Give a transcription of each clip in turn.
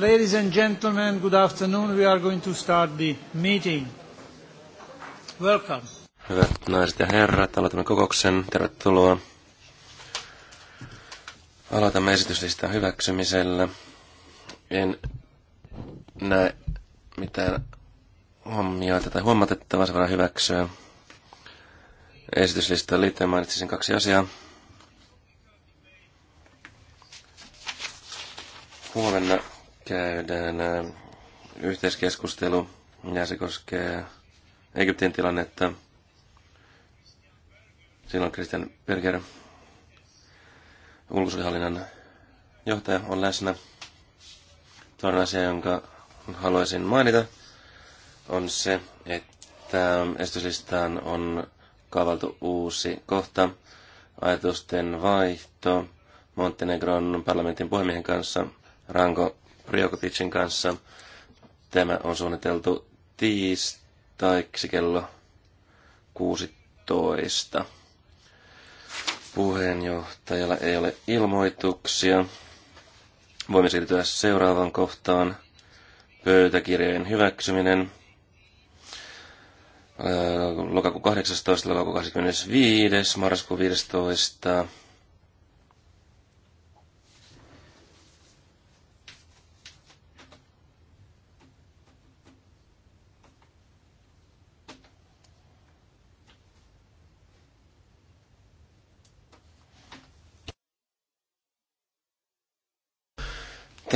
Ladies and gentlemen, good afternoon. We are going to start the meeting. Welcome. Hyvät naiset ja herrat, aloitamme kokouksen. Tervetuloa. Aloitamme esityslistan hyväksymisellä. En näe mitään huomioita tai huomatettavaa, se voidaan hyväksyä. Esityslistaan liittyen mainitsisin kaksi asiaa. Huomenna käydään yhteiskeskustelu ja se koskee Egyptin tilannetta. Silloin Christian Berger, ulkosuhdehallinnan johtaja, on läsnä. Toinen asia, jonka haluaisin mainita, on se, että estyslistaan on kaavaltu uusi kohta, ajatusten vaihto Montenegron parlamentin puhemiehen kanssa, Ranko Priokopicin kanssa. Tämä on suunniteltu tiistaiksi kello 16. Puheenjohtajalla ei ole ilmoituksia. Voimme siirtyä seuraavaan kohtaan. Pöytäkirjojen hyväksyminen. Äh, lokakuun 18. lokakuun 25. marraskuun 15.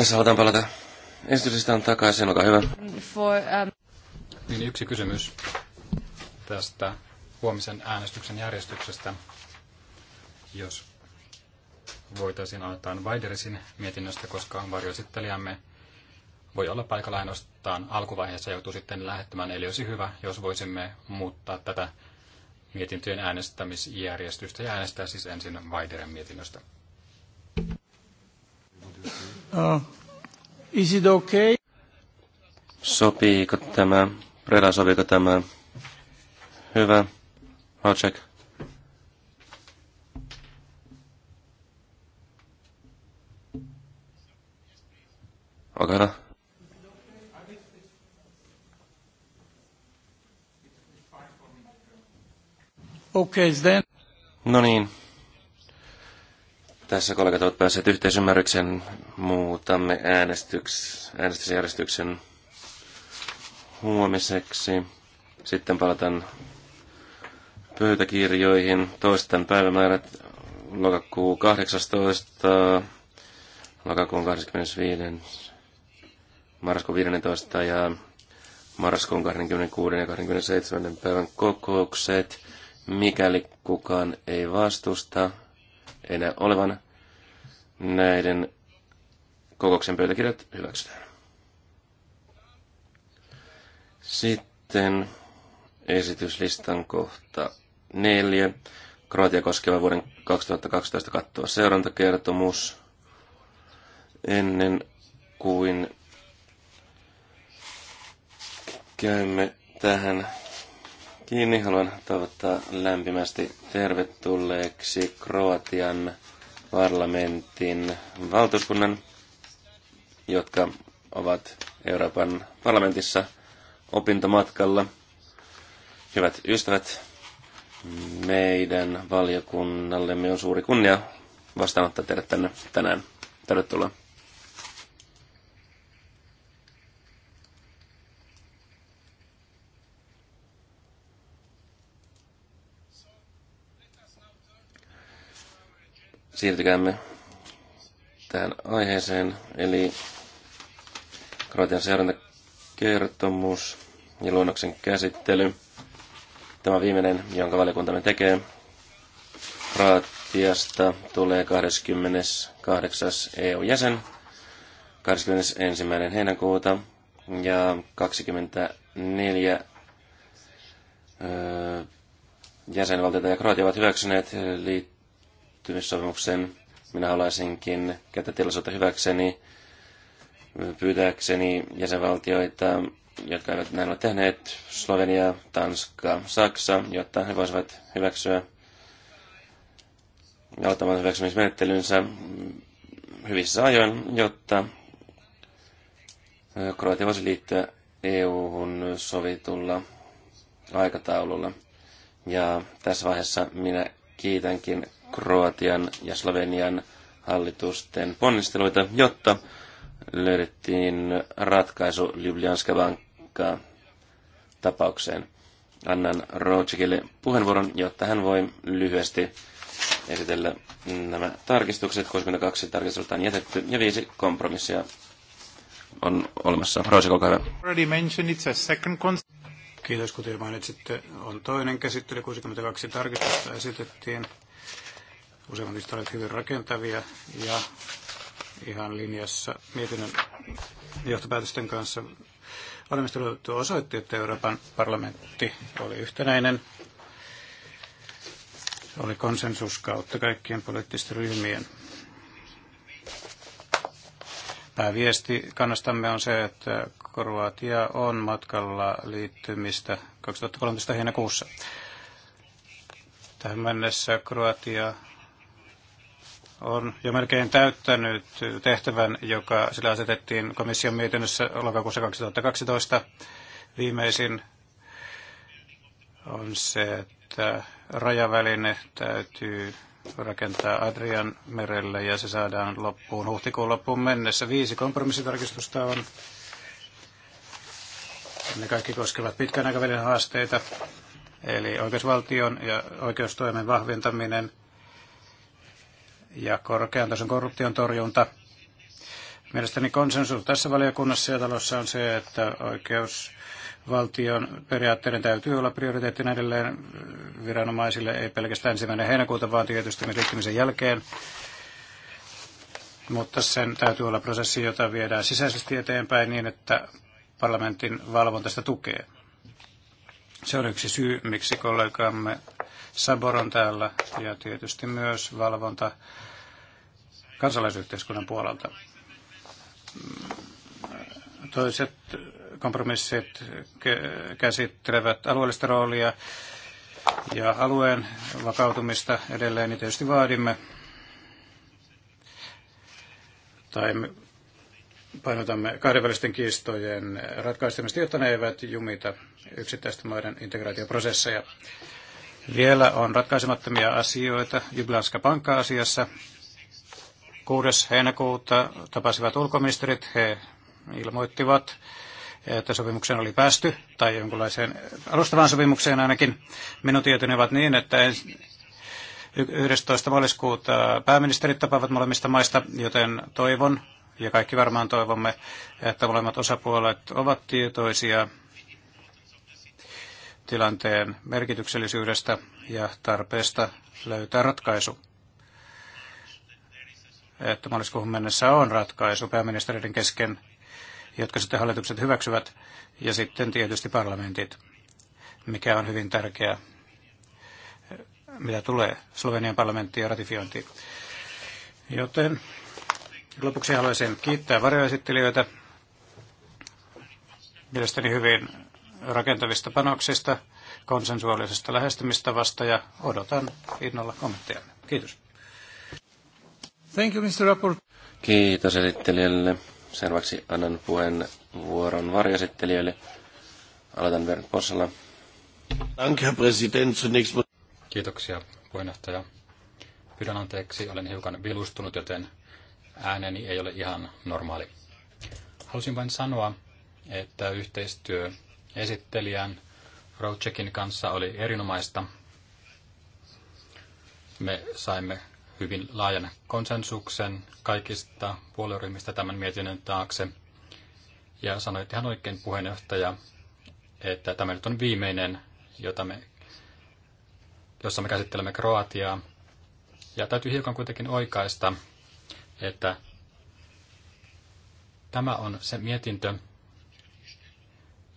Tässä halutaan palata esityslistaan takaisin, olkaa hyvä. For, um... Niin yksi kysymys tästä huomisen äänestyksen järjestyksestä, jos voitaisiin aloittaa Weiderisin mietinnöstä, koska varjoesittelijämme voi olla paikalla ainoastaan alkuvaiheessa joutuu sitten lähettämään. Eli olisi hyvä, jos voisimme muuttaa tätä mietintöjen äänestämisjärjestystä ja äänestää siis ensin Weideren mietinnöstä. Uh, is it okay? Sopiiko tämä? Reda, sopiiko tämä? Hyvä. I'll Olkaa hyvä. Okay, then. No niin, tässä kollegat ovat päässeet yhteisymmärryksen. Muutamme äänestyks, äänestysjärjestyksen huomiseksi. Sitten palataan pöytäkirjoihin. Toistan päivämäärät lokakuun 18, lokakuun 25, marraskuun 15 ja marraskuun 26 ja 27 päivän kokoukset. Mikäli kukaan ei vastusta, ei olevan. Näiden kokouksen pöytäkirjat hyväksytään. Sitten esityslistan kohta neljä. Kroatia koskeva vuoden 2012 kattava seurantakertomus. Ennen kuin käymme tähän kiinni. Haluan toivottaa lämpimästi tervetulleeksi Kroatian parlamentin valtuuskunnan, jotka ovat Euroopan parlamentissa opintomatkalla. Hyvät ystävät, meidän valiokunnallemme on suuri kunnia vastaanottaa teidät tänne tänään. Tervetuloa. siirtykäämme tähän aiheeseen, eli Kroatian seurantakertomus ja luonnoksen käsittely. Tämä viimeinen, jonka valiokuntamme tekee. Kroatiasta tulee 28. EU-jäsen 21. heinäkuuta ja 24 jäsenvaltiota ja Kroatia ovat hyväksyneet liittyen liittymissopimuksen. Minä haluaisinkin käyttää tilaisuutta hyväkseni, pyytääkseni jäsenvaltioita, jotka eivät näin ole tehneet, Slovenia, Tanska, Saksa, jotta he voisivat hyväksyä aloittamaan hyväksymismenettelynsä hyvissä ajoin, jotta Kroatia voisi liittyä EU-hun sovitulla aikataululla. Ja tässä vaiheessa minä kiitänkin Kroatian ja Slovenian hallitusten ponnisteluita, jotta löydettiin ratkaisu Ljubljanska Banka tapaukseen. Annan Rootsikille puheenvuoron, jotta hän voi lyhyesti esitellä nämä tarkistukset. 32 tarkistusta on jätetty ja viisi kompromissia on olemassa. Rootsi, olkaa hyvä. Kiitos, kuten mainitsitte. On toinen käsittely, 62 tarkistusta esitettiin. Useimmat niistä olivat hyvin rakentavia ja ihan linjassa mietinnön johtopäätösten kanssa. Valmistelutyö osoitti, että Euroopan parlamentti oli yhtenäinen. Oli konsensus kautta kaikkien poliittisten ryhmien. Pääviesti kannastamme on se, että Kroatia on matkalla liittymistä 2013 heinäkuussa. Tähän mennessä Kroatia on jo melkein täyttänyt tehtävän, joka sillä asetettiin komission mietinnössä lokakuussa 2012. Viimeisin on se, että rajaväline täytyy rakentaa Adrian merelle ja se saadaan loppuun huhtikuun loppuun mennessä. Viisi kompromissitarkistusta on. Ne kaikki koskevat pitkän aikavälin haasteita, eli oikeusvaltion ja oikeustoimen vahventaminen – ja korkean tason korruption torjunta. Mielestäni konsensus tässä valiokunnassa ja talossa on se, että oikeusvaltion periaatteiden täytyy olla prioriteettina edelleen viranomaisille, ei pelkästään ensimmäinen heinäkuuta, vaan tietysti liittymisen jälkeen. Mutta sen täytyy olla prosessi, jota viedään sisäisesti eteenpäin niin, että parlamentin valvonta sitä tukee. Se on yksi syy, miksi kollegamme Sabor on täällä ja tietysti myös valvonta kansalaisyhteiskunnan puolelta. Toiset kompromissit käsittelevät alueellista roolia ja alueen vakautumista edelleen, niin tietysti vaadimme tai painotamme kahdenvälisten kiistojen ratkaisemista, jotta ne eivät jumita yksittäisten maiden integraatioprosesseja. Vielä on ratkaisemattomia asioita Jyblanska pankka-asiassa. 6. heinäkuuta tapasivat ulkoministerit. He ilmoittivat, että sopimuksen oli päästy, tai jonkinlaiseen alustavaan sopimukseen ainakin. Minun tietoni ovat niin, että 11. maaliskuuta pääministerit tapaavat molemmista maista, joten toivon, ja kaikki varmaan toivomme, että molemmat osapuolet ovat tietoisia tilanteen merkityksellisyydestä ja tarpeesta löytää ratkaisu. Että maaliskuuhun mennessä on ratkaisu pääministeriiden kesken, jotka sitten hallitukset hyväksyvät, ja sitten tietysti parlamentit, mikä on hyvin tärkeää, mitä tulee Slovenian parlamenttiin ja ratifiointiin. Joten lopuksi haluaisin kiittää varjoesittelijöitä mielestäni hyvin rakentavista panoksista, konsensuaalisesta lähestymistavasta ja odotan innolla kommentteja. Kiitos. Thank you, Mr. Rapport. Kiitos esittelijälle. Seuraavaksi annan puheen vuoron varjoesittelijälle, Aloitan Bernd Possala. Danke, Präsident. Zunächst Kiitoksia, puheenjohtaja. Pyydän anteeksi, olen hiukan vilustunut, joten ääneni ei ole ihan normaali. Halusin vain sanoa, että yhteistyö esittelijän Rochekin kanssa oli erinomaista. Me saimme hyvin laajan konsensuksen kaikista puolueryhmistä tämän mietinnön taakse. Ja sanoit ihan oikein puheenjohtaja, että tämä nyt on viimeinen, jota me, jossa me käsittelemme Kroatiaa. Ja täytyy hiukan kuitenkin oikaista, että tämä on se mietintö,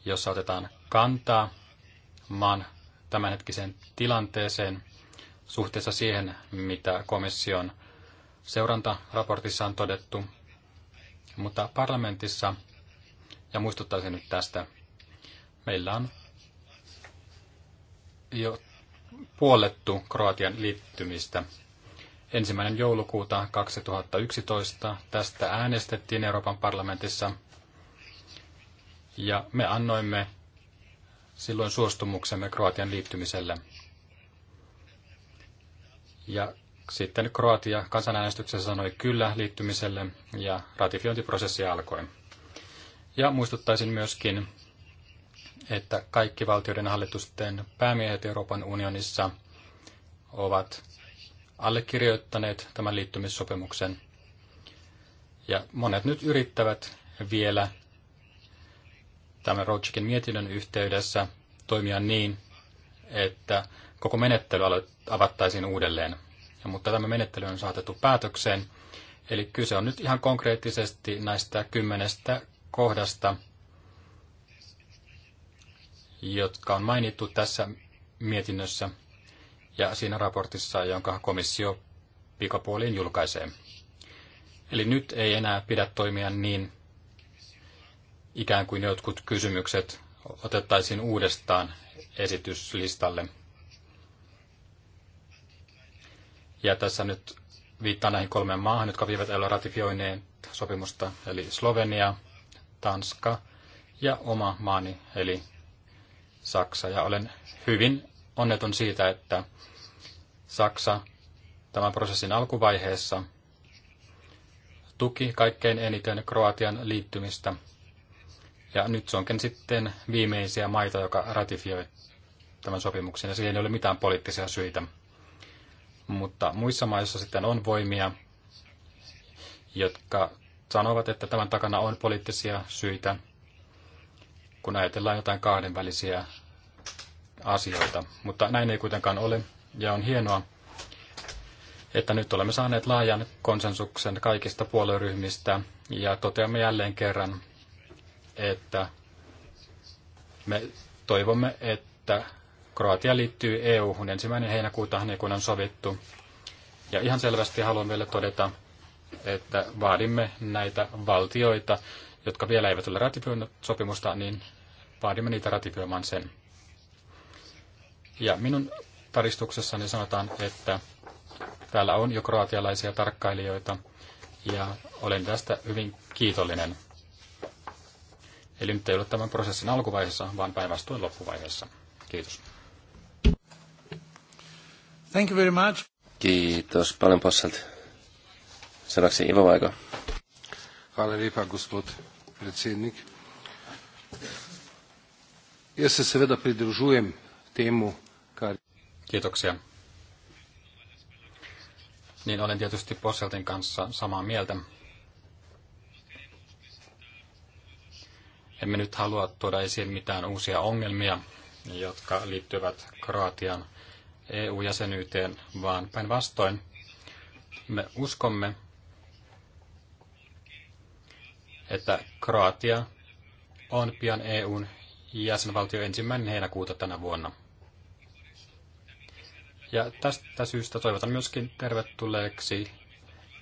jossa otetaan kantaa maan tämänhetkiseen tilanteeseen suhteessa siihen, mitä komission seurantaraportissa on todettu. Mutta parlamentissa, ja muistuttaisin nyt tästä, meillä on jo puolettu Kroatian liittymistä. Ensimmäinen joulukuuta 2011 tästä äänestettiin Euroopan parlamentissa – ja me annoimme silloin suostumuksemme Kroatian liittymiselle. Ja sitten Kroatia kansanäänestyksessä sanoi kyllä liittymiselle ja ratifiointiprosessi alkoi. Ja muistuttaisin myöskin, että kaikki valtioiden hallitusten päämiehet Euroopan unionissa ovat allekirjoittaneet tämän liittymissopimuksen. Ja monet nyt yrittävät vielä tämän Roachikin mietinnön yhteydessä toimia niin, että koko menettely avattaisiin uudelleen. Ja, mutta tämä menettely on saatettu päätökseen. Eli kyse on nyt ihan konkreettisesti näistä kymmenestä kohdasta, jotka on mainittu tässä mietinnössä ja siinä raportissa, jonka komissio pikapuoliin julkaisee. Eli nyt ei enää pidä toimia niin, ikään kuin jotkut kysymykset otettaisiin uudestaan esityslistalle. Ja tässä nyt viittaan näihin kolmeen maahan, jotka viivät ei ole sopimusta, eli Slovenia, Tanska ja oma maani, eli Saksa. Ja olen hyvin onneton siitä, että Saksa tämän prosessin alkuvaiheessa tuki kaikkein eniten Kroatian liittymistä ja nyt se onkin sitten viimeisiä maita, joka ratifioi tämän sopimuksen, ja siihen ei ole mitään poliittisia syitä. Mutta muissa maissa sitten on voimia, jotka sanovat, että tämän takana on poliittisia syitä, kun ajatellaan jotain kahdenvälisiä asioita. Mutta näin ei kuitenkaan ole, ja on hienoa, että nyt olemme saaneet laajan konsensuksen kaikista puolueryhmistä, ja toteamme jälleen kerran, että me toivomme, että Kroatia liittyy EU-hun ensimmäinen heinäkuuta, niin kuin on sovittu. Ja ihan selvästi haluan vielä todeta, että vaadimme näitä valtioita, jotka vielä eivät ole ratifioineet sopimusta, niin vaadimme niitä ratifioimaan sen. Ja minun taristuksessani sanotaan, että täällä on jo kroatialaisia tarkkailijoita, ja olen tästä hyvin kiitollinen. Eli nyt ei ole tämän prosessin alkuvaiheessa, vaan päinvastoin loppuvaiheessa. Kiitos. Thank you very much. Kiitos paljon Posselt. Seuraavaksi Ivo Vaiko. Hvala lepa, gospod predsednik. Ja se seveda pridružujem temu, kar... Kiitoksia. Niin olen tietysti Posseltin kanssa samaa mieltä Emme nyt halua tuoda esiin mitään uusia ongelmia, jotka liittyvät Kroatian EU-jäsenyyteen, vaan päinvastoin me uskomme, että Kroatia on pian EUn jäsenvaltio ensimmäinen heinäkuuta tänä vuonna. Ja tästä syystä toivotan myöskin tervetulleeksi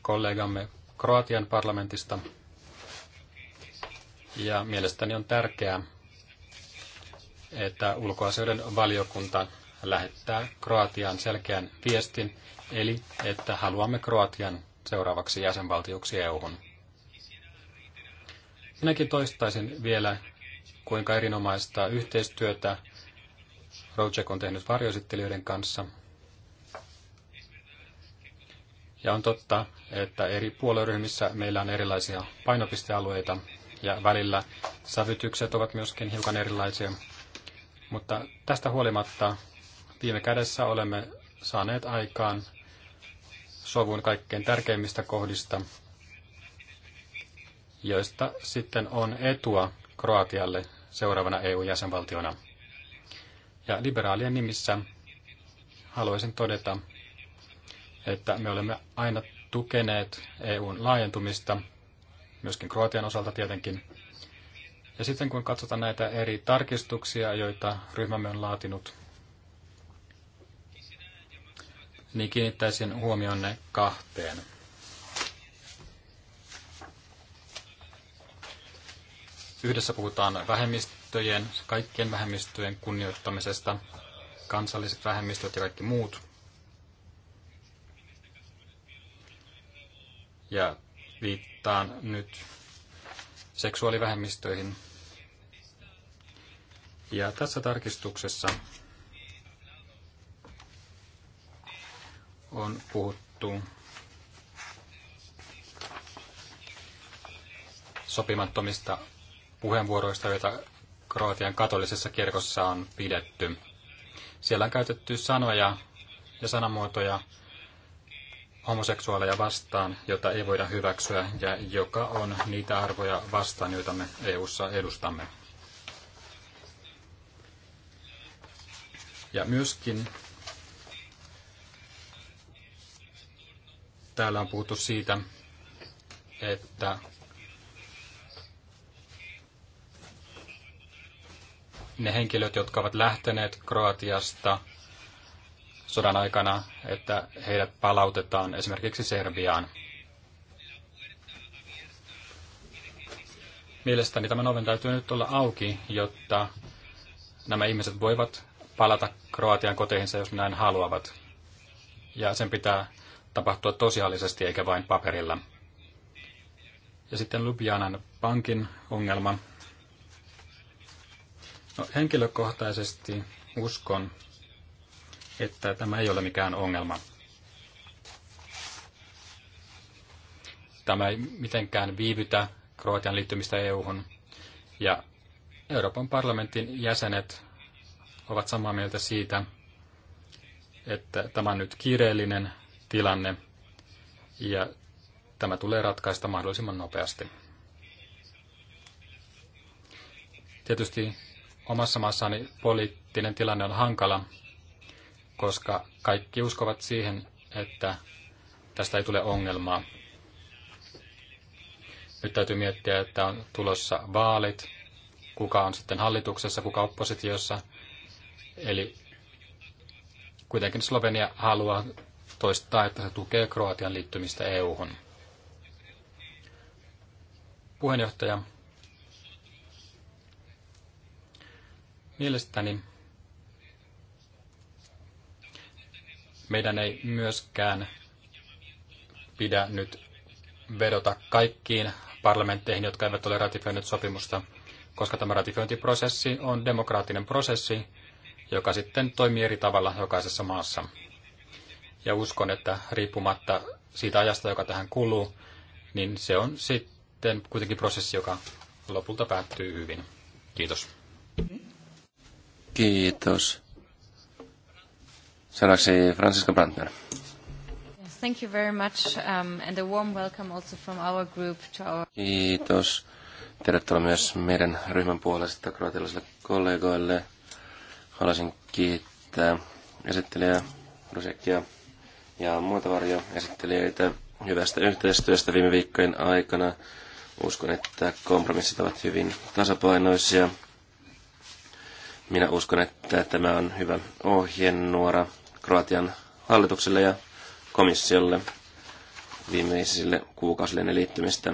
kollegamme Kroatian parlamentista ja mielestäni on tärkeää, että ulkoasioiden valiokunta lähettää Kroatian selkeän viestin, eli että haluamme Kroatian seuraavaksi jäsenvaltioksi EU-hun. Minäkin toistaisin vielä, kuinka erinomaista yhteistyötä Rojek on tehnyt varjoesittelijöiden kanssa. Ja on totta, että eri puolueryhmissä meillä on erilaisia painopistealueita, ja välillä sävytykset ovat myöskin hiukan erilaisia. Mutta tästä huolimatta viime kädessä olemme saaneet aikaan sovun kaikkein tärkeimmistä kohdista, joista sitten on etua Kroatialle seuraavana EU-jäsenvaltiona. Ja liberaalien nimissä haluaisin todeta, että me olemme aina tukeneet EUn laajentumista – myöskin Kroatian osalta tietenkin. Ja sitten kun katsotaan näitä eri tarkistuksia, joita ryhmämme on laatinut, niin kiinnittäisin huomionne kahteen. Yhdessä puhutaan vähemmistöjen, kaikkien vähemmistöjen kunnioittamisesta, kansalliset vähemmistöt ja kaikki muut. Ja Viittaan nyt seksuaalivähemmistöihin. Ja tässä tarkistuksessa on puhuttu sopimattomista puheenvuoroista, joita Kroatian katolisessa kirkossa on pidetty. Siellä on käytetty sanoja ja sanamuotoja, homoseksuaaleja vastaan, jota ei voida hyväksyä ja joka on niitä arvoja vastaan, joita me EU-ssa edustamme. Ja myöskin täällä on puhuttu siitä, että ne henkilöt, jotka ovat lähteneet Kroatiasta – sodan aikana, että heidät palautetaan esimerkiksi Serbiaan. Mielestäni tämän oven täytyy nyt olla auki, jotta nämä ihmiset voivat palata Kroatian koteihinsa, jos näin haluavat. Ja sen pitää tapahtua tosiaalisesti eikä vain paperilla. Ja sitten Lubianan pankin ongelma. No, henkilökohtaisesti uskon, että tämä ei ole mikään ongelma. Tämä ei mitenkään viivytä Kroatian liittymistä EU-hun. Ja Euroopan parlamentin jäsenet ovat samaa mieltä siitä, että tämä on nyt kiireellinen tilanne ja tämä tulee ratkaista mahdollisimman nopeasti. Tietysti omassa maassani poliittinen tilanne on hankala, koska kaikki uskovat siihen, että tästä ei tule ongelmaa. Nyt täytyy miettiä, että on tulossa vaalit, kuka on sitten hallituksessa, kuka oppositiossa. Eli kuitenkin Slovenia haluaa toistaa, että se tukee Kroatian liittymistä EU-hun. Puheenjohtaja, mielestäni Meidän ei myöskään pidä nyt vedota kaikkiin parlamentteihin, jotka eivät ole ratifioineet sopimusta, koska tämä ratifiointiprosessi on demokraattinen prosessi, joka sitten toimii eri tavalla jokaisessa maassa. Ja uskon, että riippumatta siitä ajasta, joka tähän kuluu, niin se on sitten kuitenkin prosessi, joka lopulta päättyy hyvin. Kiitos. Kiitos. Seuraavaksi Brandner. Thank you very much um, and a warm welcome also from our group to our... Kiitos. Tervetuloa myös meidän ryhmän puolesta kroatialaisille kollegoille. Haluaisin kiittää esittelijä Rusekia ja muita varjoesittelijöitä hyvästä yhteistyöstä viime viikkojen aikana. Uskon, että kompromissit ovat hyvin tasapainoisia. Minä uskon, että tämä on hyvä ohjenuora Kroatian hallitukselle ja komissiolle viimeisille kuukausille ne liittymistä.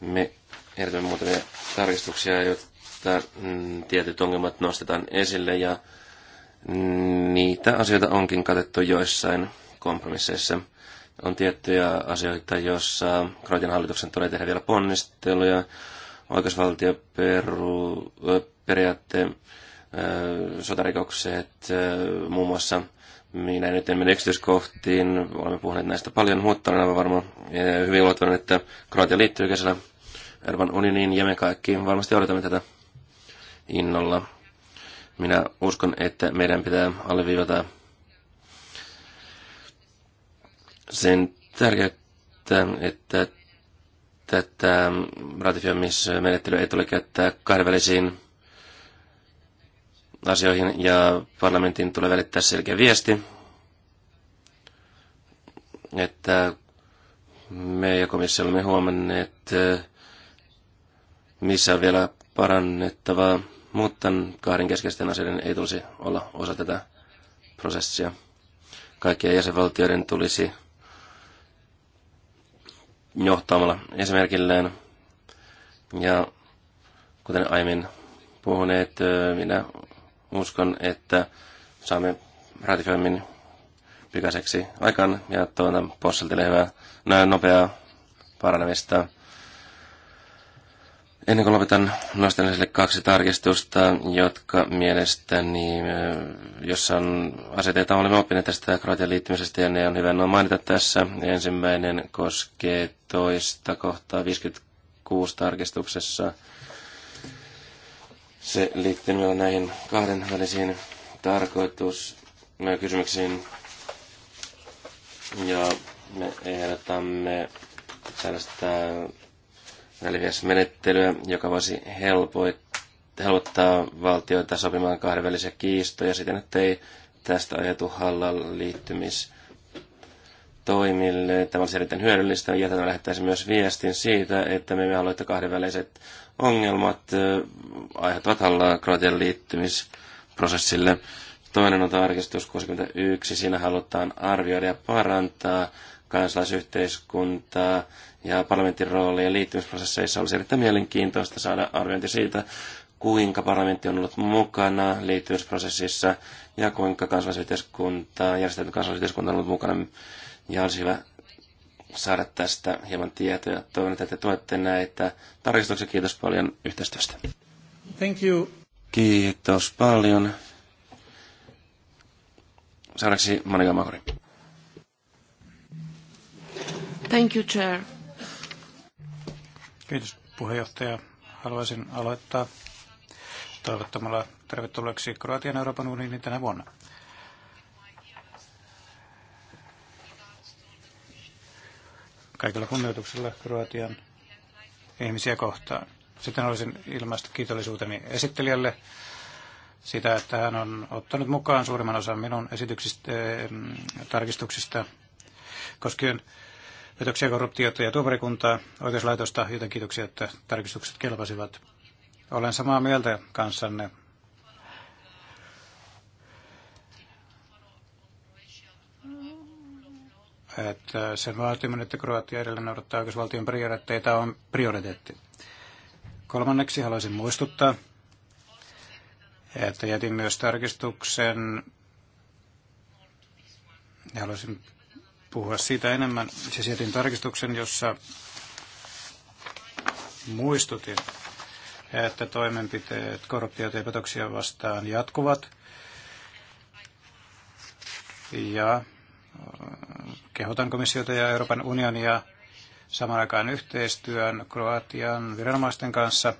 Me ehdotamme muutamia tarkistuksia, jotta mm, tietyt ongelmat nostetaan esille ja niitä asioita onkin katettu joissain kompromisseissa. On tiettyjä asioita, joissa Kroatian hallituksen tulee tehdä vielä ponnisteluja, oikeusvaltioperiaatteen sotarikokset muun muassa. Minä nyt en mene yksityiskohtiin, olemme puhuneet näistä paljon, mutta olen aivan varma hyvin luottavan, että Kroatia liittyy kesällä Ervan unioniin ja me kaikki varmasti odotamme tätä innolla. Minä uskon, että meidän pitää alleviivata sen tärkeyttä, että tätä ratifioimismenettelyä ei tule käyttää kahdenvälisiin asioihin ja parlamentin tulee välittää selkeä viesti, että me ja komissio olemme huomanneet, missä on vielä parannettavaa, mutta kahden keskeisten asioiden ei tulisi olla osa tätä prosessia. Kaikkien jäsenvaltioiden tulisi johtamalla esimerkillään. Ja kuten aiemmin puhuneet, minä Uskon, että saamme ratifioimin pikaiseksi aikaan ja tuota Posseltille hyvää näin nopeaa paranemista. Ennen kuin lopetan, nostan esille kaksi tarkistusta, jotka mielestäni, äh, jossa on aseteita, olemme oppineet tästä Kroatian liittymisestä ja ne on hyvä noin mainita tässä. Ensimmäinen koskee toista kohtaa 56 tarkistuksessa se liittyy myös näihin kahdenvälisiin tarkoitus kysymyksiin. Ja me ehdotamme tällaista menettelyä, joka voisi helpottaa valtioita sopimaan kahdenvälisiä kiistoja siten, ei tästä ajatu hallan liittymis toimille. Tämä olisi erittäin hyödyllistä ja tämä lähettäisi myös viestin siitä, että me emme halua, että kahdenväliset ongelmat aiheuttavat hallaa Kroatian liittymisprosessille. Toinen on tarkistus 61. Siinä halutaan arvioida ja parantaa kansalaisyhteiskuntaa ja parlamentin roolia liittymisprosesseissa. Olisi erittäin mielenkiintoista saada arviointi siitä, kuinka parlamentti on ollut mukana liittymisprosessissa ja kuinka kansalaisyhteiskunta, järjestetty kansalaisyhteiskunta on ollut mukana. Ja olisi hyvä saada tästä hieman tietoja. Toivon, että te tuette näitä tarkistuksia. Kiitos paljon yhteistyöstä. Thank you. Kiitos paljon. Saadaksi Monika Mahuri. Thank you, Chair. Kiitos puheenjohtaja. Haluaisin aloittaa toivottamalla tervetulleeksi Kroatian Euroopan unioniin tänä vuonna. kaikilla kunnioituksella Kroatian ihmisiä kohtaan. Sitten olisin ilmaista kiitollisuuteni esittelijälle sitä, että hän on ottanut mukaan suurimman osan minun esityksistä, äh, tarkistuksista koskien petoksia, korruptiota ja tuomarikuntaa, oikeuslaitosta, joten kiitoksia, että tarkistukset kelpasivat. Olen samaa mieltä kanssanne että sen vaatiminen, että Kroatia edelleen noudattaa oikeusvaltion prioriteetteita, on prioriteetti. Kolmanneksi haluaisin muistuttaa, että jätin myös tarkistuksen, ja haluaisin puhua siitä enemmän, siis jätin tarkistuksen, jossa muistutin, että toimenpiteet korruptiota ja petoksia vastaan jatkuvat. Ja kehotan komissiota ja Euroopan unionia saman aikaan yhteistyön Kroatian viranomaisten kanssa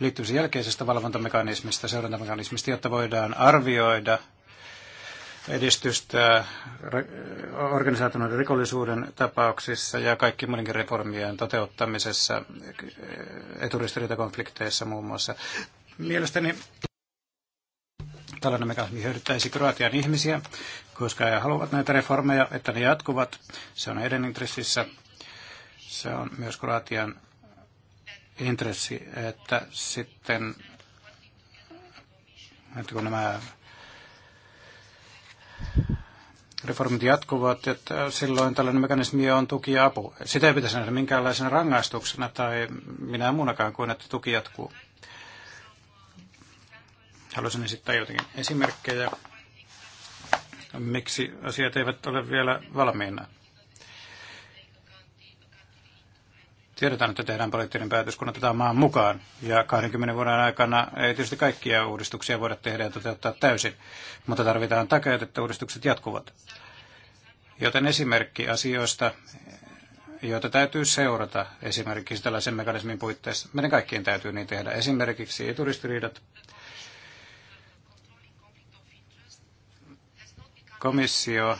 liittymisen jälkeisestä valvontamekanismista, seurantamekanismista, jotta voidaan arvioida edistystä organisaation rikollisuuden tapauksissa ja kaikki muidenkin reformien toteuttamisessa, eturistiriitakonflikteissa muun muassa. Mielestäni Tällainen mekanismi hyödyttäisi Kroatian ihmisiä, koska he haluavat näitä reformeja, että ne jatkuvat. Se on heidän intressissä. Se on myös Kroatian intressi, että sitten että kun nämä reformit jatkuvat, että silloin tällainen mekanismi on tuki ja apu. Sitä ei pitäisi nähdä minkäänlaisena rangaistuksena tai minä muunakaan kuin, että tuki jatkuu. Haluaisin esittää jotakin esimerkkejä, miksi asiat eivät ole vielä valmiina. Tiedetään, että tehdään poliittinen päätös, kun otetaan maan mukaan. Ja 20 vuoden aikana ei tietysti kaikkia uudistuksia voida tehdä ja toteuttaa täysin, mutta tarvitaan takeet, että uudistukset jatkuvat. Joten esimerkki asioista, joita täytyy seurata esimerkiksi tällaisen mekanismin puitteissa. Meidän kaikkien täytyy niin tehdä. Esimerkiksi eturistiriidat, komissio,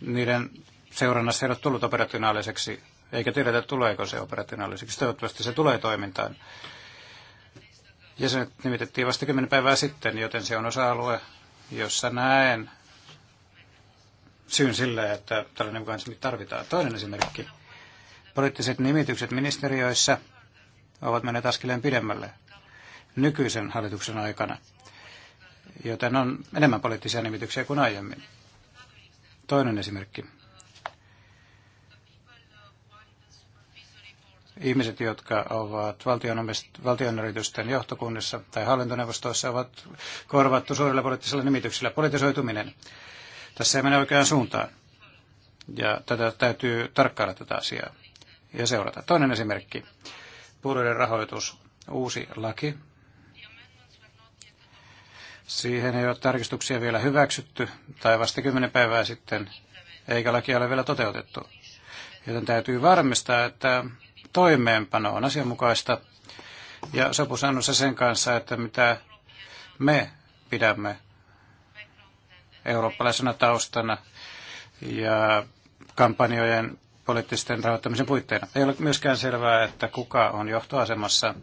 niiden seurannassa ei ole tullut operationaaliseksi, eikä tiedetä tuleeko se operationaaliseksi. Toivottavasti se tulee toimintaan. Jäsenet nimitettiin vasta kymmenen päivää sitten, joten se on osa-alue, jossa näen syyn sille, että tällainen kansali tarvitaan. Toinen esimerkki. Poliittiset nimitykset ministeriöissä ovat menneet askeleen pidemmälle nykyisen hallituksen aikana joten on enemmän poliittisia nimityksiä kuin aiemmin. Toinen esimerkki. Ihmiset, jotka ovat valtionyritysten johtokunnissa tai hallintoneuvostoissa, ovat korvattu suurilla poliittisilla nimityksillä. Politisoituminen. Tässä ei mene oikeaan suuntaan. Ja tätä täytyy tarkkailla tätä asiaa ja seurata. Toinen esimerkki. Puolueiden rahoitus. Uusi laki, Siihen ei ole tarkistuksia vielä hyväksytty tai vasta kymmenen päivää sitten, eikä lakia ole vielä toteutettu. Joten täytyy varmistaa, että toimeenpano on asianmukaista ja sopusannossa sen kanssa, että mitä me pidämme eurooppalaisena taustana ja kampanjojen poliittisten rahoittamisen puitteina. Ei ole myöskään selvää, että kuka on johtoasemassa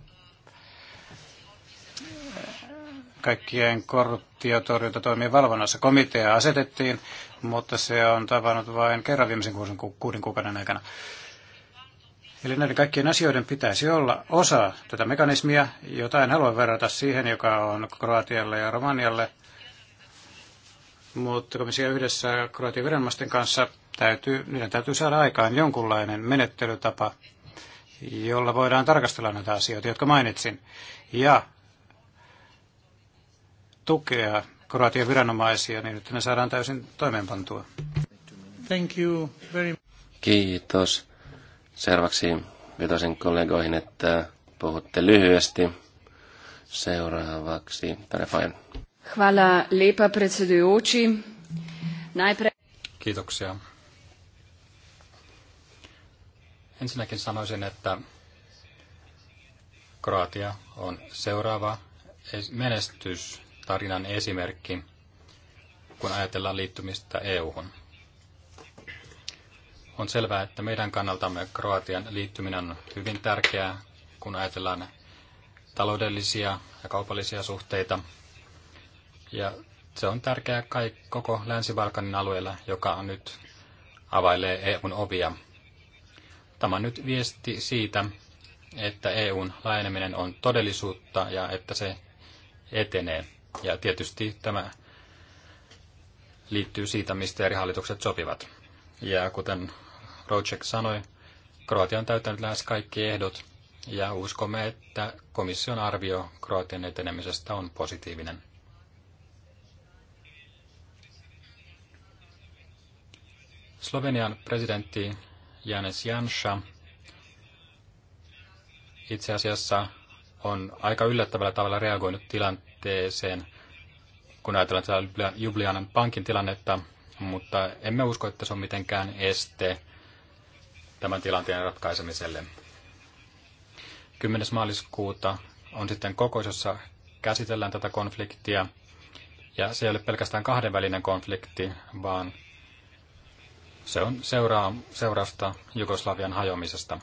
kaikkien korruptiotorjuntatoimien valvonnassa. Komitea asetettiin, mutta se on tavannut vain kerran viimeisen kuusen, kuuden kuukauden aikana. Eli näiden kaikkien asioiden pitäisi olla osa tätä mekanismia, jota en halua verrata siihen, joka on Kroatialle ja Romanialle. Mutta komissio yhdessä Kroatian viranomaisten kanssa täytyy, niiden täytyy saada aikaan jonkunlainen menettelytapa, jolla voidaan tarkastella näitä asioita, jotka mainitsin. Ja tukea Kroatian viranomaisia niin, että ne saadaan täysin toimeenpantua. Thank you very... Kiitos. Seuraavaksi vetosin kollegoihin, että puhutte lyhyesti. Seuraavaksi Tarefajan. Hvala lepa predsedujući. Najpre... Kiitoksia. Ensinnäkin sanoisin, että Kroatia on seuraava menestys tarinan esimerkki, kun ajatellaan liittymistä EU-hun. On selvää, että meidän kannaltamme Kroatian liittyminen on hyvin tärkeää, kun ajatellaan taloudellisia ja kaupallisia suhteita. Ja se on tärkeää kai koko Länsi-Balkanin alueella, joka on nyt availee EUn ovia. Tämä on nyt viesti siitä, että EUn laajeneminen on todellisuutta ja että se etenee. Ja tietysti tämä liittyy siitä, mistä eri hallitukset sopivat. Ja kuten Rocek sanoi, Kroatia on täyttänyt lähes kaikki ehdot, ja uskomme, että komission arvio Kroatian etenemisestä on positiivinen. Slovenian presidentti Janes Janša itse asiassa on aika yllättävällä tavalla reagoinut tilanteeseen tilanteeseen, kun ajatellaan tätä Jublianan pankin tilannetta, mutta emme usko, että se on mitenkään este tämän tilanteen ratkaisemiselle. 10. maaliskuuta on sitten kokous, jossa käsitellään tätä konfliktia. Ja se ei ole pelkästään kahdenvälinen konflikti, vaan se on seuraa, seurausta Jugoslavian hajoamisesta.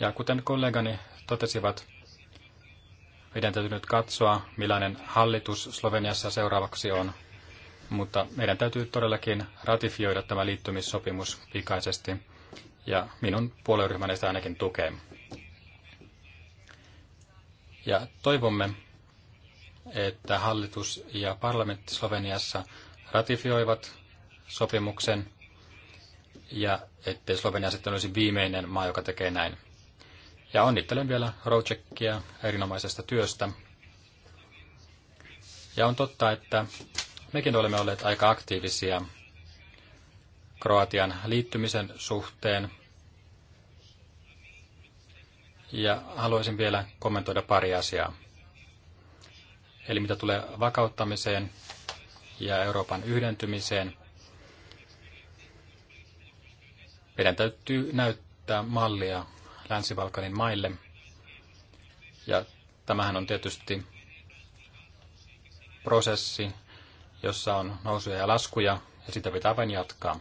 Ja kuten kollegani totesivat, meidän täytyy nyt katsoa, millainen hallitus Sloveniassa seuraavaksi on, mutta meidän täytyy todellakin ratifioida tämä liittymissopimus pikaisesti, ja minun puolueryhmäni sitä ainakin tukee. Ja toivomme, että hallitus ja parlamentti Sloveniassa ratifioivat sopimuksen ja ettei Slovenia sitten olisi viimeinen maa, joka tekee näin. Ja onnittelen vielä Rocekia erinomaisesta työstä. Ja on totta, että mekin olemme olleet aika aktiivisia Kroatian liittymisen suhteen. Ja haluaisin vielä kommentoida pari asiaa. Eli mitä tulee vakauttamiseen ja Euroopan yhdentymiseen, meidän täytyy näyttää mallia Länsi-Balkanin maille. Ja tämähän on tietysti prosessi, jossa on nousuja ja laskuja, ja sitä pitää vain jatkaa.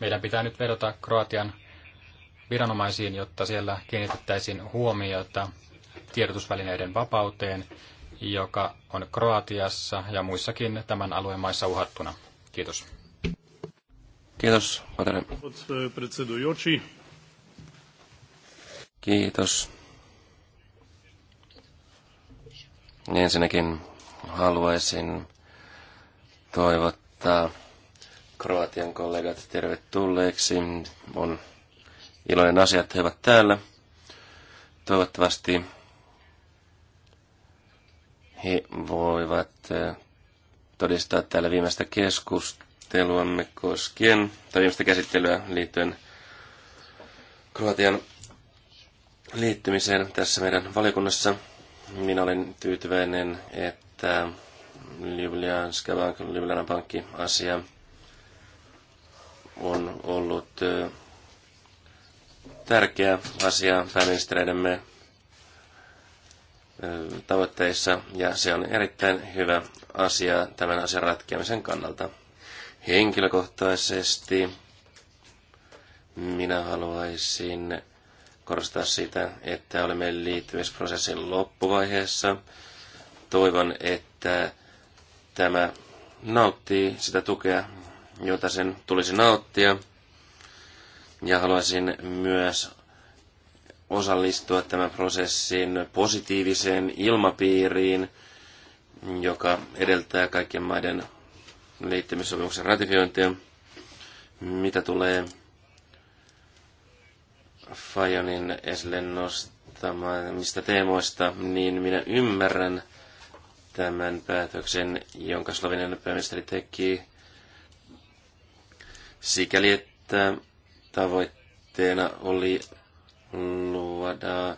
Meidän pitää nyt vedota Kroatian viranomaisiin, jotta siellä kiinnitettäisiin huomiota tiedotusvälineiden vapauteen, joka on Kroatiassa ja muissakin tämän alueen maissa uhattuna. Kiitos. Kiitos, Patare. Kiitos. Ensinnäkin haluaisin toivottaa Kroatian kollegat tervetulleeksi. On iloinen asia, että he ovat täällä. Toivottavasti he voivat eh, todistaa täällä viimeistä keskustelua keskusteluamme koskien, tai viimeistä käsittelyä liittyen Kroatian liittymiseen tässä meidän valiokunnassa. Minä olen tyytyväinen, että Ljubljanska Bank, Ljubljanan pankki-asia on ollut tärkeä asia pääministereidemme tavoitteissa ja se on erittäin hyvä asia tämän asian ratkeamisen kannalta. Henkilökohtaisesti minä haluaisin korostaa sitä, että olemme liittymisprosessin loppuvaiheessa. Toivon, että tämä nauttii sitä tukea, jota sen tulisi nauttia. Ja haluaisin myös osallistua tämän prosessin positiiviseen ilmapiiriin, joka edeltää kaikkien maiden liittymissopimuksen ratifiointia. Mitä tulee Fajonin esille nostamista teemoista, niin minä ymmärrän tämän päätöksen, jonka Slovenian pääministeri teki sikäli, että tavoitteena oli luoda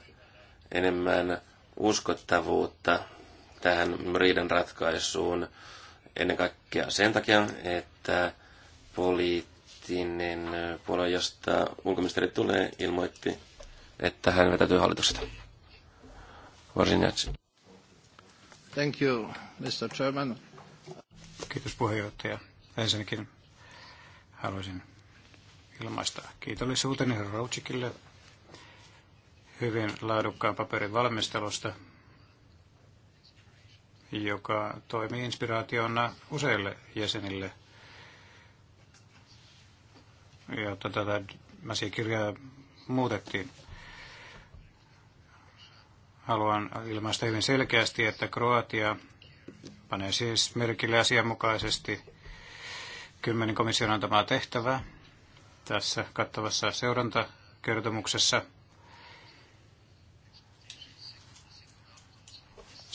enemmän uskottavuutta tähän riidan ratkaisuun Ennen kaikkea sen takia, että poliittinen puolue, josta ulkoministeri tulee, ilmoitti, että hän vetäytyy hallituksesta. Varsin Thank you, Mr. Chairman. Kiitos puheenjohtaja. Ensinnäkin haluaisin ilmaista kiitollisuuteni Rautsikille hyvin laadukkaan paperin valmistelusta joka toimii inspiraationa useille jäsenille. Ja tota, tätä mäsikirjaa muutettiin. Haluan ilmaista hyvin selkeästi, että Kroatia panee siis merkille asianmukaisesti kymmenen komission antamaa tehtävää tässä kattavassa seurantakertomuksessa –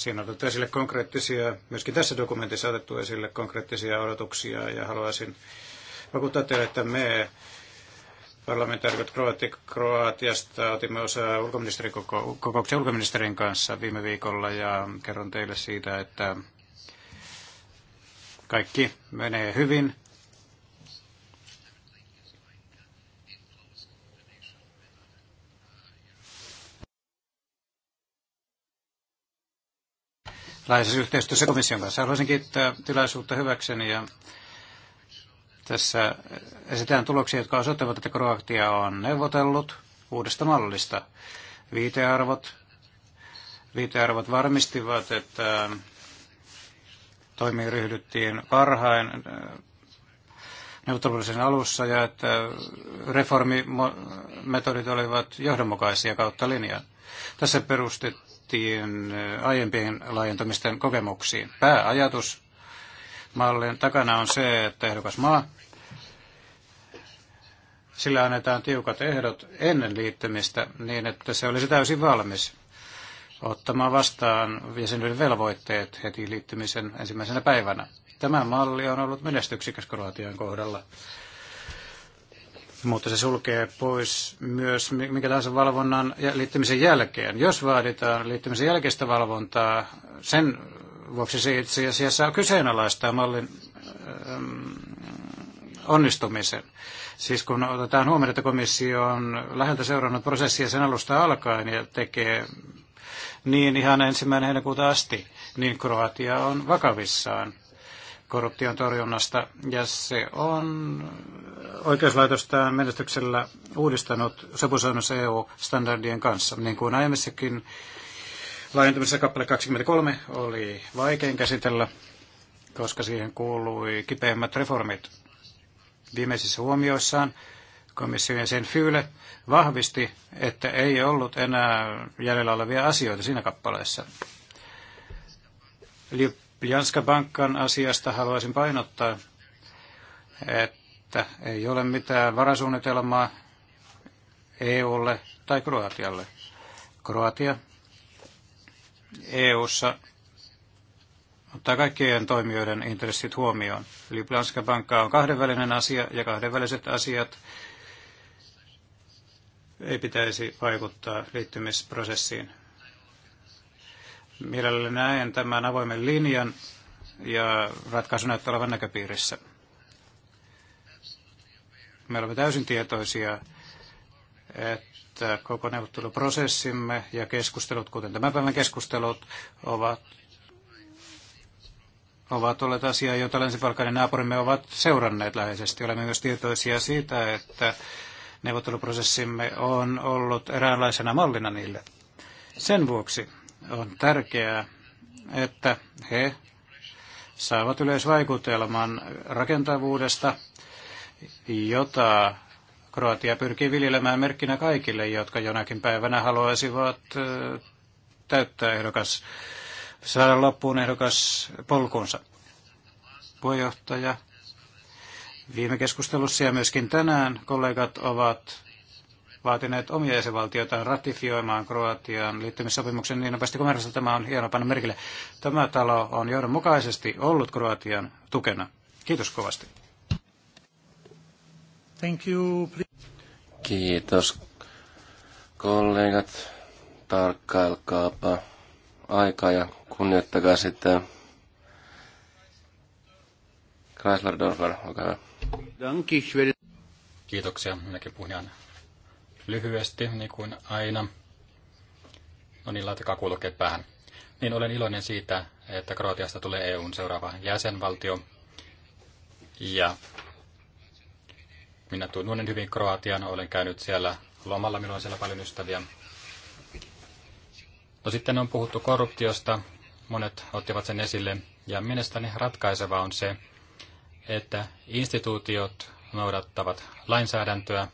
Siinä on otettu esille konkreettisia, myöskin tässä dokumentissa on otettu esille konkreettisia odotuksia ja haluaisin vakuuttaa teille, että me parlamentaarikot Kroati, Kroatiasta otimme osaa ulkoministerikokouksen ulkoministerin kanssa viime viikolla ja kerron teille siitä, että kaikki menee hyvin. laajaisessa yhteistyössä komission kanssa. Haluaisin kiittää tilaisuutta hyväkseni ja tässä esitään tuloksia, jotka osoittavat, että Kroatia on neuvotellut uudesta mallista. Viitearvot, viitearvot varmistivat, että toimiin ryhdyttiin parhain äh, neuvottelullisen alussa ja että reformimetodit olivat johdonmukaisia kautta linjan. Tässä perusti, lähtien aiempien laajentumisten kokemuksiin. Pääajatus mallin takana on se, että ehdokas maa, sillä annetaan tiukat ehdot ennen liittymistä niin, että se olisi täysin valmis ottamaan vastaan jäsenyyden velvoitteet heti liittymisen ensimmäisenä päivänä. Tämä malli on ollut menestyksikäs Kroatian kohdalla mutta se sulkee pois myös minkä tahansa valvonnan liittymisen jälkeen. Jos vaaditaan liittymisen jälkeistä valvontaa, sen vuoksi se itse asiassa kyseenalaistaa mallin ähm, onnistumisen. Siis kun otetaan huomioon, että komissio on läheltä seurannut prosessia sen alusta alkaen ja tekee niin ihan ensimmäinen heinäkuuta asti, niin Kroatia on vakavissaan korruption torjunnasta, ja se on oikeuslaitosta menestyksellä uudistanut sopusoinnussa EU-standardien kanssa, niin kuin aiemmissakin laajentumisessa kappale 23 oli vaikein käsitellä, koska siihen kuului kipeimmät reformit. Viimeisissä huomioissaan komission sen Fyyle vahvisti, että ei ollut enää jäljellä olevia asioita siinä kappaleessa. Janska Bankan asiasta haluaisin painottaa, että ei ole mitään varasuunnitelmaa EUlle tai Kroatialle. Kroatia EUssa ottaa kaikkien toimijoiden intressit huomioon. Eli Blanska Bankka on kahdenvälinen asia ja kahdenväliset asiat ei pitäisi vaikuttaa liittymisprosessiin. Mielelläni näen tämän avoimen linjan ja ratkaisu näyttää olevan näköpiirissä. Me olemme täysin tietoisia, että koko neuvotteluprosessimme ja keskustelut, kuten tämän päivän keskustelut, ovat ovat olleet asia, jota länsi naapurimme ovat seuranneet läheisesti. Olemme myös tietoisia siitä, että neuvotteluprosessimme on ollut eräänlaisena mallina niille. Sen vuoksi on tärkeää, että he saavat yleisvaikutelman rakentavuudesta, jota Kroatia pyrkii viljelemään merkkinä kaikille, jotka jonakin päivänä haluaisivat täyttää ehdokas, saada loppuun ehdokas polkunsa. Puheenjohtaja, viime keskustelussa ja myöskin tänään kollegat ovat vaatineet omia jäsenvaltioitaan ratifioimaan Kroatian liittymissopimuksen niin nopeasti kuin mahdollista. Tämä on hienoa panna merkille. Tämä talo on johdonmukaisesti ollut Kroatian tukena. Kiitos kovasti. Thank you. Kiitos kollegat. Tarkkailkaapa aikaa ja kunnioittakaa sitä. Kreisler Dorfer, olkaa hyvä. Kiitoksia. Minäkin puhun ihan lyhyesti, niin kuin aina. No niin, laitakaa kuulokkeet päähän. Niin olen iloinen siitä, että Kroatiasta tulee EUn seuraava jäsenvaltio. Ja minä tunnen hyvin Kroatian, olen käynyt siellä lomalla, minulla on siellä paljon ystäviä. No sitten on puhuttu korruptiosta, monet ottivat sen esille, ja mielestäni ratkaisevaa on se, että instituutiot noudattavat lainsäädäntöä,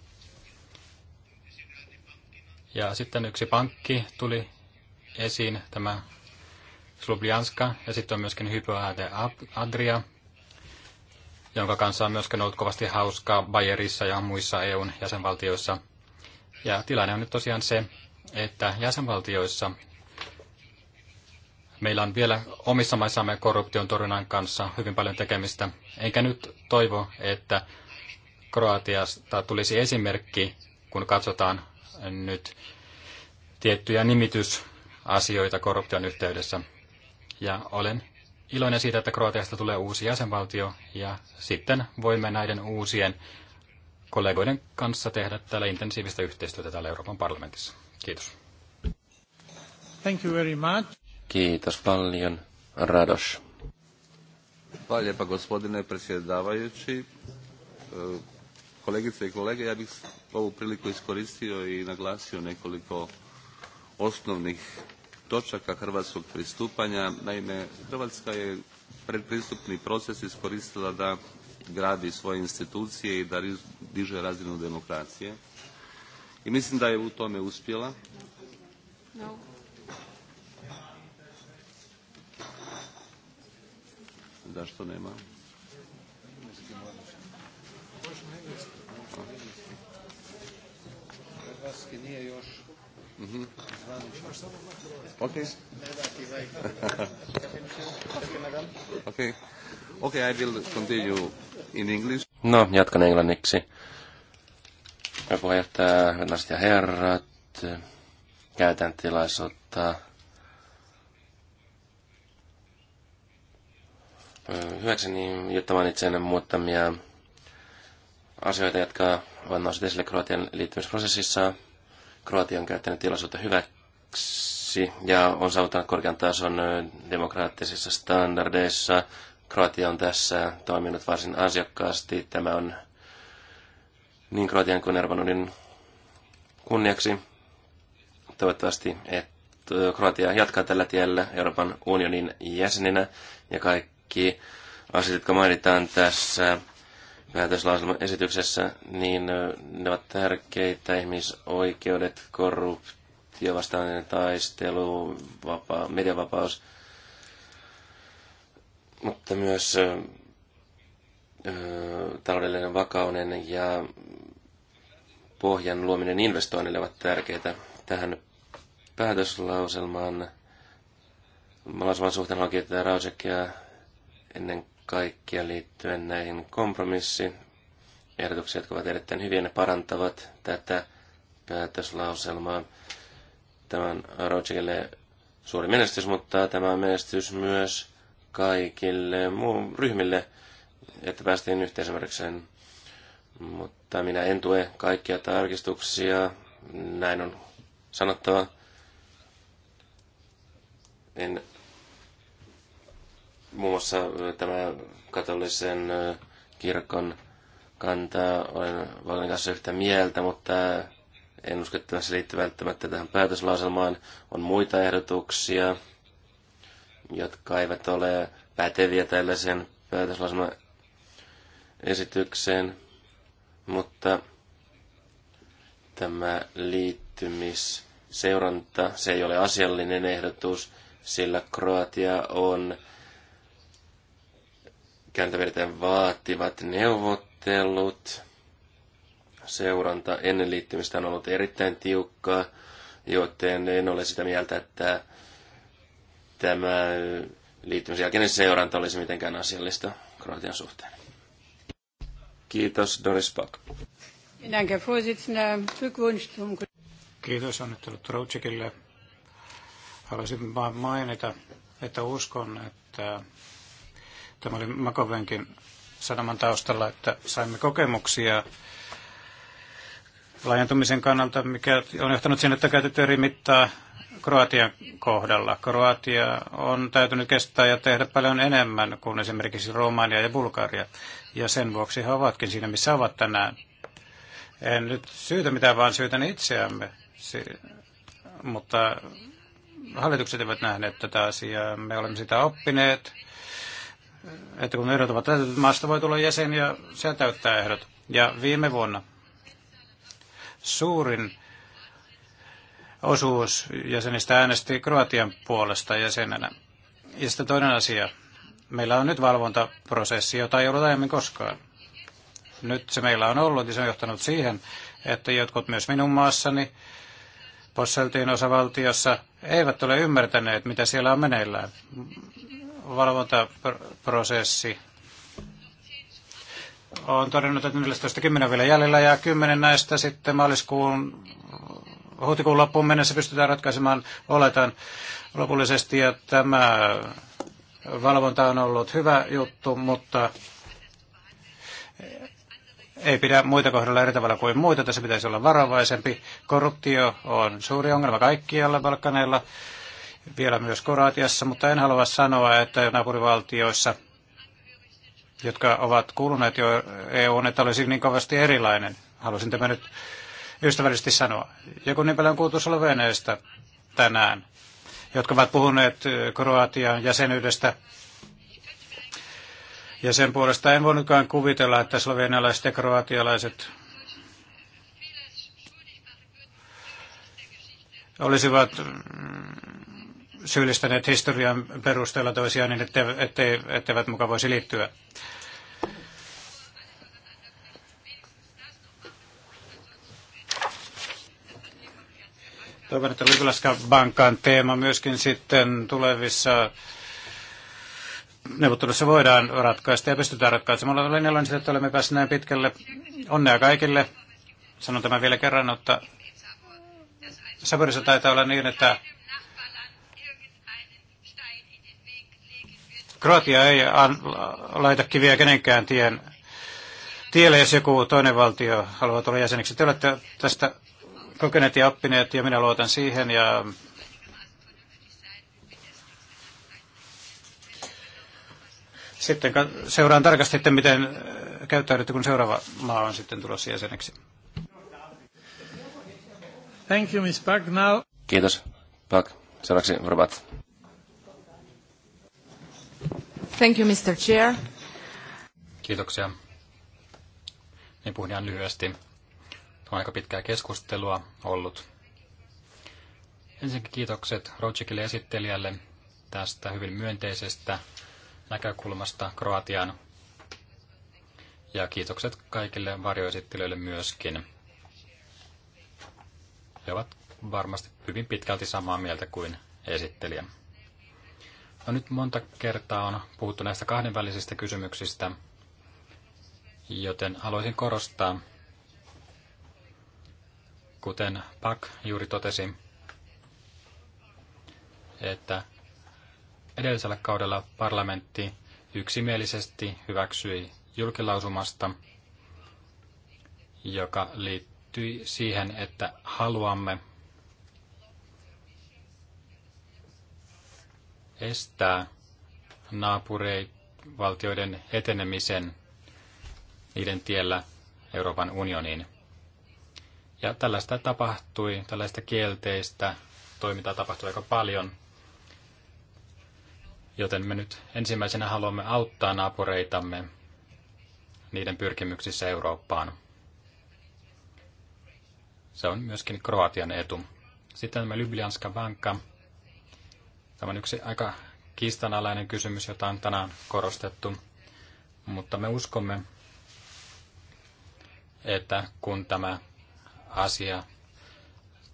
ja sitten yksi pankki tuli esiin, tämä Slubljanska, ja sitten on myöskin Hypo Adria, jonka kanssa on myöskin ollut kovasti hauskaa Bayerissa ja muissa EUn jäsenvaltioissa. Ja tilanne on nyt tosiaan se, että jäsenvaltioissa meillä on vielä omissa maissamme korruption torjunnan kanssa hyvin paljon tekemistä. Enkä nyt toivo, että Kroatiasta tulisi esimerkki, kun katsotaan nyt tiettyjä nimitysasioita korruption yhteydessä. Ja olen iloinen siitä, että Kroatiasta tulee uusi jäsenvaltio ja sitten voimme näiden uusien kollegoiden kanssa tehdä täällä intensiivistä yhteistyötä täällä Euroopan parlamentissa. Kiitos. Thank you very much. Kiitos paljon, Rados. Hvala lijepa gospodine predsjedavajući kolegice i kolege. Ja bih ovu priliku iskoristio i naglasio nekoliko osnovnih točaka hrvatskog pristupanja. Naime, Hrvatska je predpristupni proces iskoristila da gradi svoje institucije i da diže razinu demokracije. I mislim da je u tome uspjela. Zašto nema? Hrvatski nije još zvanično. okay. okay, I will continue in English. No, jatkan englanniksi. Hyvä puheenjohtaja, hyvät naiset ja herrat. Käytän tilaisuutta hyväkseni, jotta mainitsen muutamia asioita, jotka ovat nousseet esille Kroatian liittymisprosessissa. Kroatia on käyttänyt tilaisuutta hyväksi ja on saavuttanut korkean tason demokraattisissa standardeissa. Kroatia on tässä toiminut varsin ansiokkaasti. Tämä on niin Kroatian kuin Euroopan unionin kunniaksi. Toivottavasti, että Kroatia jatkaa tällä tiellä Euroopan unionin jäsenenä ja kaikki asiat, jotka mainitaan tässä esityksessä niin ne ovat tärkeitä ihmisoikeudet, korruptio, vastainen taistelu, vapaa, medianvapaus, mutta myös ö, taloudellinen vakauden ja pohjan luominen investoinnille ovat tärkeitä. Tähän päätöslauselmaan lausuman suhteen hankitaan Rausek ennen kaikkia liittyen näihin kompromissiehdotuksiin, jotka ovat erittäin hyviä, ne parantavat tätä päätöslauselmaa. Tämä on suuri menestys, mutta tämä on menestys myös kaikille muun ryhmille, että päästiin yhteisymmärrykseen. Mutta minä en tue kaikkia tarkistuksia, näin on sanottava. En Muun muassa äh, tämä katolisen äh, kirkon kanta olen Valin kanssa yhtä mieltä, mutta en usko, että se liittyy välttämättä tähän päätöslauselmaan. On muita ehdotuksia, jotka eivät ole päteviä tällaisen päätöslauselman esitykseen, mutta tämä liittymisseuranta, se ei ole asiallinen ehdotus, sillä Kroatia on kääntövertä vaativat neuvottelut. Seuranta ennen liittymistä on ollut erittäin tiukkaa, joten en ole sitä mieltä, että tämä liittymisen jälkeinen seuranta olisi mitenkään asiallista Kroatian suhteen. Kiitos Doris Pak. Kiitos onnittelut Trocekille. Haluaisin vain mainita, että uskon, että Tämä oli Makovenkin sanoman taustalla, että saimme kokemuksia laajentumisen kannalta, mikä on johtanut siihen, että käytetty eri mittaa Kroatian kohdalla. Kroatia on täytynyt kestää ja tehdä paljon enemmän kuin esimerkiksi Romania ja Bulgaria. Ja sen vuoksi he ovatkin siinä, missä ovat tänään. En nyt syytä mitään, vaan syytän itseämme. Si- mutta hallitukset eivät nähneet tätä asiaa. Me olemme sitä oppineet että kun ehdot ovat täytetyt, maasta voi tulla jäsen ja se täyttää ehdot. Ja viime vuonna suurin osuus jäsenistä äänesti Kroatian puolesta jäsenenä. Ja sitten toinen asia. Meillä on nyt valvontaprosessi, jota ei ollut aiemmin koskaan. Nyt se meillä on ollut ja se on johtanut siihen, että jotkut myös minun maassani Posseltiin osavaltiossa eivät ole ymmärtäneet, mitä siellä on meneillään valvontaprosessi on todennut, että on vielä jäljellä ja 10 näistä sitten maaliskuun huhtikuun loppuun mennessä pystytään ratkaisemaan, oletan lopullisesti, ja tämä valvonta on ollut hyvä juttu, mutta ei pidä muita kohdella eri tavalla kuin muita. Tässä pitäisi olla varovaisempi. Korruptio on suuri ongelma kaikkialla Balkaneilla vielä myös Kroatiassa, mutta en halua sanoa, että naapurivaltioissa, jotka ovat kuuluneet jo EUn, että olisi niin kovasti erilainen. Halusin tämä nyt ystävällisesti sanoa. Ja kun niin paljon kuultu Sloveneista tänään, jotka ovat puhuneet Kroatian jäsenyydestä, ja sen puolesta en voinutkaan kuvitella, että slovenialaiset ja kroatialaiset olisivat mm, syyllistäneet historian perusteella toisiaan niin, ette, ette, etteivät muka voisi liittyä. Toivon, että Lukulaska Bankan teema myöskin sitten tulevissa neuvottelussa voidaan ratkaista ja pystytään ratkaisemaan. Olen iloinen siitä, että olemme päässeet näin pitkälle. Onnea kaikille. Sanon tämän vielä kerran, että Saburissa taitaa olla niin, että Kroatia ei an, laita kiviä kenenkään tien, tielle, jos joku toinen valtio haluaa tulla jäseneksi. Te olette tästä kokeneet ja oppineet ja minä luotan siihen ja sitten seuraan tarkasti, että miten käyttäydytte, kun seuraava maa on sitten tulossa jäseneksi. Thank you, Miss Park. Now... Kiitos, Park. Seuraavaksi Robert. Thank you, Mr. Chair. Kiitoksia. Niin puhun ihan lyhyesti. Tämä on aika pitkää keskustelua ollut. Ensinnäkin kiitokset Rojikille esittelijälle tästä hyvin myönteisestä näkökulmasta Kroatian. Ja kiitokset kaikille varjoesittelijöille myöskin. He ovat varmasti hyvin pitkälti samaa mieltä kuin esittelijä. No nyt monta kertaa on puhuttu näistä kahdenvälisistä kysymyksistä, joten haluaisin korostaa, kuten Pak juuri totesi, että edellisellä kaudella parlamentti yksimielisesti hyväksyi julkilausumasta, joka liittyi siihen, että haluamme estää naapurivaltioiden etenemisen niiden tiellä Euroopan unioniin. Ja tällaista tapahtui, tällaista kielteistä toimintaa tapahtui aika paljon. Joten me nyt ensimmäisenä haluamme auttaa naapureitamme niiden pyrkimyksissä Eurooppaan. Se on myöskin Kroatian etu. Sitten tämä Ljubljanska vankka. Tämä on yksi aika kiistanalainen kysymys, jota on tänään korostettu, mutta me uskomme, että kun tämä asia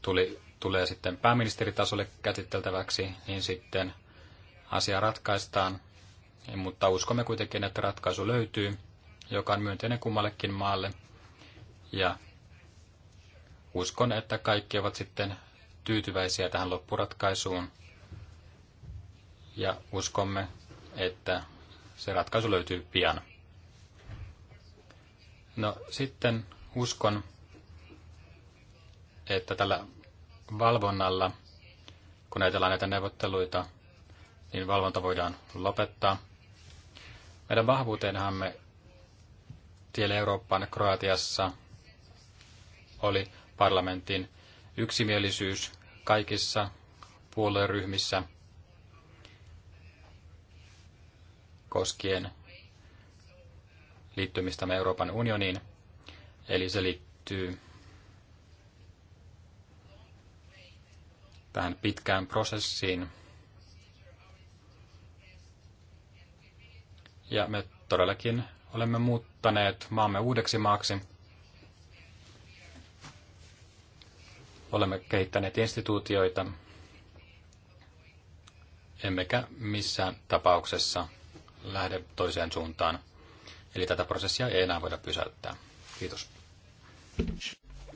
tuli, tulee sitten pääministeritasolle käsiteltäväksi, niin sitten asia ratkaistaan. Mutta uskomme kuitenkin, että ratkaisu löytyy, joka on myönteinen kummallekin maalle. Ja uskon, että kaikki ovat sitten tyytyväisiä tähän loppuratkaisuun ja uskomme, että se ratkaisu löytyy pian. No sitten uskon, että tällä valvonnalla, kun ajatellaan näitä neuvotteluita, niin valvonta voidaan lopettaa. Meidän me tielle Eurooppaan Kroatiassa oli parlamentin yksimielisyys kaikissa puolueryhmissä – koskien liittymistämme Euroopan unioniin. Eli se liittyy tähän pitkään prosessiin. Ja me todellakin olemme muuttaneet maamme uudeksi maaksi. Olemme kehittäneet instituutioita, emmekä missään tapauksessa lähde toiseen suuntaan. Eli tätä prosessia ei enää voida pysäyttää. Kiitos.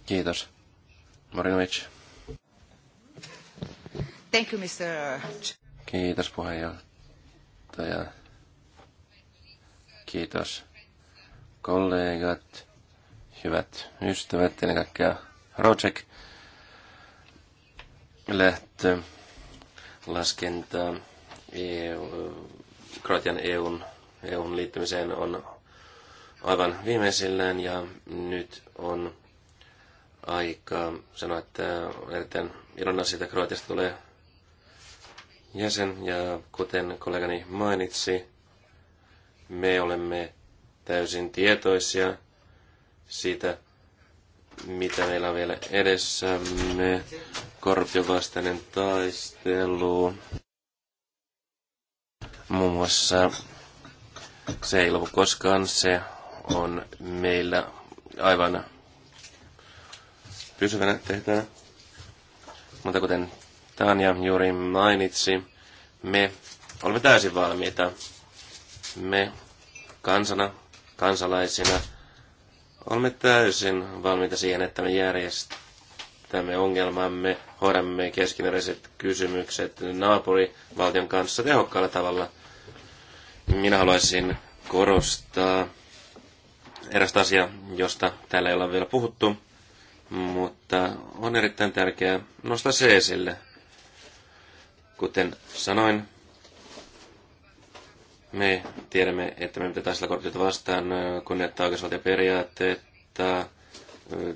Kiitos. Marinovic. Thank you, Mr. Kiitos puheenjohtaja. Kiitos kollegat, hyvät ystävät, ennen kaikkea Rocek lähtö laskentaa EU Kroatian EUn, EUn liittymiseen on aivan viimeisillään ja nyt on aika sanoa, että on erittäin iloinen siitä, että Kroatiasta tulee jäsen ja kuten kollegani mainitsi, me olemme täysin tietoisia siitä, mitä meillä on vielä edessämme. Korpion taistelu. Muun muassa se ei lopu koskaan, se on meillä aivan pysyvänä tehtävänä. Mutta kuten Tanja juuri mainitsi, me olemme täysin valmiita. Me kansana, kansalaisina, olemme täysin valmiita siihen, että me järjestämme ongelmamme, hoidamme keskinäiset kysymykset naapurivaltion kanssa tehokkaalla tavalla. Minä haluaisin korostaa erästä asiaa, josta täällä ei ole vielä puhuttu, mutta on erittäin tärkeää nostaa se esille. Kuten sanoin, me tiedämme, että me pitää sillä korkeutta vastaan, kunnioittaa oikeusvaltioperiaatteita,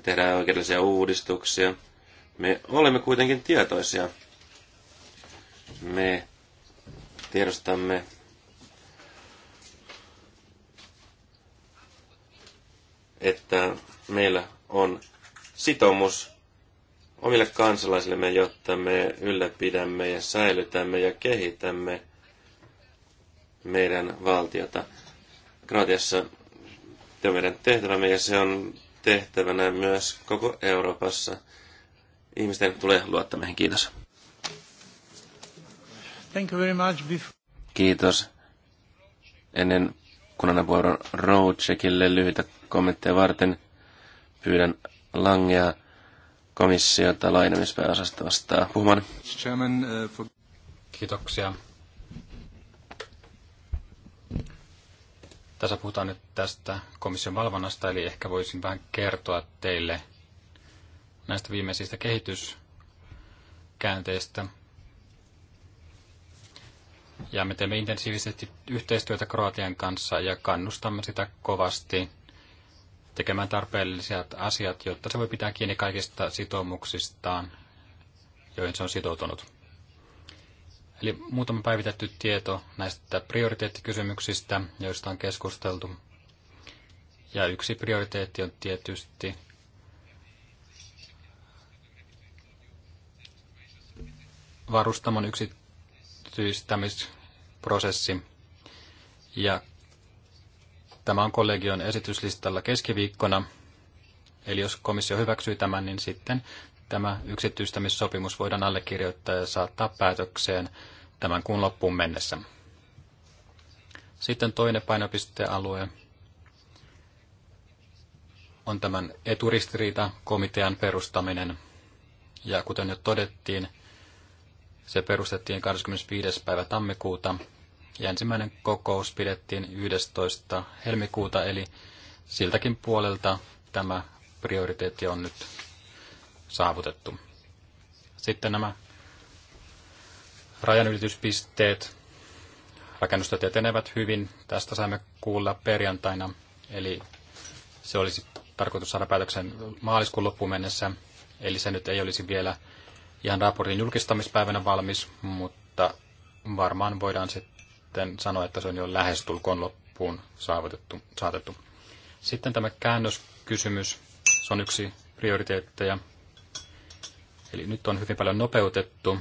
tehdään oikeudellisia uudistuksia. Me olemme kuitenkin tietoisia. Me tiedostamme että meillä on sitoumus omille kansalaisillemme, jotta me ylläpidämme ja säilytämme ja kehitämme meidän valtiota. Kroatiassa se on meidän tehtävämme ja se on tehtävänä myös koko Euroopassa. Ihmisten tulee luottaa meihin. Kiitos. Thank you very much. Kiitos. Ennen kun annan puheenvuoron lyhyitä kommentteja varten pyydän Langea komissiota lainamispääosasta vastaa puhumaan. Uh, Kiitoksia. Tässä puhutaan nyt tästä komission valvonnasta, eli ehkä voisin vähän kertoa teille näistä viimeisistä kehityskäänteistä. Ja me teemme intensiivisesti yhteistyötä Kroatian kanssa ja kannustamme sitä kovasti – tekemään tarpeelliset asiat, jotta se voi pitää kiinni kaikista sitoumuksistaan, joihin se on sitoutunut. Eli muutama päivitetty tieto näistä prioriteettikysymyksistä, joista on keskusteltu. Ja yksi prioriteetti on tietysti varustamon yksityistämisprosessi ja Tämä on kollegion esityslistalla keskiviikkona. Eli jos komissio hyväksyy tämän, niin sitten tämä yksityistämissopimus voidaan allekirjoittaa ja saattaa päätökseen tämän kuun loppuun mennessä. Sitten toinen painopistealue on tämän eturistiriitakomitean perustaminen. Ja kuten jo todettiin, se perustettiin 25. päivä tammikuuta ja ensimmäinen kokous pidettiin 11. helmikuuta, eli siltäkin puolelta tämä prioriteetti on nyt saavutettu. Sitten nämä rajanylityspisteet, rakennustyöt etenevät hyvin. Tästä saimme kuulla perjantaina, eli se olisi tarkoitus saada päätöksen maaliskuun loppuun mennessä. Eli se nyt ei olisi vielä ihan raportin julkistamispäivänä valmis, mutta varmaan voidaan sitten sitten sanoa, että se on jo lähestulkoon loppuun saavutettu, saatettu. Sitten tämä käännöskysymys, se on yksi prioriteetteja. Eli nyt on hyvin paljon nopeutettu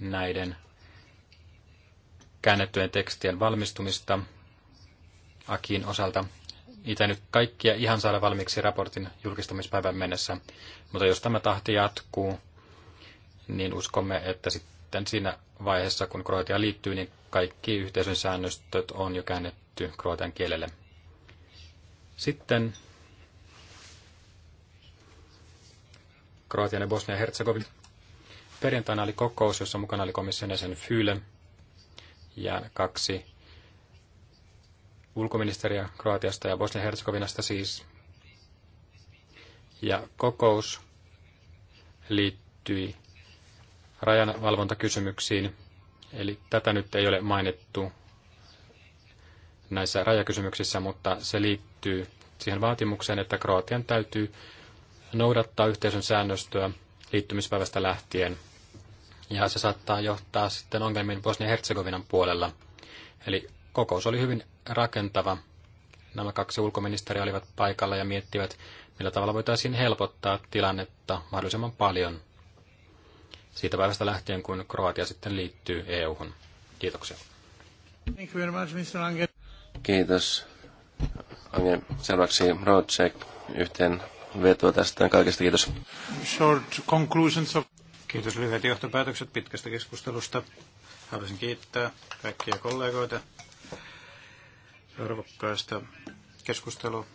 näiden käännettyjen tekstien valmistumista Akiin osalta. Niitä nyt kaikkia ihan saada valmiiksi raportin julkistamispäivän mennessä, mutta jos tämä tahti jatkuu, niin uskomme, että sitten sitten siinä vaiheessa, kun Kroatia liittyy, niin kaikki yhteisön säännöstöt on jo käännetty kroatian kielelle. Sitten Kroatian ja Bosnia ja Herzegovina. Perjantaina oli kokous, jossa mukana oli komission jäsen Fyle ja kaksi ulkoministeriä Kroatiasta ja Bosnia ja Herzegovinasta siis. Ja kokous liittyi rajanvalvontakysymyksiin. Eli tätä nyt ei ole mainittu näissä rajakysymyksissä, mutta se liittyy siihen vaatimukseen, että Kroatian täytyy noudattaa yhteisön säännöstöä liittymispäivästä lähtien. Ja se saattaa johtaa sitten ongelmiin Bosnia-Herzegovinan puolella. Eli kokous oli hyvin rakentava. Nämä kaksi ulkoministeriä olivat paikalla ja miettivät, millä tavalla voitaisiin helpottaa tilannetta mahdollisimman paljon – siitä päivästä lähtien, kun Kroatia sitten liittyy EU-hun. Kiitoksia. Thank you very much, Mr. Kiitos. Ange, selväksi roadcheck yhteen vetoa tästä kaikesta. Kiitos. Short conclusions of... Kiitos lyhyet johtopäätökset pitkästä keskustelusta. Haluaisin kiittää kaikkia kollegoita arvokkaista keskustelu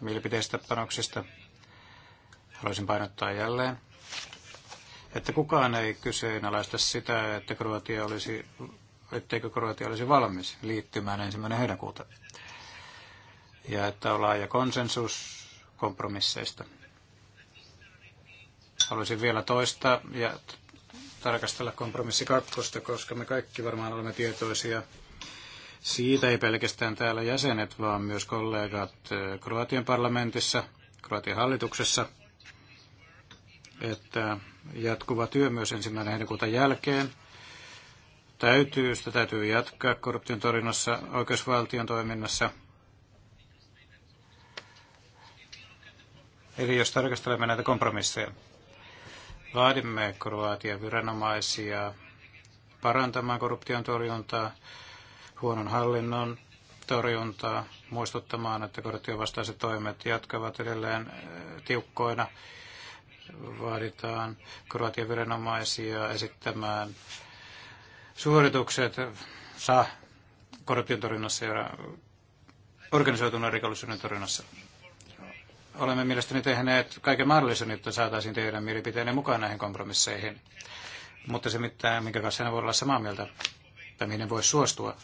mielipiteistä panoksista. Haluaisin painottaa jälleen, että kukaan ei kyseenalaista sitä, että Kroatia olisi, etteikö Kroatia olisi valmis liittymään ensimmäinen heinäkuuta. Ja että on laaja konsensus kompromisseista. Haluaisin vielä toista ja tarkastella kompromissi kakkosta, koska me kaikki varmaan olemme tietoisia siitä ei pelkästään täällä jäsenet, vaan myös kollegat eh, Kroatian parlamentissa, Kroatian hallituksessa – että jatkuva työ myös ensimmäinen heinäkuuta jälkeen täytyy, sitä täytyy jatkaa korruption torjunnassa, oikeusvaltion toiminnassa. Eli jos tarkastelemme näitä kompromisseja, vaadimme Kroatian viranomaisia parantamaan korruption torjuntaa, huonon hallinnon torjuntaa, muistuttamaan, että korruption vastaiset toimet jatkavat edelleen tiukkoina vaaditaan Kroatian viranomaisia esittämään suoritukset saa korruption torjunnassa ja organisoituneen rikollisuuden torjunnassa. Olemme mielestäni tehneet kaiken mahdollisen, että saataisiin teidän mielipiteenne mukaan näihin kompromisseihin. Mutta se, mitään minkä kanssa en voi olla samaa mieltä, tai mihin voi suostua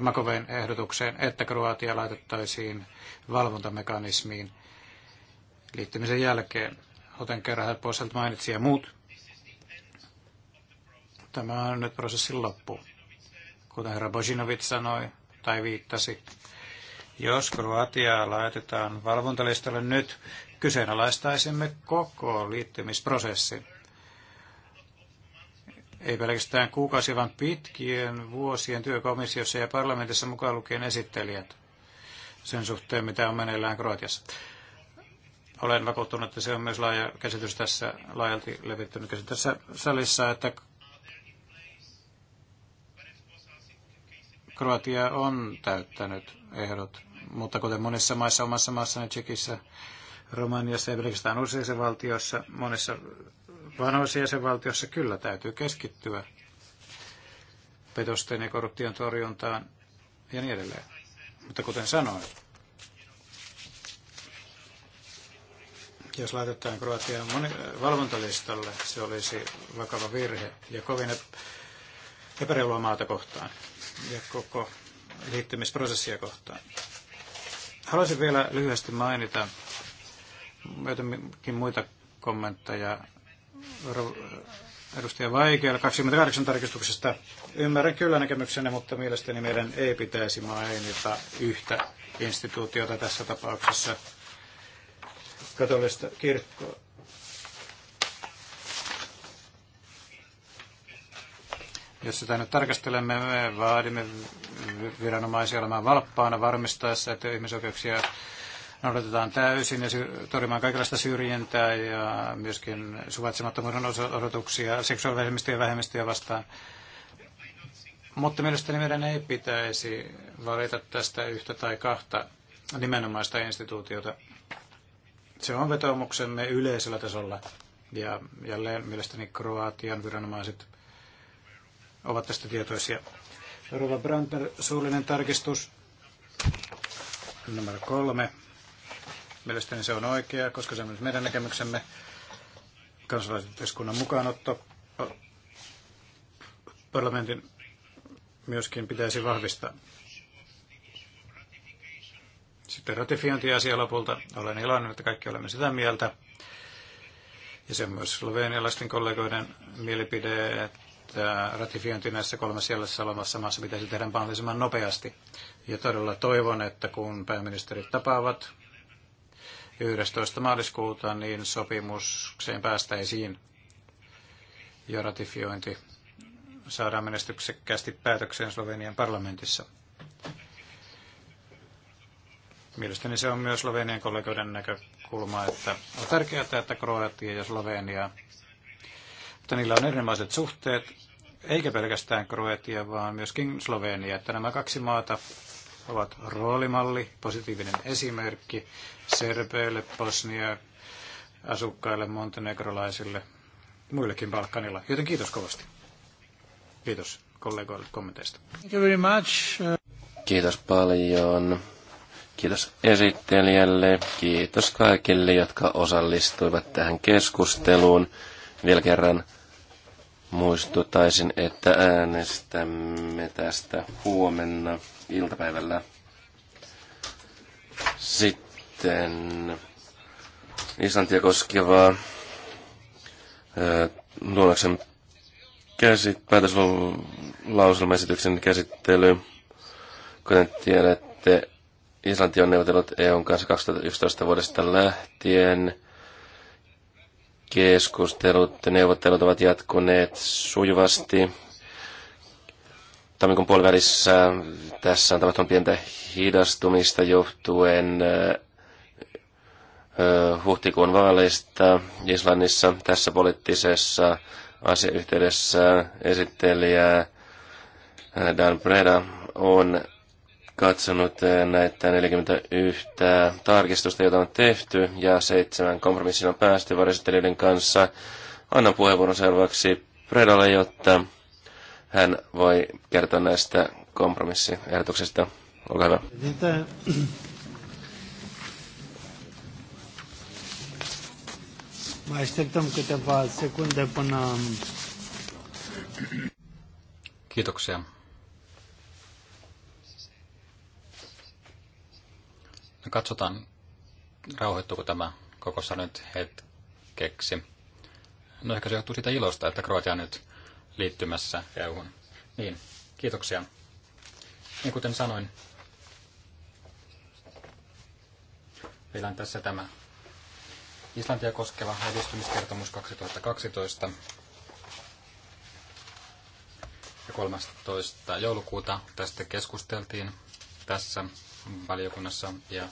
Makoveen ehdotukseen, että Kroatia laitettaisiin valvontamekanismiin liittymisen jälkeen kuten Kerhard Poiselt mainitsi ja muut. Tämä on nyt prosessin loppu. Kuten herra Bojinovic sanoi tai viittasi, jos Kroatia laitetaan valvontalistalle nyt, kyseenalaistaisimme koko liittymisprosessi. Ei pelkästään kuukausi, vaan pitkien vuosien työkomissiossa ja parlamentissa mukaan lukien esittelijät sen suhteen, mitä on meneillään Kroatiassa olen vakuuttunut, että se on myös laaja käsitys tässä, laajalti levittynyt käsitys tässä salissa, että Kroatia on täyttänyt ehdot, mutta kuten monissa maissa, omassa maassani Tsekissä, Romaniassa ja pelkästään useissa valtioissa, monissa vanhoissa jäsenvaltiossa kyllä täytyy keskittyä petosten ja korruption torjuntaan ja niin edelleen. Mutta kuten sanoin, Jos laitetaan Kroatian valvontalistalle, se olisi vakava virhe ja kovin epäreilua maata kohtaan ja koko liittymisprosessia kohtaan. Haluaisin vielä lyhyesti mainita jotenkin muita kommentteja edustaja Vaikea 28 tarkistuksesta. Ymmärrän kyllä näkemyksenne, mutta mielestäni meidän ei pitäisi mainita yhtä instituutiota tässä tapauksessa katolista kirkkoa. Jos sitä nyt tarkastelemme, me vaadimme viranomaisia olemaan valppaana varmistaessa, että ihmisoikeuksia noudatetaan täysin ja torjumaan kaikenlaista syrjintää ja myöskin suvaitsemattomuuden odotuksia seksuaalivähemmistöjä ja vähemmistöjä vastaan. Mutta mielestäni meidän ei pitäisi valita tästä yhtä tai kahta nimenomaista instituutiota. Se on vetoomuksemme yleisellä tasolla. Ja jälleen mielestäni Kroatian viranomaiset ovat tästä tietoisia. Rova Brandner, suullinen tarkistus numero kolme. Mielestäni se on oikea, koska se on meidän näkemyksemme kansalaisyhteiskunnan mukaanotto. Parlamentin myöskin pitäisi vahvistaa. Sitten ratifiointiasia lopulta. Olen iloinen, että kaikki olemme sitä mieltä. Ja se on myös slovenialaisten kollegoiden mielipide, että ratifiointi näissä kolmessa jäljessä olevassa maassa pitäisi tehdä mahdollisimman nopeasti. Ja todella toivon, että kun pääministerit tapaavat 11. maaliskuuta, niin sopimukseen päästäisiin ja ratifiointi saadaan menestyksekkäästi päätökseen Slovenian parlamentissa. Mielestäni se on myös Slovenian kollegoiden näkökulma, että on tärkeää, että Kroatia ja Slovenia, että niillä on erinomaiset suhteet, eikä pelkästään Kroatia, vaan myöskin Slovenia, että nämä kaksi maata ovat roolimalli, positiivinen esimerkki serbeille, Bosnia, asukkaille, montenegrolaisille, muillekin Balkanilla. Joten kiitos kovasti. Kiitos kollegoille kommenteista. Thank you very much. Kiitos paljon. Kiitos esittelijälle, kiitos kaikille, jotka osallistuivat tähän keskusteluun. Vielä kerran muistutaisin, että äänestämme tästä huomenna iltapäivällä. Sitten Islantia koskevaa luonnoksen käsit, päätöslauselmaesityksen käsittely. Kuten tiedätte, Islanti on neuvotellut EUn kanssa 2011 vuodesta lähtien. Keskustelut ja neuvottelut ovat jatkuneet sujuvasti. Tammikuun puolivälissä tässä on tapahtunut pientä hidastumista johtuen huhtikuun vaaleista Islannissa tässä poliittisessa asiayhteydessä esittelijä Dan Breda on katsonut eh, näitä 41 tarkistusta, joita on tehty, ja seitsemän kompromissin on päästy varjostelijoiden kanssa. Annan puheenvuoron seuraavaksi Predalle, jotta hän voi kertoa näistä kompromissiehdotuksista. Olkaa hyvä. Mai așteptăm câteva Kiitoksia. No katsotaan, rauhoittuuko tämä koko nyt hetkeksi. No ehkä se johtuu siitä ilosta, että Kroatia on nyt liittymässä EUhun. Niin, kiitoksia. Niin kuten sanoin, meillä on tässä tämä Islantia koskeva edistymiskertomus 2012 ja 13. joulukuuta tästä keskusteltiin tässä valiokunnassa ja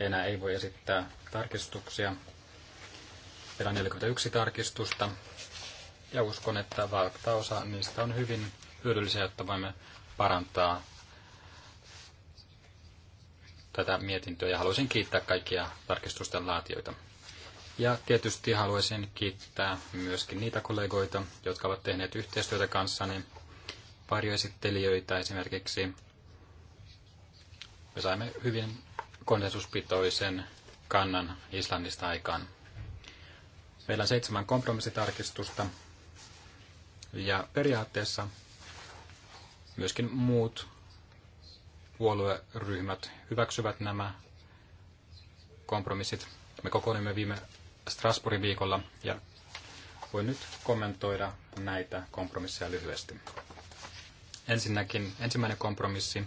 enää ei voi esittää tarkistuksia. Meillä on 41 tarkistusta ja uskon, että valtaosa niistä on hyvin hyödyllisiä, jotta voimme parantaa tätä mietintöä ja haluaisin kiittää kaikkia tarkistusten laatijoita. Ja tietysti haluaisin kiittää myöskin niitä kollegoita, jotka ovat tehneet yhteistyötä kanssani, varjoesittelijöitä esimerkiksi me saimme hyvin konsensuspitoisen kannan Islannista aikaan. Meillä on seitsemän kompromissitarkistusta ja periaatteessa myöskin muut puolueryhmät hyväksyvät nämä kompromissit. Me kokoonimme viime Strasbourgin viikolla ja voin nyt kommentoida näitä kompromisseja lyhyesti. Ensinnäkin ensimmäinen kompromissi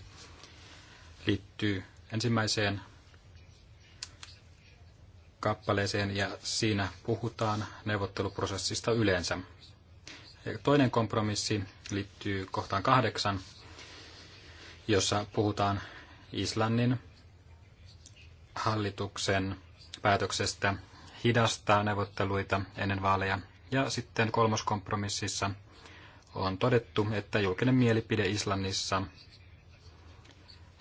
liittyy ensimmäiseen kappaleeseen ja siinä puhutaan neuvotteluprosessista yleensä. Ja toinen kompromissi liittyy kohtaan kahdeksan, jossa puhutaan Islannin hallituksen päätöksestä hidastaa neuvotteluita ennen vaaleja. Ja sitten kolmoskompromississa on todettu, että julkinen mielipide Islannissa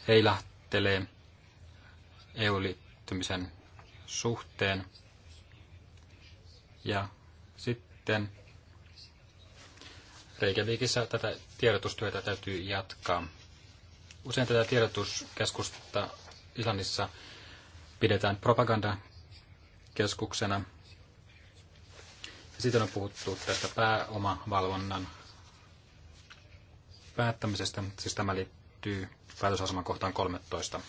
heilahtelee EU-liittymisen suhteen. Ja sitten Reikäviikissä tätä tiedotustyötä täytyy jatkaa. Usein tätä tiedotuskeskusta Islannissa pidetään propagandakeskuksena. Ja sitten on puhuttu tästä pääomavalvonnan päättämisestä, siis tämä liittyy päätösaseman kohtaan 13.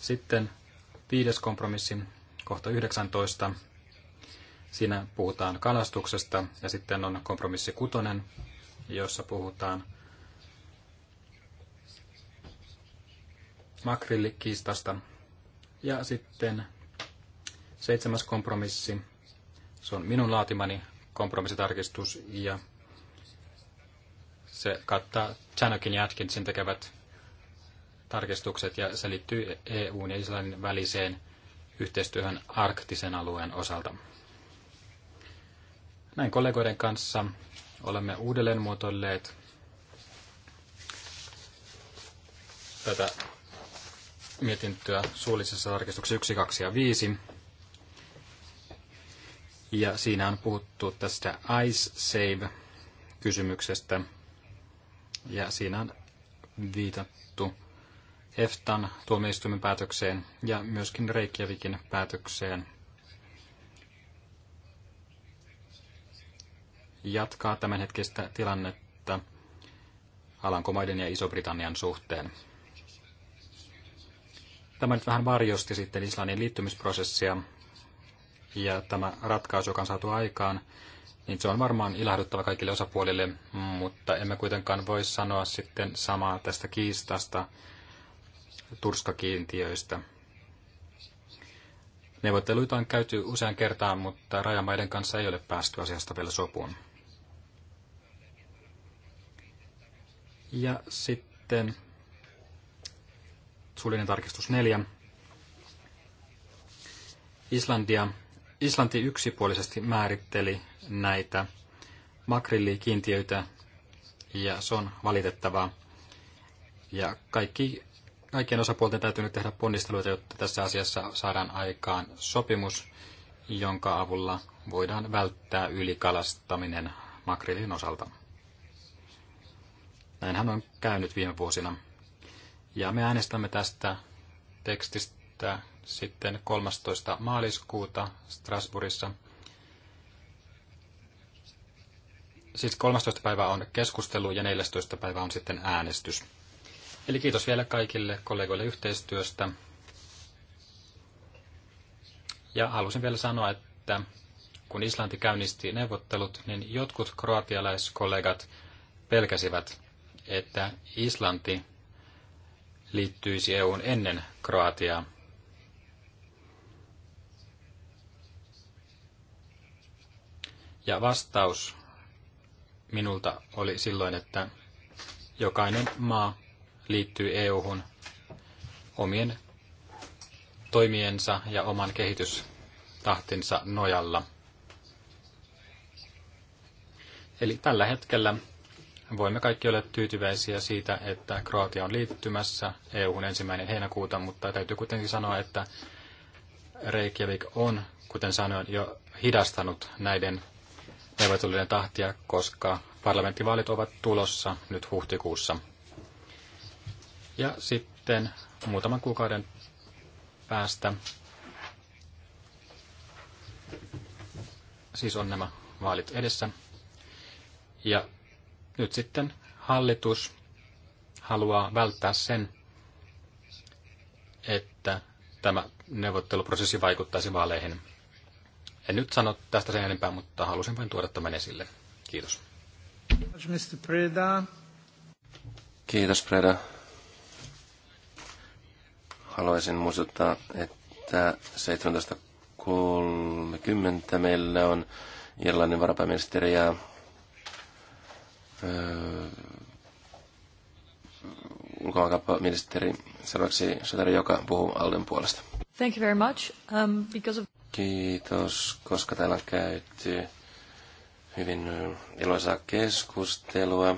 Sitten viides kompromissi, kohta 19. Siinä puhutaan kalastuksesta ja sitten on kompromissi kutonen, jossa puhutaan makrillikiistasta. Ja sitten seitsemäs kompromissi, se on minun laatimani kompromissitarkistus ja se kattaa Chanokin ja Atkinsin tekevät tarkistukset ja se liittyy EUn ja Islannin väliseen yhteistyöhön arktisen alueen osalta. Näin kollegoiden kanssa olemme uudelleen muotoilleet tätä mietintöä suullisessa tarkistuksessa 1, 2 ja 5. Ja siinä on puhuttu tästä Ice Save-kysymyksestä. Ja siinä on viitattu EFTAn tuomioistuimen päätökseen ja myöskin Reykjavikin päätökseen jatkaa tämänhetkistä tilannetta Alankomaiden ja Iso-Britannian suhteen. Tämä nyt vähän varjosti sitten Islannin liittymisprosessia ja tämä ratkaisu, joka on saatu aikaan, niin se on varmaan ilahduttava kaikille osapuolille, mutta emme kuitenkaan voi sanoa sitten samaa tästä kiistasta, turskakiintiöistä. Neuvotteluita on käyty usean kertaan, mutta rajamaiden kanssa ei ole päästy asiasta vielä sopuun. Ja sitten suullinen tarkistus neljä. Islandia. Islanti yksipuolisesti määritteli näitä makrillikiintiöitä ja se on valitettavaa. Ja kaikki kaikkien osapuolten täytyy nyt tehdä ponnisteluita, jotta tässä asiassa saadaan aikaan sopimus, jonka avulla voidaan välttää ylikalastaminen makrilin osalta. Näinhän on käynyt viime vuosina. Ja me äänestämme tästä tekstistä sitten 13. maaliskuuta Strasbourgissa. Siis 13. päivä on keskustelu ja 14. päivä on sitten äänestys. Eli kiitos vielä kaikille kollegoille yhteistyöstä. Ja halusin vielä sanoa, että kun Islanti käynnisti neuvottelut, niin jotkut kroatialaiskollegat pelkäsivät, että Islanti liittyisi EUn ennen Kroatiaa. Ja vastaus minulta oli silloin, että jokainen maa liittyy EU-hun omien toimiensa ja oman kehitystahtinsa nojalla. Eli tällä hetkellä voimme kaikki olla tyytyväisiä siitä, että Kroatia on liittymässä EU:n ensimmäinen heinäkuuta, mutta täytyy kuitenkin sanoa, että Reykjavik on, kuten sanoin, jo hidastanut näiden neuvotteluiden tahtia, koska parlamenttivaalit ovat tulossa nyt huhtikuussa. Ja sitten muutaman kuukauden päästä siis on nämä vaalit edessä. Ja nyt sitten hallitus haluaa välttää sen, että tämä neuvotteluprosessi vaikuttaisi vaaleihin. En nyt sano tästä sen enempää, mutta halusin vain tuoda tämän esille. Kiitos. Kiitos, Preda haluaisin muistuttaa, että 17.30 meillä on Irlannin varapääministeri ja ulkomaankauppaministeri seuraavaksi Sotari, joka puhuu Alden puolesta. Thank you very much. Um, because of... Kiitos, koska täällä on käyty hyvin iloisaa keskustelua.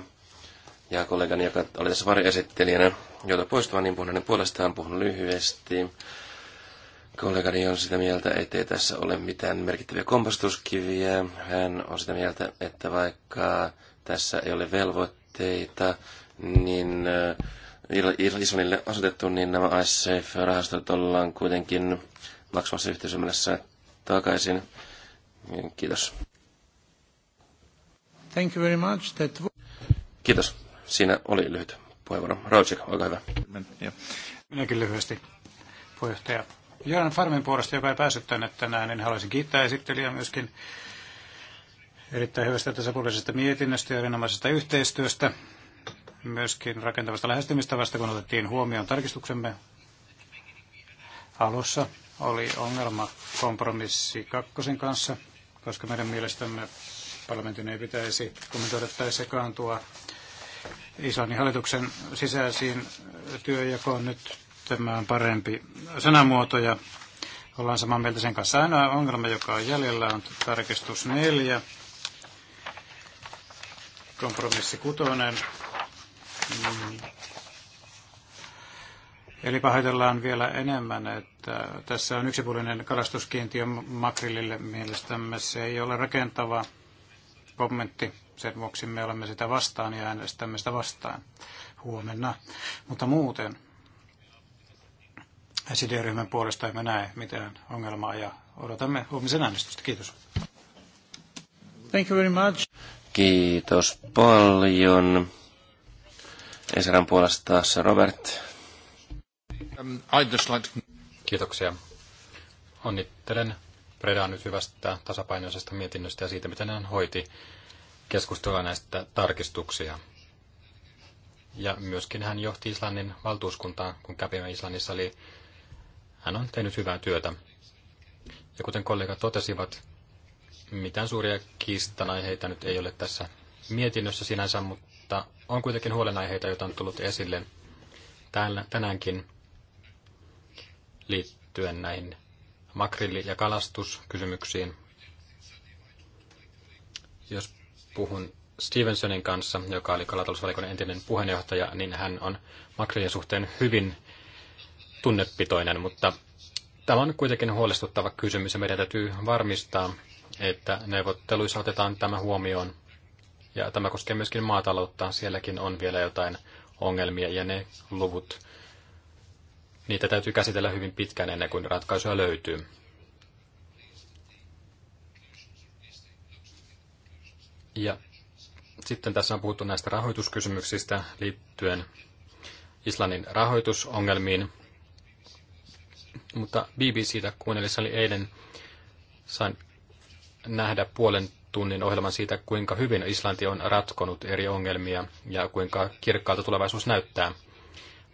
Ja kollegani, joka oli tässä varjoesittelijänä, jota poistuvan niin puhunut, niin puolestaan puhun lyhyesti. Kollegani on sitä mieltä, ettei tässä ole mitään merkittäviä kompastuskiviä. Hän on sitä mieltä, että vaikka tässä ei ole velvoitteita, niin äh, Islannille asetettu, niin nämä ISAFE-rahastot ollaan kuitenkin maksamassa yhteisömmässä takaisin. Kiitos. Thank you very much. That... Kiitos. Siinä oli lyhyt puheenvuoro. Rojek, olkaa hyvä. Minäkin lyhyesti, puheenjohtaja. Jöran Farmin puolesta, joka ei päässyt tänne tänään, niin haluaisin kiittää esittelijää myöskin erittäin hyvästä tasapuolisesta mietinnöstä ja erinomaisesta yhteistyöstä. Myöskin rakentavasta lähestymistavasta, kun otettiin huomioon tarkistuksemme alussa, oli ongelma kompromissi kakkosen kanssa, koska meidän mielestämme parlamentin ei pitäisi kommentoida tai sekaantua Islannin hallituksen sisäisiin työjakoon nyt tämä on parempi sanamuoto ja ollaan samaa mieltä sen kanssa. Ainoa ongelma, joka on jäljellä, on tarkistus neljä, kompromissi kutonen. Eli pahoitellaan vielä enemmän, että tässä on yksipuolinen kalastuskiintiö makrillille. Mielestämme se ei ole rakentava kommentti. Sen vuoksi me olemme sitä vastaan ja äänestämme sitä vastaan huomenna. Mutta muuten SID-ryhmän puolesta emme näe mitään ongelmaa ja odotamme huomisen äänestystä. Kiitos. Thank you very much. Kiitos paljon. Esaran puolesta taas Robert. Um, just like Kiitoksia. Onnittelen Predaa nyt hyvästä tasapainoisesta mietinnöstä ja siitä, miten hän hoiti keskustelua näistä tarkistuksia. Ja myöskin hän johti Islannin valtuuskuntaa, kun kävimme Islannissa, eli hän on tehnyt hyvää työtä. Ja kuten kollegat totesivat, mitään suuria kiistanaiheita nyt ei ole tässä mietinnössä sinänsä, mutta on kuitenkin huolenaiheita, joita on tullut esille täällä tänäänkin liittyen näihin makrilli- ja kalastuskysymyksiin. Jos puhun Stevensonin kanssa, joka oli kalatalousvalikon entinen puheenjohtaja, niin hän on makrillin suhteen hyvin tunnepitoinen, mutta tämä on kuitenkin huolestuttava kysymys ja meidän täytyy varmistaa, että neuvotteluissa otetaan tämä huomioon. Ja tämä koskee myöskin maataloutta. Sielläkin on vielä jotain ongelmia ja ne luvut, niitä täytyy käsitellä hyvin pitkään ennen kuin ratkaisuja löytyy. Ja sitten tässä on puhuttu näistä rahoituskysymyksistä liittyen Islannin rahoitusongelmiin. Mutta BBCtä kuunnellessa oli eilen, sain nähdä puolen tunnin ohjelman siitä, kuinka hyvin Islanti on ratkonut eri ongelmia ja kuinka kirkkaalta tulevaisuus näyttää –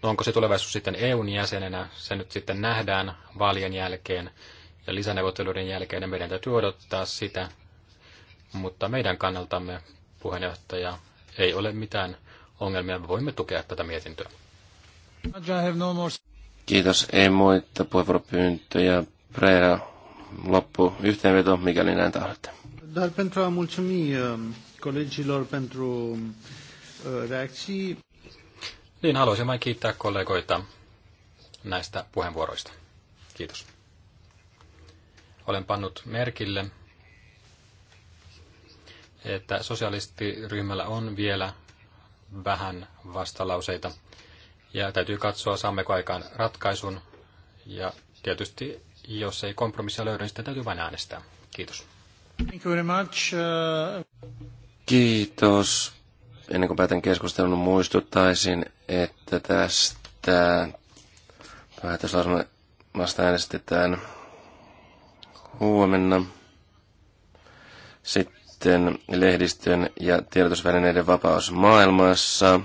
onko se tulevaisuus sitten EUn jäsenenä, se nyt sitten nähdään vaalien jälkeen ja lisäneuvotteluiden jälkeen, ja meidän täytyy odottaa sitä. Mutta meidän kannaltamme puheenjohtaja ei ole mitään ongelmia, me voimme tukea tätä mietintöä. Kiitos, ei muita puheenvuoropyyntöjä. Preera, loppu yhteenveto, mikäli näin tahdotte. Dar pentru a mulțumi um, colegilor pentru um, reacții. Niin, haluaisin vain kiittää kollegoita näistä puheenvuoroista. Kiitos. Olen pannut merkille, että sosialistiryhmällä on vielä vähän vastalauseita. Ja täytyy katsoa, saammeko aikaan ratkaisun. Ja tietysti, jos ei kompromissia löydy, niin sitä täytyy vain äänestää. Kiitos. Thank you very much. Uh, Kiitos ennen kuin päätän keskustelun, muistuttaisin, että tästä päätöslausumasta äänestetään huomenna. Sitten lehdistön ja tiedotusvälineiden vapaus maailmassa,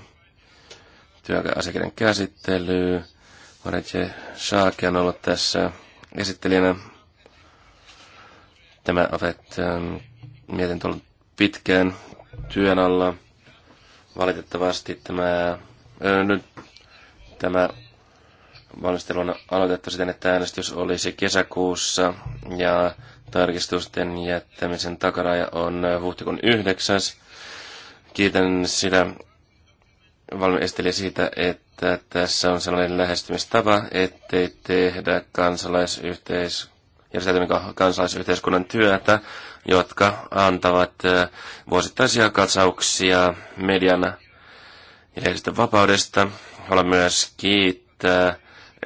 työasiakirjan käsittely. Maretje Shaaki on ollut tässä esittelijänä. Tämä Afet ähm, mietin ollut pitkään työn alla. Valitettavasti tämä, öö, nyt tämä valmistelu on aloitettu siten, että äänestys olisi kesäkuussa ja tarkistusten jättämisen takaraja on huhtikuun 9. Kiitän sitä valmistelijä siitä, että tässä on sellainen lähestymistapa, ettei tehdä kansalaisyhteiskuntaa ja kansalaisyhteiskunnan työtä, jotka antavat vuosittaisia katsauksia median ja lehdistön vapaudesta. Haluan myös kiittää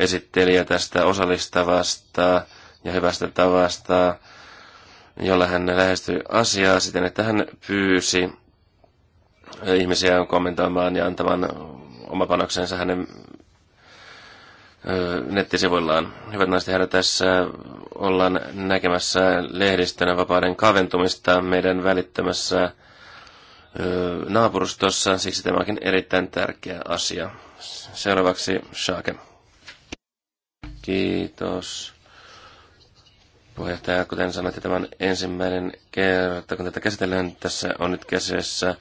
esittelijä tästä osallistavasta ja hyvästä tavasta, jolla hän lähestyi asiaa siten, että hän pyysi ihmisiä kommentoimaan ja antamaan oma panoksensa hänen nettisivuillaan. Hyvät naiset ja herrat, tässä ollaan näkemässä lehdistönä vapauden kaventumista meidän välittämässä naapurustossa, siksi tämä onkin erittäin tärkeä asia. Seuraavaksi Shake. Kiitos. Puheenjohtaja, kuten sanoitte, tämän ensimmäinen kerta, kun tätä käsitellään, tässä on nyt käsissä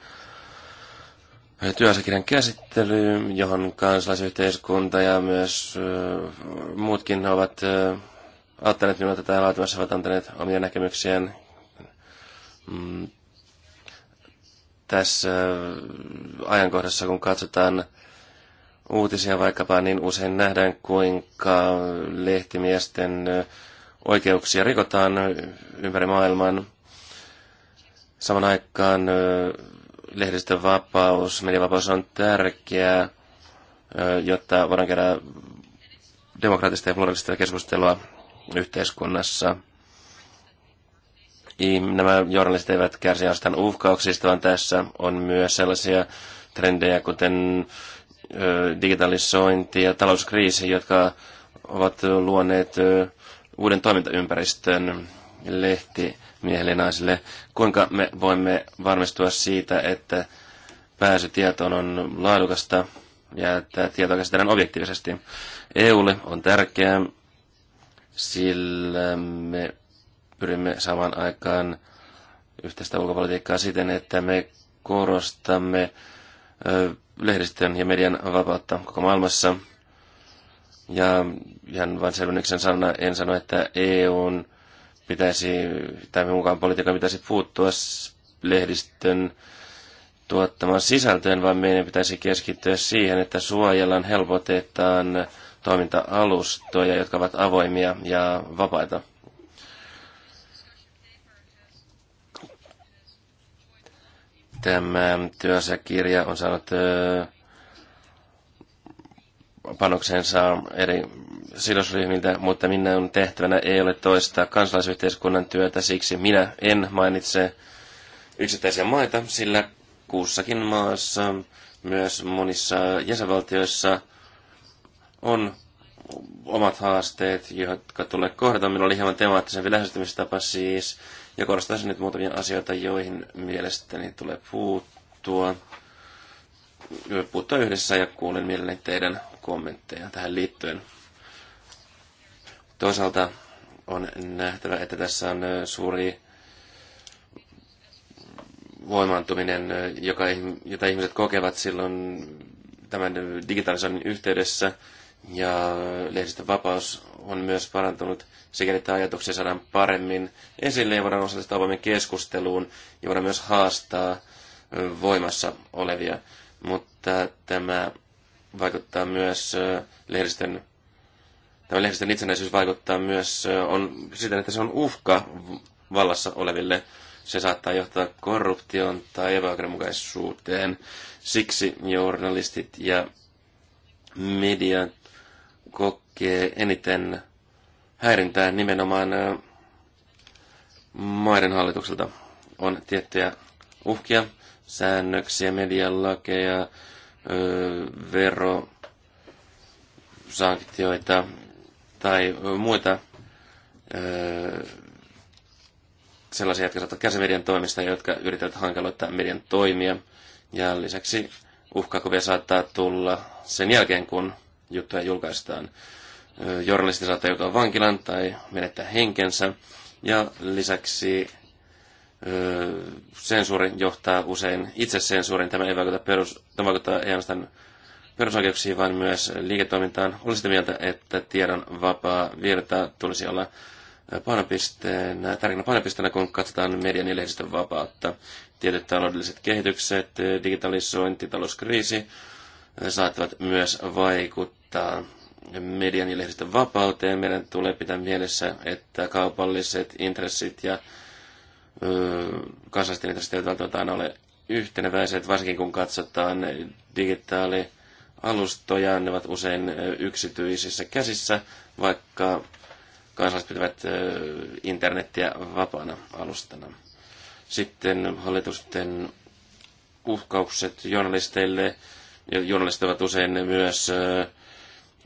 Äh, työasiakirjan käsittelyyn, johon kansalaisyhteiskunta ja myös äh, muutkin ovat auttaneet äh, minua tätä laatimassa, ovat antaneet omia näkemyksiään. Mm. Tässä ajankohdassa, kun katsotaan uutisia vaikkapa, niin usein nähdään, kuinka lehtimiesten oikeuksia rikotaan ympäri maailman. Saman aikaan lehdistövapaus, mediavapaus on tärkeää, jotta voidaan käydä demokraattista ja pluralistista keskustelua yhteiskunnassa. Nämä journalistit eivät kärsi ainoastaan uhkauksista, vaan tässä on myös sellaisia trendejä, kuten digitalisointi ja talouskriisi, jotka ovat luoneet uuden toimintaympäristön lehti miehelle ja naisille. Kuinka me voimme varmistua siitä, että pääsy tietoon on laadukasta ja että tietoa käsitellään objektiivisesti. EUlle on tärkeää, sillä me pyrimme saman aikaan yhteistä ulkopolitiikkaa siten, että me korostamme lehdistön ja median vapautta koko maailmassa. Ja ihan vain selvennyksen sana en sano, että EUn pitäisi, tai mukaan politiikan pitäisi puuttua lehdistön tuottamaan sisältöön, vaan meidän pitäisi keskittyä siihen, että suojellaan, helpotetaan toiminta-alustoja, jotka ovat avoimia ja vapaita. Tämä työsäkirja on saanut panoksensa eri sidosryhmiltä, mutta minä on tehtävänä ei ole toista kansalaisyhteiskunnan työtä, siksi minä en mainitse yksittäisiä maita, sillä kuussakin maassa, myös monissa jäsenvaltioissa on omat haasteet, jotka tulee kohdata. Minulla oli hieman temaattisempi lähestymistapa siis, ja korostaisin nyt muutamia asioita, joihin mielestäni tulee puuttua. Puuttua yhdessä ja kuulen mielelläni teidän kommentteja tähän liittyen. Toisaalta on nähtävä, että tässä on suuri voimaantuminen, joka, jota ihmiset kokevat silloin tämän digitalisoinnin yhteydessä. Ja lehdistön vapaus on myös parantunut sekä, että ajatuksia saadaan paremmin esille ja voidaan osallistua avoimen keskusteluun ja voidaan myös haastaa voimassa olevia. Mutta tämä vaikuttaa myös lehdistön Tämä lehdistön itsenäisyys vaikuttaa myös on siten, että se on uhka vallassa oleville. Se saattaa johtaa korruptioon tai epäoikeudenmukaisuuteen. Siksi journalistit ja media kokee eniten häirintää nimenomaan maiden hallitukselta. On tiettyjä uhkia, säännöksiä, medialakeja, lakeja, öö, vero, sanktioita, tai muita öö, sellaisia, jotka saattavat käsin median toimista, jotka yrittävät hankaloittaa median toimia. Ja lisäksi uhkakuvia saattaa tulla sen jälkeen, kun juttuja julkaistaan. Journalisti saattaa joutua vankilan tai menettää henkensä. Ja lisäksi sensuuri johtaa usein sensuuriin. Tämä ei vaikuta, perus, tämä vaikuttaa ei ainoastaan perusoikeuksiin, vaan myös liiketoimintaan. Olen sitä mieltä, että tiedon vapaa virta tulisi olla painopisteenä, tärkeänä painopisteenä, kun katsotaan median ja lehdistön vapautta. Tietyt taloudelliset kehitykset, digitalisointi, talouskriisi saattavat myös vaikuttaa median ja lehdistön vapauteen. Meidän tulee pitää mielessä, että kaupalliset intressit ja kansallisten intressit eivät välttämättä aina ole yhteneväiset, varsinkin kun katsotaan digitaali alustoja, ne ovat usein yksityisissä käsissä, vaikka kansalaiset pitävät internettiä vapaana alustana. Sitten hallitusten uhkaukset journalisteille, ja journalistit ovat usein myös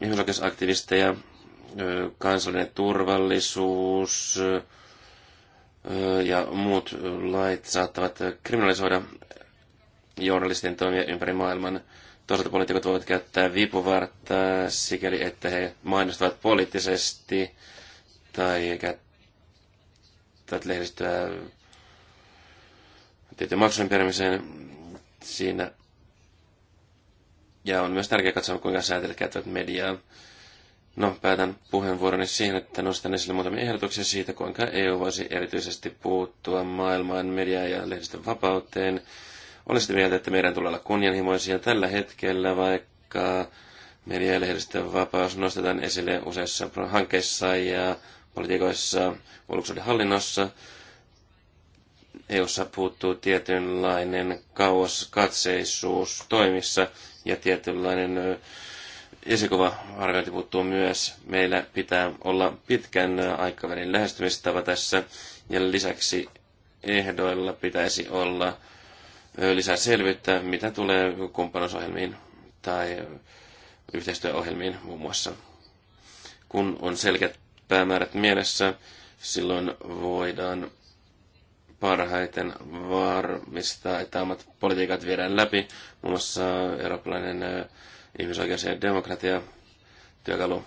ihmisoikeusaktivisteja, kansallinen turvallisuus ja muut lait saattavat kriminalisoida journalistien toimia ympäri maailman – Toisaalta poliitikot voivat käyttää vipuvartta sikäli, että he mainostavat poliittisesti tai käyttävät lehdistöä tietyn maksun perimiseen siinä. Ja on myös tärkeää katsoa, kuinka säätelijät käyttävät mediaa. No, päätän puheenvuoroni siihen, että nostan esille muutamia ehdotuksia siitä, kuinka EU voisi erityisesti puuttua maailman media- ja lehdistön vapauteen olen sitä mieltä, että meidän tulee olla kunnianhimoisia tällä hetkellä, vaikka media- ja lehdistönvapaus nostetaan esille useissa hankkeissa ja politiikoissa ulkoisuuden hallinnossa. EU-ssa puuttuu tietynlainen katseisuus toimissa ja tietynlainen esikuva arviointi puuttuu myös. Meillä pitää olla pitkän aikavälin lähestymistapa tässä ja lisäksi ehdoilla pitäisi olla lisää selvyyttä, mitä tulee kumppanuusohjelmiin tai yhteistyöohjelmiin muun muassa. Kun on selkeät päämäärät mielessä, silloin voidaan parhaiten varmistaa, että omat politiikat viedään läpi, muun muassa eurooppalainen ihmisoikeus- ja demokratia-työkalu.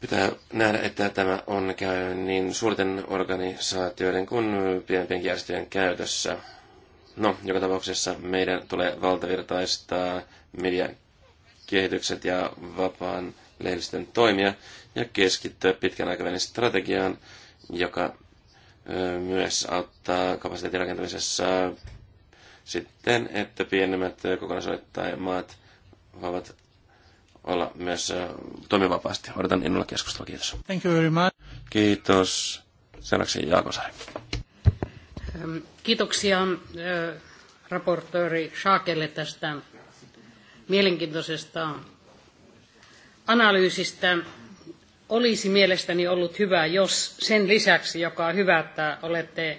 Pitää nähdä, että tämä on käy niin suurten organisaatioiden kuin pienempien järjestöjen käytössä. No, joka tapauksessa meidän tulee valtavirtaistaa median kehitykset ja vapaan lehdistön toimia ja keskittyä pitkän aikavälin strategiaan, joka myös auttaa kapasiteetin rakentamisessa sitten, että pienemmät kokonaisuudet tai maat voivat olla myös toimivapaasti. Odotan innolla keskustelua. Kiitos. Thank you very much. Kiitos. Seuraavaksi Jaakosari. Kiitoksia raportööri Schaakelle tästä mielenkiintoisesta analyysistä. Olisi mielestäni ollut hyvä, jos sen lisäksi, joka on hyvä, että olette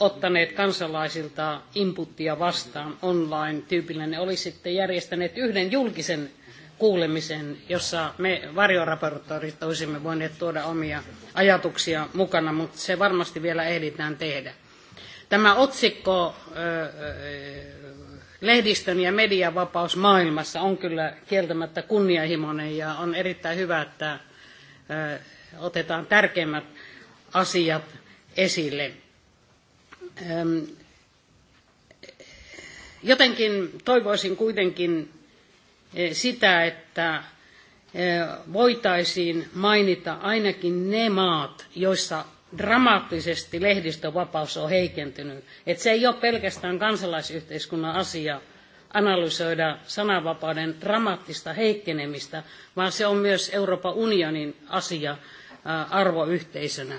ottaneet kansalaisilta inputtia vastaan online-tyypillinen, olisitte järjestäneet yhden julkisen kuulemisen, jossa me varjoraportorit olisimme voineet tuoda omia ajatuksia mukana, mutta se varmasti vielä ehditään tehdä. Tämä otsikko lehdistön ja median vapaus maailmassa on kyllä kieltämättä kunnianhimoinen ja on erittäin hyvä, että otetaan tärkeimmät asiat esille. Jotenkin toivoisin kuitenkin sitä, että voitaisiin mainita ainakin ne maat, joissa dramaattisesti lehdistönvapaus on heikentynyt. Et se ei ole pelkästään kansalaisyhteiskunnan asia analysoida sananvapauden dramaattista heikkenemistä, vaan se on myös Euroopan unionin asia äh, arvoyhteisönä.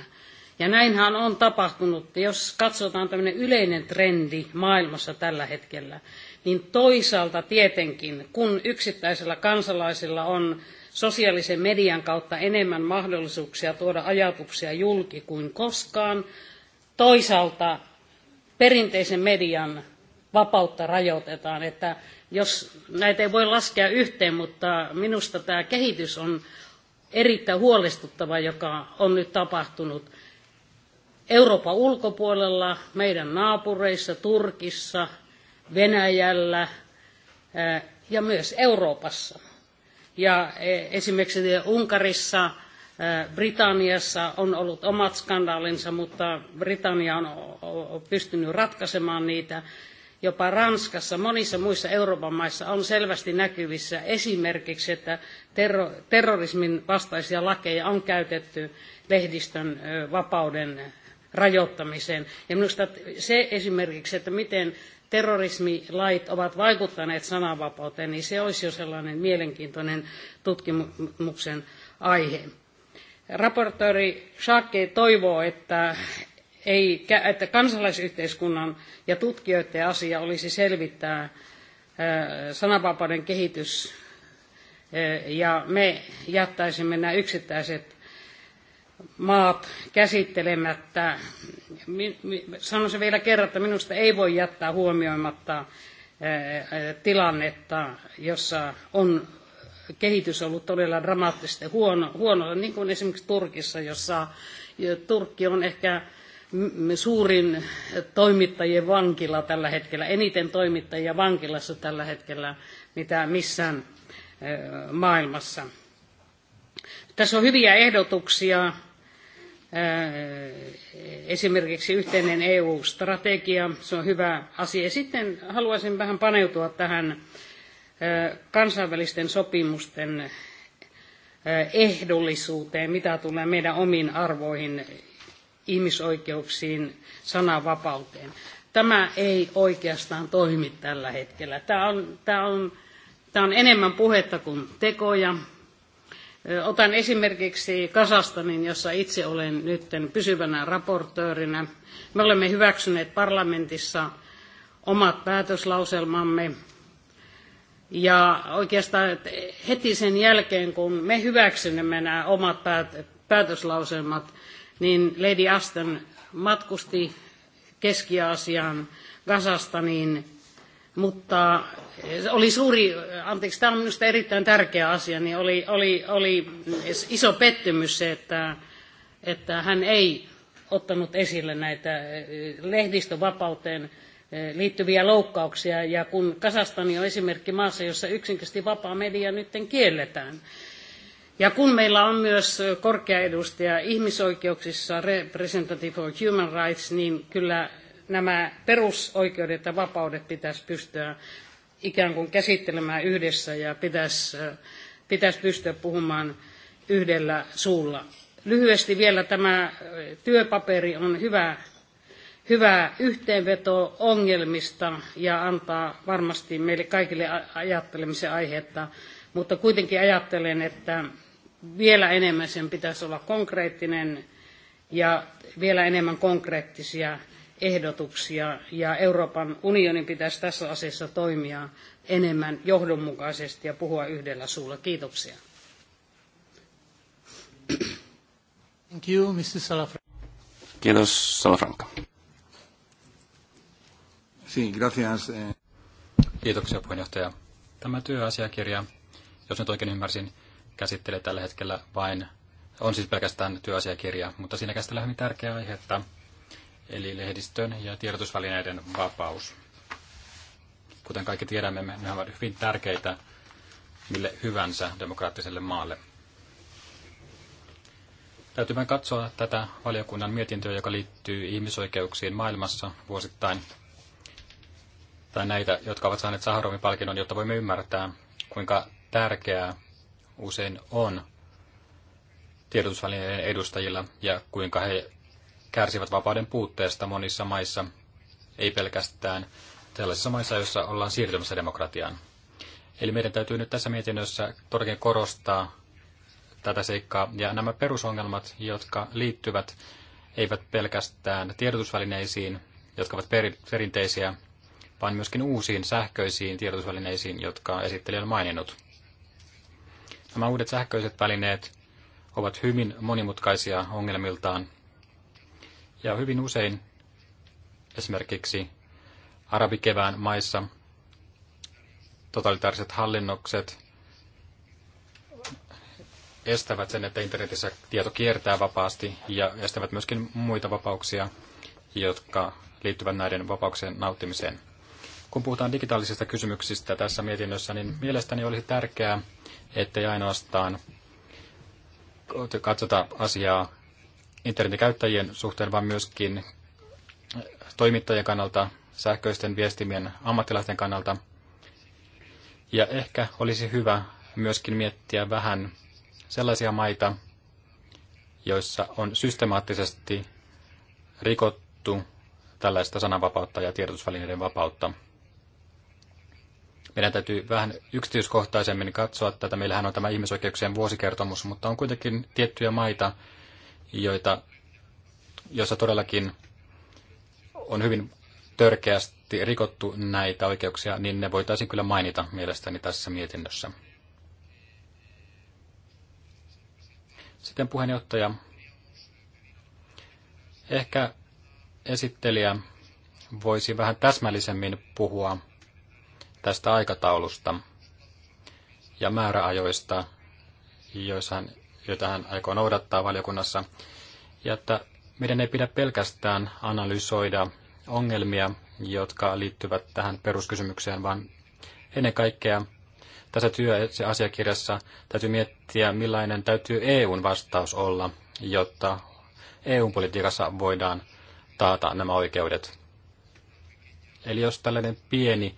Ja näinhän on tapahtunut, jos katsotaan tämmöinen yleinen trendi maailmassa tällä hetkellä, niin toisaalta tietenkin, kun yksittäisellä kansalaisilla on sosiaalisen median kautta enemmän mahdollisuuksia tuoda ajatuksia julki kuin koskaan. Toisaalta perinteisen median vapautta rajoitetaan, että jos näitä ei voi laskea yhteen, mutta minusta tämä kehitys on erittäin huolestuttava, joka on nyt tapahtunut Euroopan ulkopuolella, meidän naapureissa, Turkissa, Venäjällä ja myös Euroopassa. Ja e, esimerkiksi Unkarissa, e, Britanniassa on ollut omat skandaalinsa, mutta Britannia on pystynyt ratkaisemaan niitä. Jopa Ranskassa, monissa muissa Euroopan maissa on selvästi näkyvissä esimerkiksi, että terrorismin vastaisia lakeja on käytetty lehdistön e, vapauden rajoittamiseen. Ja minusta se esimerkiksi, että miten terrorismilait ovat vaikuttaneet sananvapauteen, niin se olisi jo sellainen mielenkiintoinen tutkimuksen aihe. Raportori Schake toivoo, että, ei, että kansalaisyhteiskunnan ja tutkijoiden asia olisi selvittää sananvapauden kehitys ja me jättäisimme nämä yksittäiset maat käsittelemättä. Sanon se vielä kerran, että minusta ei voi jättää huomioimatta eh, eh, tilannetta, jossa on kehitys ollut todella dramaattisesti huono, huono niin kuin esimerkiksi Turkissa, jossa Turkki on ehkä suurin toimittajien vankila tällä hetkellä, eniten toimittajia vankilassa tällä hetkellä, mitä missään eh, maailmassa. Tässä on hyviä ehdotuksia, esimerkiksi yhteinen EU-strategia, se on hyvä asia. Ja sitten haluaisin vähän paneutua tähän kansainvälisten sopimusten ehdollisuuteen, mitä tulee meidän omiin arvoihin, ihmisoikeuksiin, sananvapauteen. Tämä ei oikeastaan toimi tällä hetkellä. Tämä on, tämä on, tämä on enemmän puhetta kuin tekoja. Otan esimerkiksi Kasastanin, jossa itse olen nyt pysyvänä raportöörinä. Me olemme hyväksyneet parlamentissa omat päätöslauselmamme. Ja oikeastaan heti sen jälkeen, kun me hyväksymme nämä omat päätöslauselmat, niin Lady Aston matkusti Keski-Aasiaan, Kasastaniin mutta eh, oli suuri, eh, anteeksi, tämä on minusta erittäin tärkeä asia, niin oli, oli, oli iso pettymys se, että, että hän ei ottanut esille näitä eh, lehdistövapauteen liittyviä loukkauksia. Ja kun Kasastani on esimerkki maassa, jossa yksinkertaisesti vapaa media nyt kielletään. Ja kun meillä on myös korkea edustaja ihmisoikeuksissa, Representative for Human Rights, niin kyllä nämä perusoikeudet ja vapaudet pitäisi pystyä ikään kuin käsittelemään yhdessä ja pitäisi, pitäisi pystyä puhumaan yhdellä suulla. Lyhyesti vielä tämä työpaperi on hyvä, hyvä yhteenveto ongelmista ja antaa varmasti meille kaikille ajattelemisen aihetta, mutta kuitenkin ajattelen, että vielä enemmän sen pitäisi olla konkreettinen ja vielä enemmän konkreettisia ehdotuksia ja Euroopan unionin pitäisi tässä asiassa toimia enemmän johdonmukaisesti ja puhua yhdellä suulla. Kiitoksia. Thank you, Mr. Salafranca. Kiitos, Salafranca. Sí, gracias. Eh. Kiitoksia, puheenjohtaja. Tämä työasiakirja, jos nyt oikein ymmärsin, käsittelee tällä hetkellä vain, on siis pelkästään työasiakirja, mutta siinä käsitellään hyvin tärkeää aihetta, eli lehdistön ja tiedotusvälineiden vapaus. Kuten kaikki tiedämme, ne ovat hyvin tärkeitä mille hyvänsä demokraattiselle maalle. Täytyy vain katsoa tätä valiokunnan mietintöä, joka liittyy ihmisoikeuksiin maailmassa vuosittain, tai näitä, jotka ovat saaneet Saharovin palkinnon, jotta voimme ymmärtää, kuinka tärkeää usein on tiedotusvälineiden edustajilla ja kuinka he kärsivät vapauden puutteesta monissa maissa, ei pelkästään sellaisissa maissa, joissa ollaan siirtymässä demokratiaan. Eli meidän täytyy nyt tässä mietinnössä todellakin korostaa tätä seikkaa. Ja nämä perusongelmat, jotka liittyvät, eivät pelkästään tiedotusvälineisiin, jotka ovat perinteisiä, vaan myöskin uusiin sähköisiin tiedotusvälineisiin, jotka esittelijä on maininnut. Nämä uudet sähköiset välineet ovat hyvin monimutkaisia ongelmiltaan ja hyvin usein esimerkiksi arabikevään maissa totalitaariset hallinnokset estävät sen, että internetissä tieto kiertää vapaasti ja estävät myöskin muita vapauksia, jotka liittyvät näiden vapauksien nauttimiseen. Kun puhutaan digitaalisista kysymyksistä tässä mietinnössä, niin mielestäni olisi tärkeää, ettei ainoastaan katsota asiaa internetin käyttäjien suhteen, vaan myöskin toimittajien kannalta, sähköisten viestimien ammattilaisten kannalta. Ja ehkä olisi hyvä myöskin miettiä vähän sellaisia maita, joissa on systemaattisesti rikottu tällaista sananvapautta ja tiedotusvälineiden vapautta. Meidän täytyy vähän yksityiskohtaisemmin katsoa tätä. Meillähän on tämä ihmisoikeuksien vuosikertomus, mutta on kuitenkin tiettyjä maita, joita, joissa todellakin on hyvin törkeästi rikottu näitä oikeuksia, niin ne voitaisiin kyllä mainita mielestäni tässä mietinnössä. Sitten puheenjohtaja, ehkä esittelijä voisi vähän täsmällisemmin puhua tästä aikataulusta ja määräajoista, joissa hän joita hän aikoo noudattaa valiokunnassa, ja että meidän ei pidä pelkästään analysoida ongelmia, jotka liittyvät tähän peruskysymykseen, vaan ennen kaikkea tässä työasiakirjassa täytyy miettiä, millainen täytyy EUn vastaus olla, jotta EU:n politiikassa voidaan taata nämä oikeudet. Eli jos tällainen pieni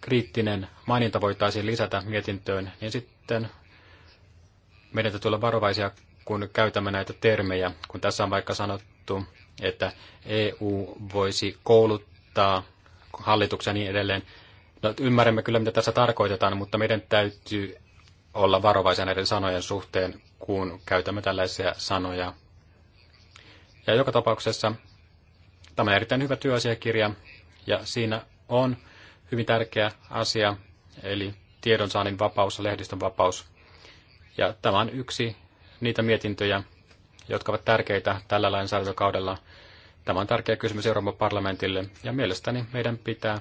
kriittinen maininta voitaisiin lisätä mietintöön, niin sitten meidän täytyy olla varovaisia, kun käytämme näitä termejä. Kun tässä on vaikka sanottu, että EU voisi kouluttaa hallituksia ja niin edelleen. No, ymmärrämme kyllä, mitä tässä tarkoitetaan, mutta meidän täytyy olla varovaisia näiden sanojen suhteen, kun käytämme tällaisia sanoja. Ja joka tapauksessa tämä on erittäin hyvä työasiakirja, ja siinä on hyvin tärkeä asia, eli tiedonsaannin vapaus ja lehdistön vapaus. Ja tämä on yksi niitä mietintöjä, jotka ovat tärkeitä tällä lainsäädäntökaudella. Tämä on tärkeä kysymys Euroopan parlamentille ja mielestäni meidän pitää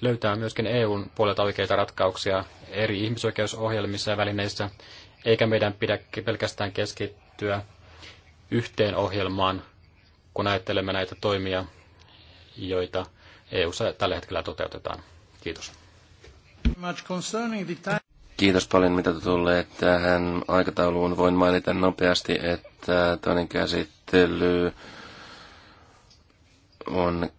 löytää myöskin EUn puolelta oikeita ratkauksia eri ihmisoikeusohjelmissa ja välineissä, eikä meidän pidä pelkästään keskittyä yhteen ohjelmaan, kun ajattelemme näitä toimia, joita EUssa tällä hetkellä toteutetaan. Kiitos. Kiitos paljon, mitä tulee tähän aikatauluun. Voin mainita nopeasti, että toinen käsittely on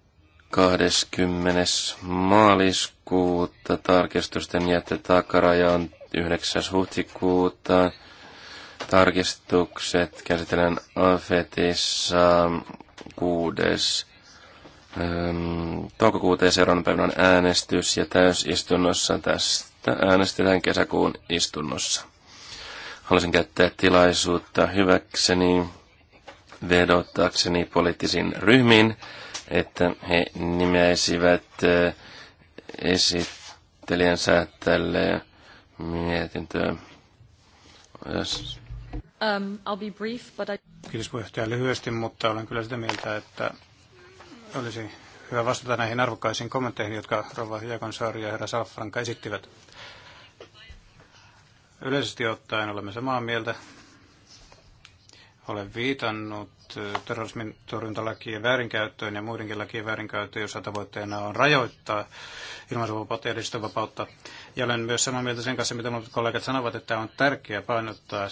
20. maaliskuuta. Tarkistusten jätte takaraja on 9. huhtikuuta. Tarkistukset käsitellään AFETissa 6. Toukokuuta ja seuraavana päivänä on äänestys ja täysistunnossa tästä Tästä äänestetään kesäkuun istunnossa. Haluaisin käyttää tilaisuutta hyväkseni vedottaakseni poliittisiin ryhmiin, että he nimeisivät eh, esittelijänsä tälle mietintöön. Um, I'll be brief, but I... Kiitos puheenjohtaja lyhyesti, mutta olen kyllä sitä mieltä, että olisi hyvä vastata näihin arvokkaisiin kommentteihin, jotka Rova Hiekonsaari ja herra Salfranka esittivät. Yleisesti ottaen olemme samaa mieltä. Olen viitannut eh, terrorismin torjuntalakien väärinkäyttöön ja muidenkin lakien väärinkäyttöön, jossa tavoitteena on rajoittaa ilmaisuvapautta ja edistövapautta. Ja olen myös samaa mieltä sen kanssa, mitä muut kollegat sanovat, että on tärkeää painottaa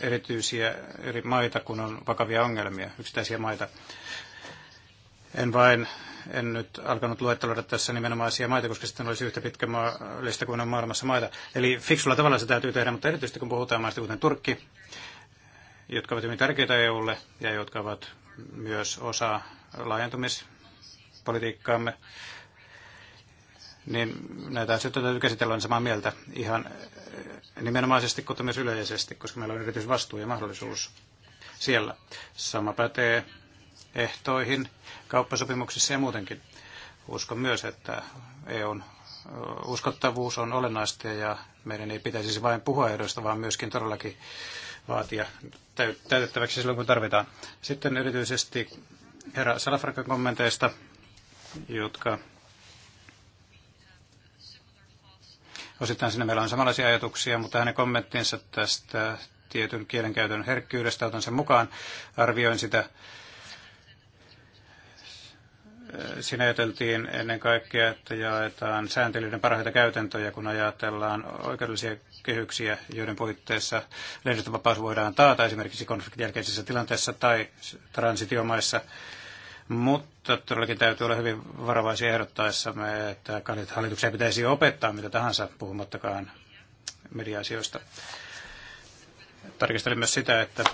erityisiä eri maita, kun on vakavia ongelmia, yksittäisiä maita. En vain en nyt alkanut luetteloida tässä nimenomaisia maita, koska sitten olisi yhtä pitkä maa, lista kuin on maailmassa maita. Eli fiksulla tavalla se täytyy tehdä, mutta erityisesti kun puhutaan maista kuten Turkki, jotka ovat hyvin tärkeitä EUlle ja jotka ovat myös osa laajentumispolitiikkaamme, niin näitä asioita täytyy käsitellä on samaa mieltä ihan nimenomaisesti, kuten myös yleisesti, koska meillä on erityisvastuu ja mahdollisuus siellä. Sama pätee ehtoihin kauppasopimuksissa ja muutenkin. Uskon myös, että EUn uskottavuus on olennaista ja meidän ei pitäisi vain puhua ehdoista, vaan myöskin todellakin vaatia täytettäväksi silloin, kun tarvitaan. Sitten erityisesti herra Salafrakan kommenteista, jotka osittain sinne meillä on samanlaisia ajatuksia, mutta hänen kommenttinsa tästä tietyn kielenkäytön herkkyydestä otan sen mukaan, arvioin sitä Siinä ajateltiin ennen kaikkea, että jaetaan sääntelyiden parhaita käytäntöjä, kun ajatellaan oikeudellisia kehyksiä, joiden puitteissa lehdistövapaus voidaan taata esimerkiksi konfliktin jälkeisessä tilanteessa tai transitiomaissa. Mutta todellakin täytyy olla hyvin varovaisia ehdottaessamme, että hallituksia pitäisi opettaa mitä tahansa, puhumattakaan media-asioista. Tarkistelin myös sitä, että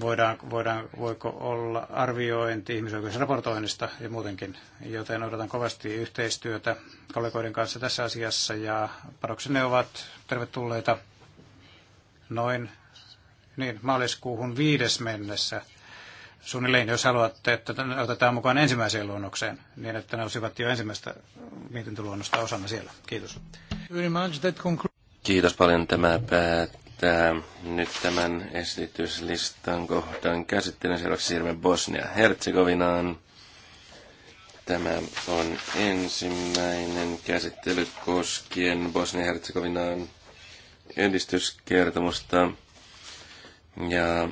voidaan, voidaan, voiko olla arviointi ihmisoikeusraportoinnista ja muutenkin, joten odotan kovasti yhteistyötä kollegoiden kanssa tässä asiassa ja paroksenne ovat tervetulleita noin niin, maaliskuuhun viides mennessä suunnilleen, jos haluatte, että otetaan mukaan ensimmäiseen luonnokseen, niin että ne olisivat jo ensimmäistä mietintöluonnosta osana siellä. Kiitos. Kiitos paljon. Tämä päät- päättää nyt tämän esityslistan kohdan käsittelyn. Seuraavaksi siirrymme Bosnia-Herzegovinaan. Tämä on ensimmäinen käsittely koskien Bosnia-Herzegovinaan edistyskertomusta. Ja ää,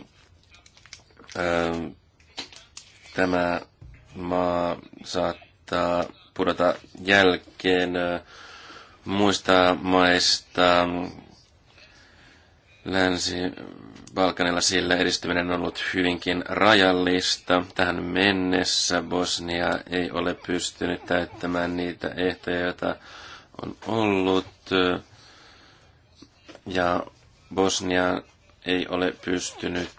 ähm, tämä maa saattaa pudota jälkeen äh, muista maista Länsi-Balkanilla sillä edistyminen on ollut hyvinkin rajallista. Tähän mennessä Bosnia ei ole pystynyt täyttämään niitä ehtoja, joita on ollut. Ja Bosnia ei ole pystynyt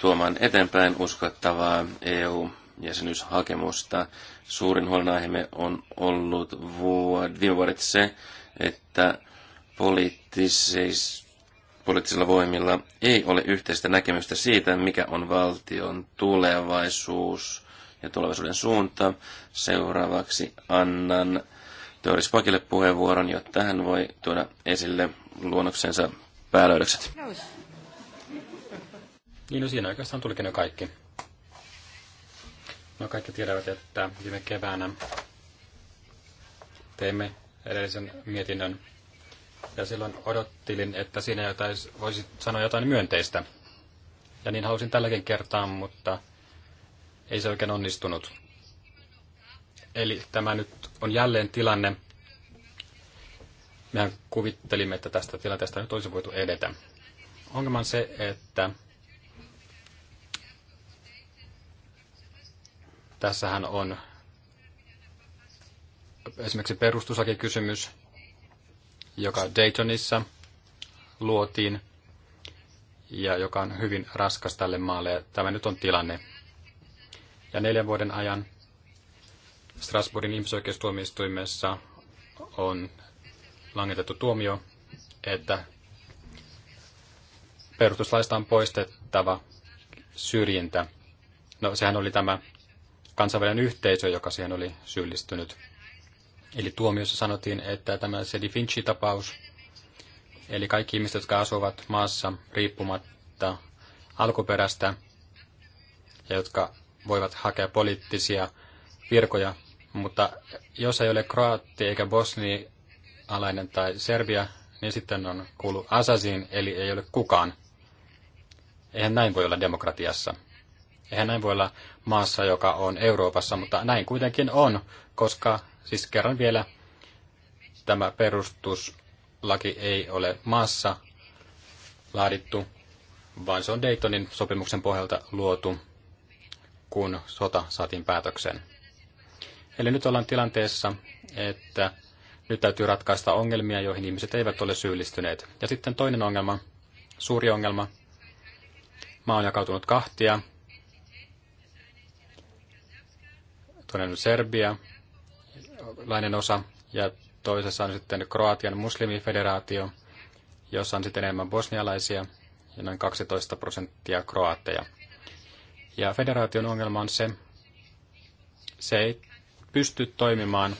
tuomaan eteenpäin uskottavaa EU-jäsenyyshakemusta. Suurin huolenaiheemme on ollut vuod- viime vuodet se, että poliittisissa poliittisilla voimilla ei ole yhteistä näkemystä siitä, mikä on valtion tulevaisuus ja tulevaisuuden suunta. Seuraavaksi annan Teoris Pakille puheenvuoron, jotta hän voi tuoda esille luonnoksensa päälöydökset. Niin, no siinä oikeastaan tulikin jo kaikki. No kaikki tiedävät, että viime keväänä teimme edellisen mietinnön ja silloin odottelin, että siinä jotain, voisi sanoa jotain myönteistä. Ja niin halusin tälläkin kertaa, mutta ei se oikein onnistunut. Eli tämä nyt on jälleen tilanne. Mehän kuvittelimme, että tästä tilanteesta nyt olisi voitu edetä. Ongelma on se, että tässähän on esimerkiksi perustuslakikysymys, joka Daytonissa luotiin ja joka on hyvin raskas tälle maalle. tämä nyt on tilanne. Ja neljän vuoden ajan Strasbourgin ihmisoikeustuomioistuimessa on langetettu tuomio, että perustuslaista on poistettava syrjintä. No sehän oli tämä kansainvälinen yhteisö, joka siihen oli syyllistynyt. Eli tuomiossa sanottiin, että tämä Sedi Finchi-tapaus, eli kaikki ihmiset, jotka asuvat maassa riippumatta alkuperästä ja jotka voivat hakea poliittisia virkoja, mutta jos ei ole kroatti eikä bosnialainen tai serbia, niin sitten on kuulu asasiin, eli ei ole kukaan. Eihän näin voi olla demokratiassa. Eihän näin voi olla maassa, joka on Euroopassa, mutta näin kuitenkin on, koska siis kerran vielä tämä perustuslaki ei ole maassa laadittu, vaan se on Daytonin sopimuksen pohjalta luotu, kun sota saatiin päätökseen. Eli nyt ollaan tilanteessa, että nyt täytyy ratkaista ongelmia, joihin ihmiset eivät ole syyllistyneet. Ja sitten toinen ongelma, suuri ongelma. Maa on jakautunut kahtia toinen Serbia, lainen osa, ja toisessa on sitten Kroatian muslimifederaatio, jossa on sitten enemmän bosnialaisia ja noin 12 prosenttia Kroatteja. Ja federaation ongelma on se, se ei pysty toimimaan,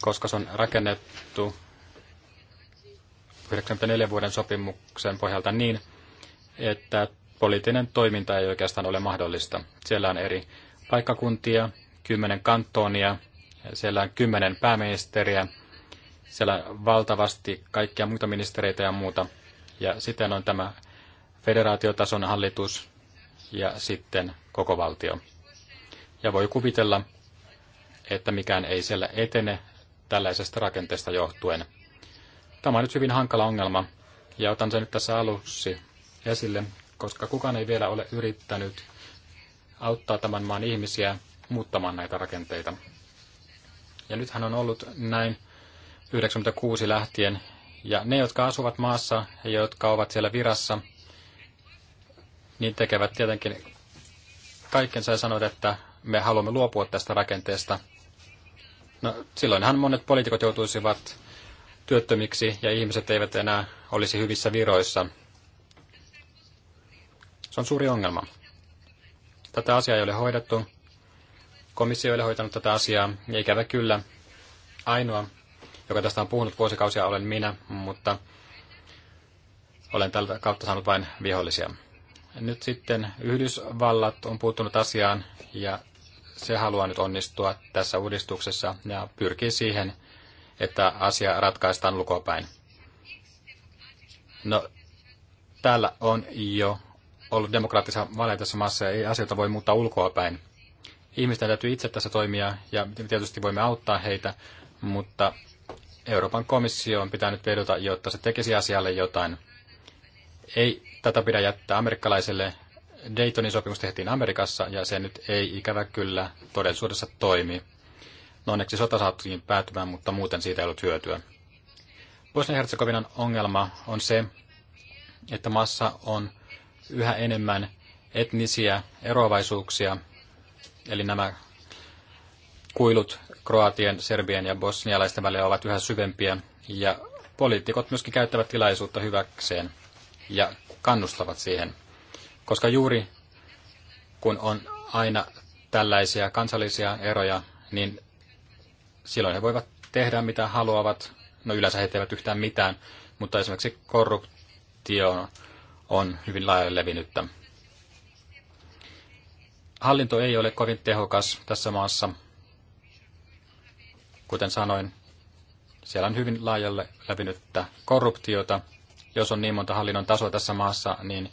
koska se on rakennettu 94 vuoden sopimuksen pohjalta niin, että poliittinen toiminta ei oikeastaan ole mahdollista. Siellä on eri paikkakuntia, kymmenen kantonia, siellä on kymmenen pääministeriä, siellä on valtavasti kaikkia muita ministereitä ja muuta. Ja sitten on tämä federaatiotason hallitus ja sitten koko valtio. Ja voi kuvitella, että mikään ei siellä etene tällaisesta rakenteesta johtuen. Tämä on nyt hyvin hankala ongelma, ja otan sen nyt tässä aluksi esille, koska kukaan ei vielä ole yrittänyt auttaa tämän maan ihmisiä muuttamaan näitä rakenteita. Ja nythän on ollut näin 96 lähtien. Ja ne, jotka asuvat maassa ja jotka ovat siellä virassa, niin tekevät tietenkin kaikkensa ja sanovat, että me haluamme luopua tästä rakenteesta. No, silloinhan monet poliitikot joutuisivat työttömiksi ja ihmiset eivät enää olisi hyvissä viroissa. Se on suuri ongelma. Tätä asiaa ei ole hoidettu. Komissio ei ole hoitanut tätä asiaa, ja ikävä kyllä ainoa, joka tästä on puhunut vuosikausia, olen minä, mutta olen tältä kautta saanut vain vihollisia. Nyt sitten Yhdysvallat on puuttunut asiaan ja se haluaa nyt onnistua tässä uudistuksessa ja pyrkii siihen, että asia ratkaistaan lukopäin. No, täällä on jo ollut demokraattisessa vaaleja tässä maassa ja ei asioita voi muuttaa ulkoapäin. Ihmisten täytyy itse tässä toimia ja tietysti voimme auttaa heitä, mutta Euroopan komissio on pitänyt vedota, jotta se tekisi asialle jotain. Ei tätä pidä jättää amerikkalaiselle. Daytonin sopimus tehtiin Amerikassa ja se nyt ei ikävä kyllä todellisuudessa toimi. No onneksi sota saattiin päätymään, mutta muuten siitä ei ollut hyötyä. Bosnia-Herzegovinan ongelma on se, että maassa on yhä enemmän etnisiä eroavaisuuksia, eli nämä kuilut Kroatien, Serbien ja bosnialaisten välillä ovat yhä syvempiä, ja poliitikot myöskin käyttävät tilaisuutta hyväkseen ja kannustavat siihen, koska juuri kun on aina tällaisia kansallisia eroja, niin silloin he voivat tehdä mitä haluavat. No yleensä he eivät yhtään mitään, mutta esimerkiksi korruptioon on hyvin laajalle levinnyttä. Hallinto ei ole kovin tehokas tässä maassa. Kuten sanoin, siellä on hyvin laajalle levinnyttä korruptiota. Jos on niin monta hallinnon tasoa tässä maassa, niin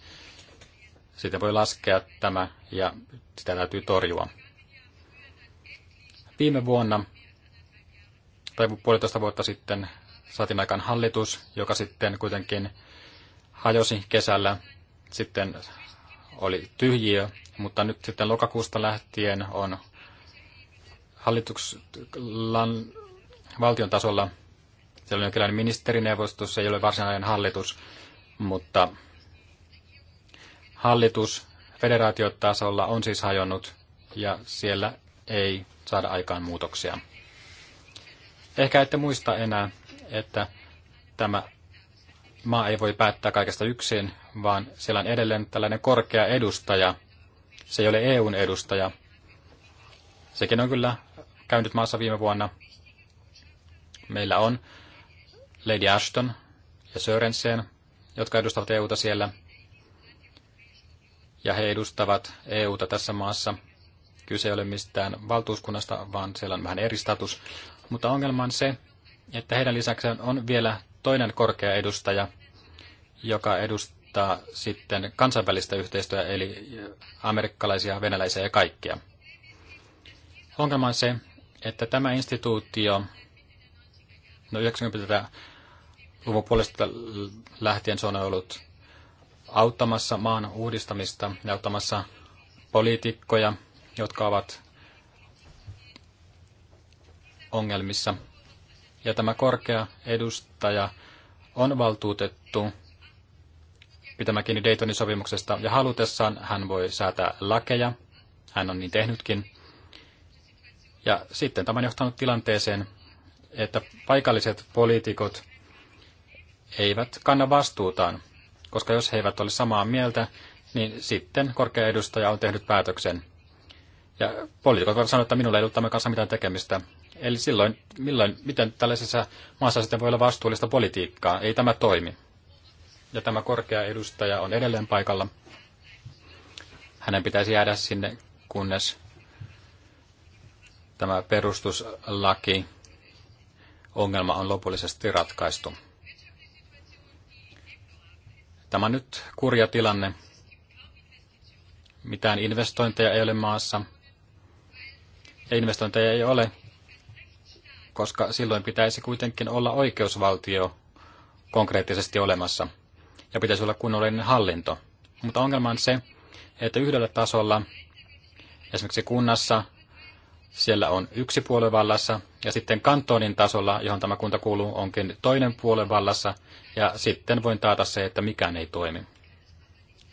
sitä voi laskea tämä ja sitä täytyy torjua. Viime vuonna tai puolitoista vuotta sitten saatiin aikaan hallitus, joka sitten kuitenkin hajosi kesällä, sitten oli tyhjiö, mutta nyt sitten lokakuusta lähtien on hallituksen valtion tasolla, siellä on jonkinlainen ministerineuvostus, se ei ole varsinainen hallitus, mutta hallitus federaatiotasolla on siis hajonnut ja siellä ei saada aikaan muutoksia. Ehkä ette muista enää, että tämä maa ei voi päättää kaikesta yksin, vaan siellä on edelleen tällainen korkea edustaja. Se ei ole EUn edustaja. Sekin on kyllä käynyt maassa viime vuonna. Meillä on Lady Ashton ja Sörensen, jotka edustavat EUta siellä. Ja he edustavat EUta tässä maassa. Kyse ei ole mistään valtuuskunnasta, vaan siellä on vähän eri status. Mutta ongelma on se, että heidän lisäksi on vielä toinen korkea edustaja, joka edustaa sitten kansainvälistä yhteistyötä, eli amerikkalaisia, venäläisiä ja kaikkia. Ongelma on se, että tämä instituutio, no 90-luvun puolesta lähtien se on ollut auttamassa maan uudistamista ja auttamassa poliitikkoja, jotka ovat ongelmissa. Ja tämä korkea edustaja on valtuutettu pitämään kiinni Daytonin sopimuksesta ja halutessaan hän voi säätää lakeja. Hän on niin tehnytkin. Ja sitten tämä on johtanut tilanteeseen, että paikalliset poliitikot eivät kanna vastuutaan, koska jos he eivät ole samaa mieltä, niin sitten korkea edustaja on tehnyt päätöksen. Ja poliitikot voivat sanoa, että minulla ei ollut tämän kanssa mitään tekemistä, Eli silloin, milloin, miten tällaisessa maassa sitten voi olla vastuullista politiikkaa? Ei tämä toimi. Ja tämä korkea edustaja on edelleen paikalla. Hänen pitäisi jäädä sinne, kunnes tämä perustuslaki ongelma on lopullisesti ratkaistu. Tämä on nyt kurja tilanne. Mitään investointeja ei ole maassa. Ja investointeja ei ole, koska silloin pitäisi kuitenkin olla oikeusvaltio konkreettisesti olemassa ja pitäisi olla kunnollinen hallinto. Mutta ongelma on se, että yhdellä tasolla, esimerkiksi kunnassa, siellä on yksi puolue vallassa, ja sitten kantonin tasolla, johon tämä kunta kuuluu, onkin toinen puolue vallassa, ja sitten voin taata se, että mikään ei toimi.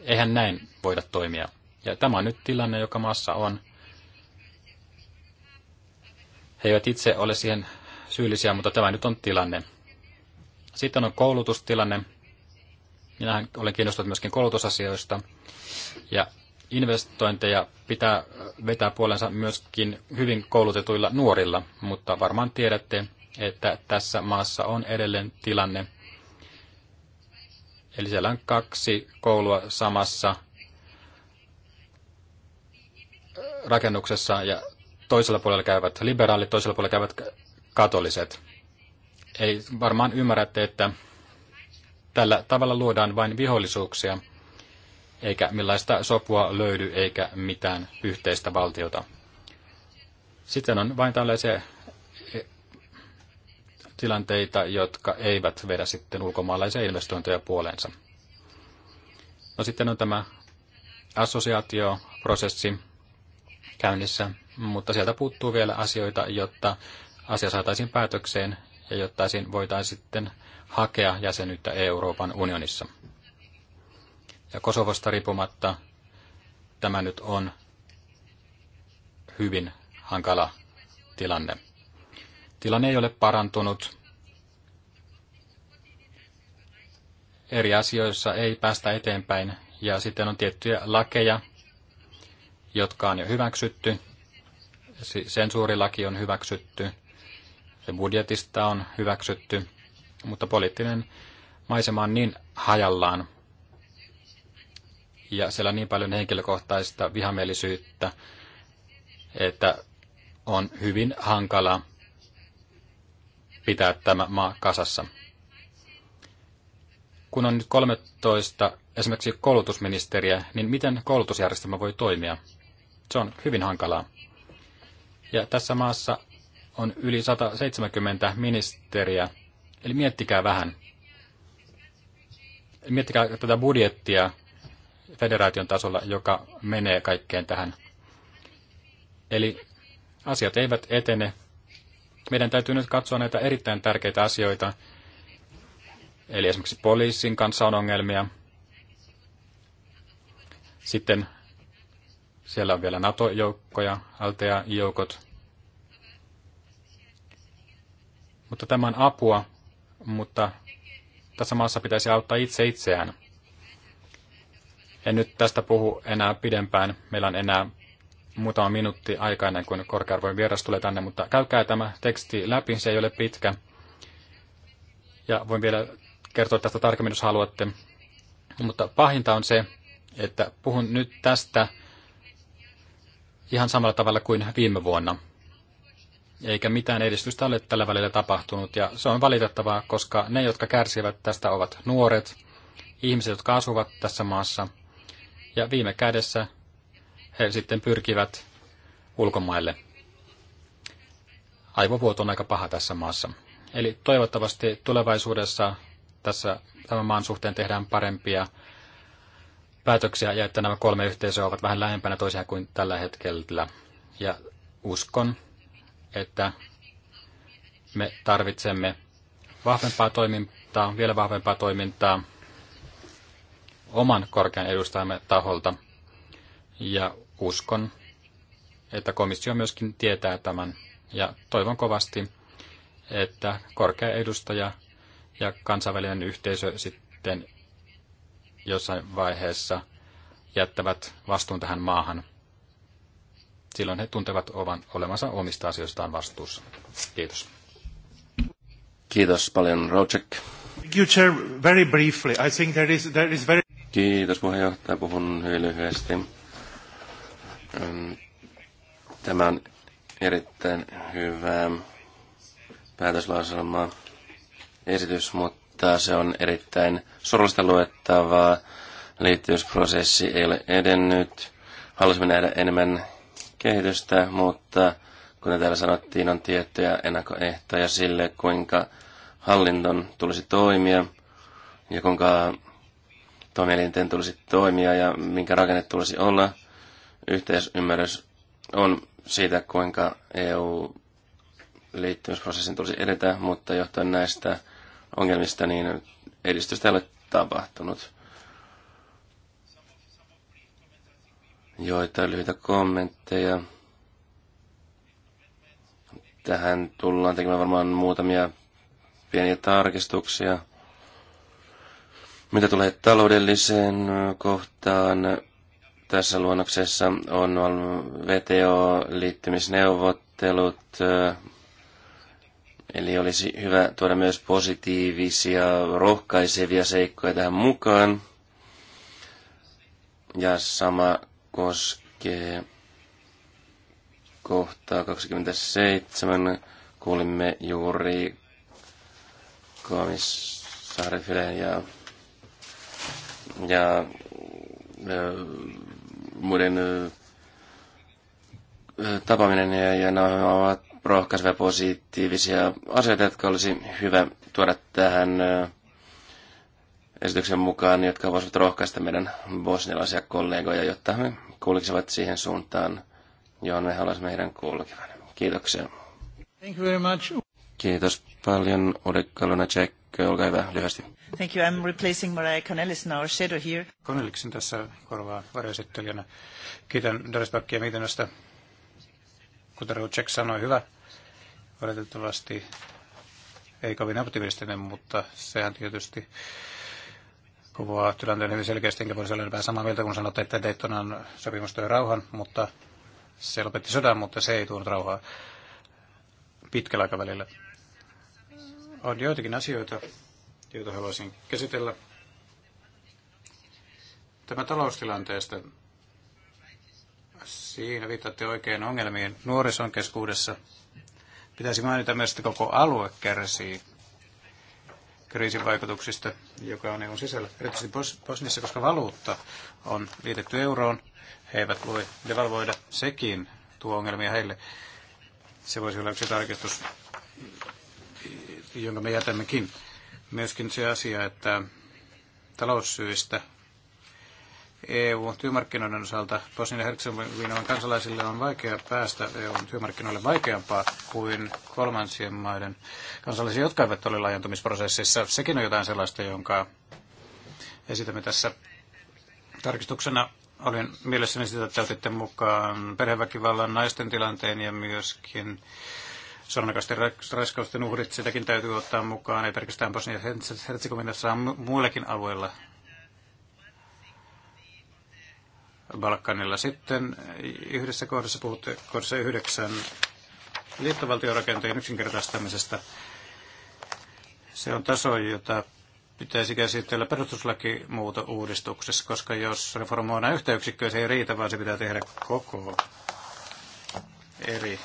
Eihän näin voida toimia. Ja tämä on nyt tilanne, joka maassa on. He eivät itse ole siihen syyllisiä, mutta tämä nyt on tilanne. Sitten on koulutustilanne. Minähän olen kiinnostunut myöskin koulutusasioista. Ja investointeja pitää vetää puolensa myöskin hyvin koulutetuilla nuorilla, mutta varmaan tiedätte, että tässä maassa on edelleen tilanne. Eli siellä on kaksi koulua samassa rakennuksessa ja toisella puolella käyvät liberaalit, toisella puolella käyvät katoliset. Ei varmaan ymmärrätte, että tällä tavalla luodaan vain vihollisuuksia, eikä millaista sopua löydy eikä mitään yhteistä valtiota. Sitten on vain tällaisia e, tilanteita, jotka eivät vedä sitten ulkomaalaisia investointeja puoleensa. No sitten on tämä assosiaatioprosessi käynnissä mutta sieltä puuttuu vielä asioita, jotta asia saataisiin päätökseen ja jotta voitaisiin sitten hakea jäsenyyttä Euroopan unionissa. Ja Kosovosta riippumatta tämä nyt on hyvin hankala tilanne. Tilanne ei ole parantunut. Eri asioissa ei päästä eteenpäin ja sitten on tiettyjä lakeja, jotka on jo hyväksytty sensuurilaki on hyväksytty, se budjetista on hyväksytty, mutta poliittinen maisema on niin hajallaan ja siellä on niin paljon henkilökohtaista vihamielisyyttä, että on hyvin hankala pitää tämä maa kasassa. Kun on nyt 13 esimerkiksi koulutusministeriä, niin miten koulutusjärjestelmä voi toimia? Se on hyvin hankalaa. Ja tässä maassa on yli 170 ministeriä. Eli miettikää vähän. Miettikää tätä budjettia federaation tasolla, joka menee kaikkeen tähän. Eli asiat eivät etene. Meidän täytyy nyt katsoa näitä erittäin tärkeitä asioita. Eli esimerkiksi poliisin kanssa on ongelmia. Sitten siellä on vielä NATO-joukkoja, LTA-joukot. Mutta tämä on apua, mutta tässä maassa pitäisi auttaa itse itseään. En nyt tästä puhu enää pidempään. Meillä on enää muutama minuutti aikaa ennen kuin korkearvoin vieras tulee tänne, mutta käykää tämä teksti läpi, se ei ole pitkä. Ja voin vielä kertoa tästä tarkemmin, jos haluatte. Mutta pahinta on se, että puhun nyt tästä ihan samalla tavalla kuin viime vuonna. Eikä mitään edistystä ole tällä välillä tapahtunut ja se on valitettavaa, koska ne, jotka kärsivät tästä, ovat nuoret, ihmiset, jotka asuvat tässä maassa ja viime kädessä he sitten pyrkivät ulkomaille. Aivovuoto on aika paha tässä maassa. Eli toivottavasti tulevaisuudessa tässä tämän maan suhteen tehdään parempia päätöksiä ja että nämä kolme yhteisöä ovat vähän lähempänä toisiaan kuin tällä hetkellä. Ja uskon, että me tarvitsemme vahvempaa toimintaa, vielä vahvempaa toimintaa oman korkean edustajamme taholta. Ja uskon, että komissio myöskin tietää tämän. Ja toivon kovasti, että korkea edustaja ja kansainvälinen yhteisö sitten jossain vaiheessa jättävät vastuun tähän maahan. Silloin he tuntevat ovan olemansa omista asioistaan vastuussa. Kiitos. Kiitos paljon, Rocek. Very briefly. I think there is, there is very... Kiitos puheenjohtaja, puhun hyvin lyhyesti. Ähm, tämä on erittäin hyvä päätöslauselma esitys, mutta se on erittäin surullista luettavaa. Liittymisprosessi ei ole edennyt. Halusimme nähdä enemmän kehitystä, mutta kuten täällä sanottiin, on tiettyjä ennakkoehtoja sille, kuinka hallinnon tulisi toimia ja kuinka toimielinten tulisi toimia ja minkä rakenne tulisi olla. Yhteisymmärrys on siitä, kuinka EU-liittymisprosessin tulisi edetä, mutta johtuen näistä ongelmista, niin edistystä ei ole tapahtunut. Joitain lyhyitä kommentteja. Tähän tullaan tekemään varmaan muutamia pieniä tarkistuksia. Mitä tulee taloudelliseen kohtaan, tässä luonnoksessa on VTO-liittymisneuvottelut Eli olisi hyvä tuoda myös positiivisia, rohkaisevia seikkoja tähän mukaan. Ja sama koskee kohtaa 27. Kuulimme juuri komissaari ja, ja ö, muiden ö, tapaaminen ja, ja nämä ovat rohkaisevia positiivisia asioita, jotka olisi hyvä tuoda tähän esityksen mukaan, jotka voisivat rohkaista meidän bosnialaisia kollegoja, jotta he kulkisivat siihen suuntaan, johon me haluaisimme heidän kulkevan. Kiitoksia. Thank you very much. Kiitos paljon, Ude Kalunacek. Olkaa hyvä, lyhyesti. Thank you. I'm replacing Mariah Connellis now, shadow here. Connellisin tässä korvaa varjoesittelijänä. Kiitän Doris Bakkia mietinnöstä kuten Rucek sanoi, hyvä. Valitettavasti ei kovin optimistinen, mutta sehän tietysti kuvaa tilanteen hyvin selkeästi, enkä voisi olla vähän samaa mieltä, kun sanotte, että Daytonan sopimus toi rauhan, mutta se lopetti sodan, mutta se ei tuonut rauhaa pitkällä aikavälillä. On joitakin asioita, joita haluaisin käsitellä. Tämä taloustilanteesta Siinä viitatte oikein ongelmiin nuorison keskuudessa. Pitäisi mainita myös, että koko alue kärsii kriisin vaikutuksista, joka on EUn sisällä, erityisesti Bosniassa, koska valuutta on liitetty euroon. He eivät voi devalvoida sekin tuo ongelmia heille. Se voisi olla yksi tarkistus, jonka me jätämmekin. Myöskin se asia, että taloussyistä EU-työmarkkinoiden osalta Bosnian ja Herzegovinan kansalaisille on vaikea päästä EU-työmarkkinoille vaikeampaa kuin kolmansien maiden kansalaisille, jotka eivät ole laajentumisprosessissa. Sekin on jotain sellaista, jonka esitämme tässä tarkistuksena. Olin mielessäni sitä, että otitte mukaan perheväkivallan naisten tilanteen ja myöskin sornakasten raskausten uhrit. Sitäkin täytyy ottaa mukaan, ei pelkästään Bosnia-Herzegovinassa, vaan muillakin alueilla Balkanilla. Sitten yhdessä kohdassa puhutte kohdassa yhdeksän liittovaltiorakenteen yksinkertaistamisesta. Se on taso, jota pitäisi käsitellä muuta uudistuksessa koska jos reformoidaan yhtä yksikköä, se ei riitä, vaan se pitää tehdä koko eri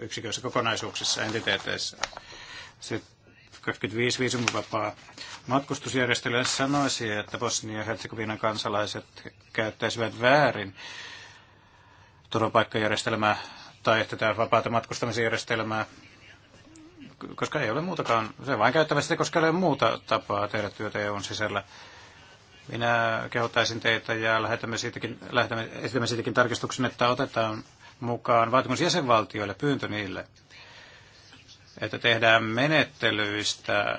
yksiköissä, kokonaisuuksissa, entiteeteissä. Sitten 25 viisumivapaa matkustusjärjestelyä sanoisi, että Bosnia ja Herzegovinan kansalaiset käyttäisivät väärin turvapaikkajärjestelmää tai että tämä vapaata matkustamisjärjestelmää, koska ei ole muutakaan. Se vain käyttävä sitä, koska ei ole muuta tapaa tehdä työtä EUn sisällä. Minä kehottaisin teitä ja lähetämme siitäkin, lähetämme, esitämme siitäkin tarkistuksen, että otetaan mukaan vaatimus jäsenvaltioille, pyyntö niille – että tehdään menettelyistä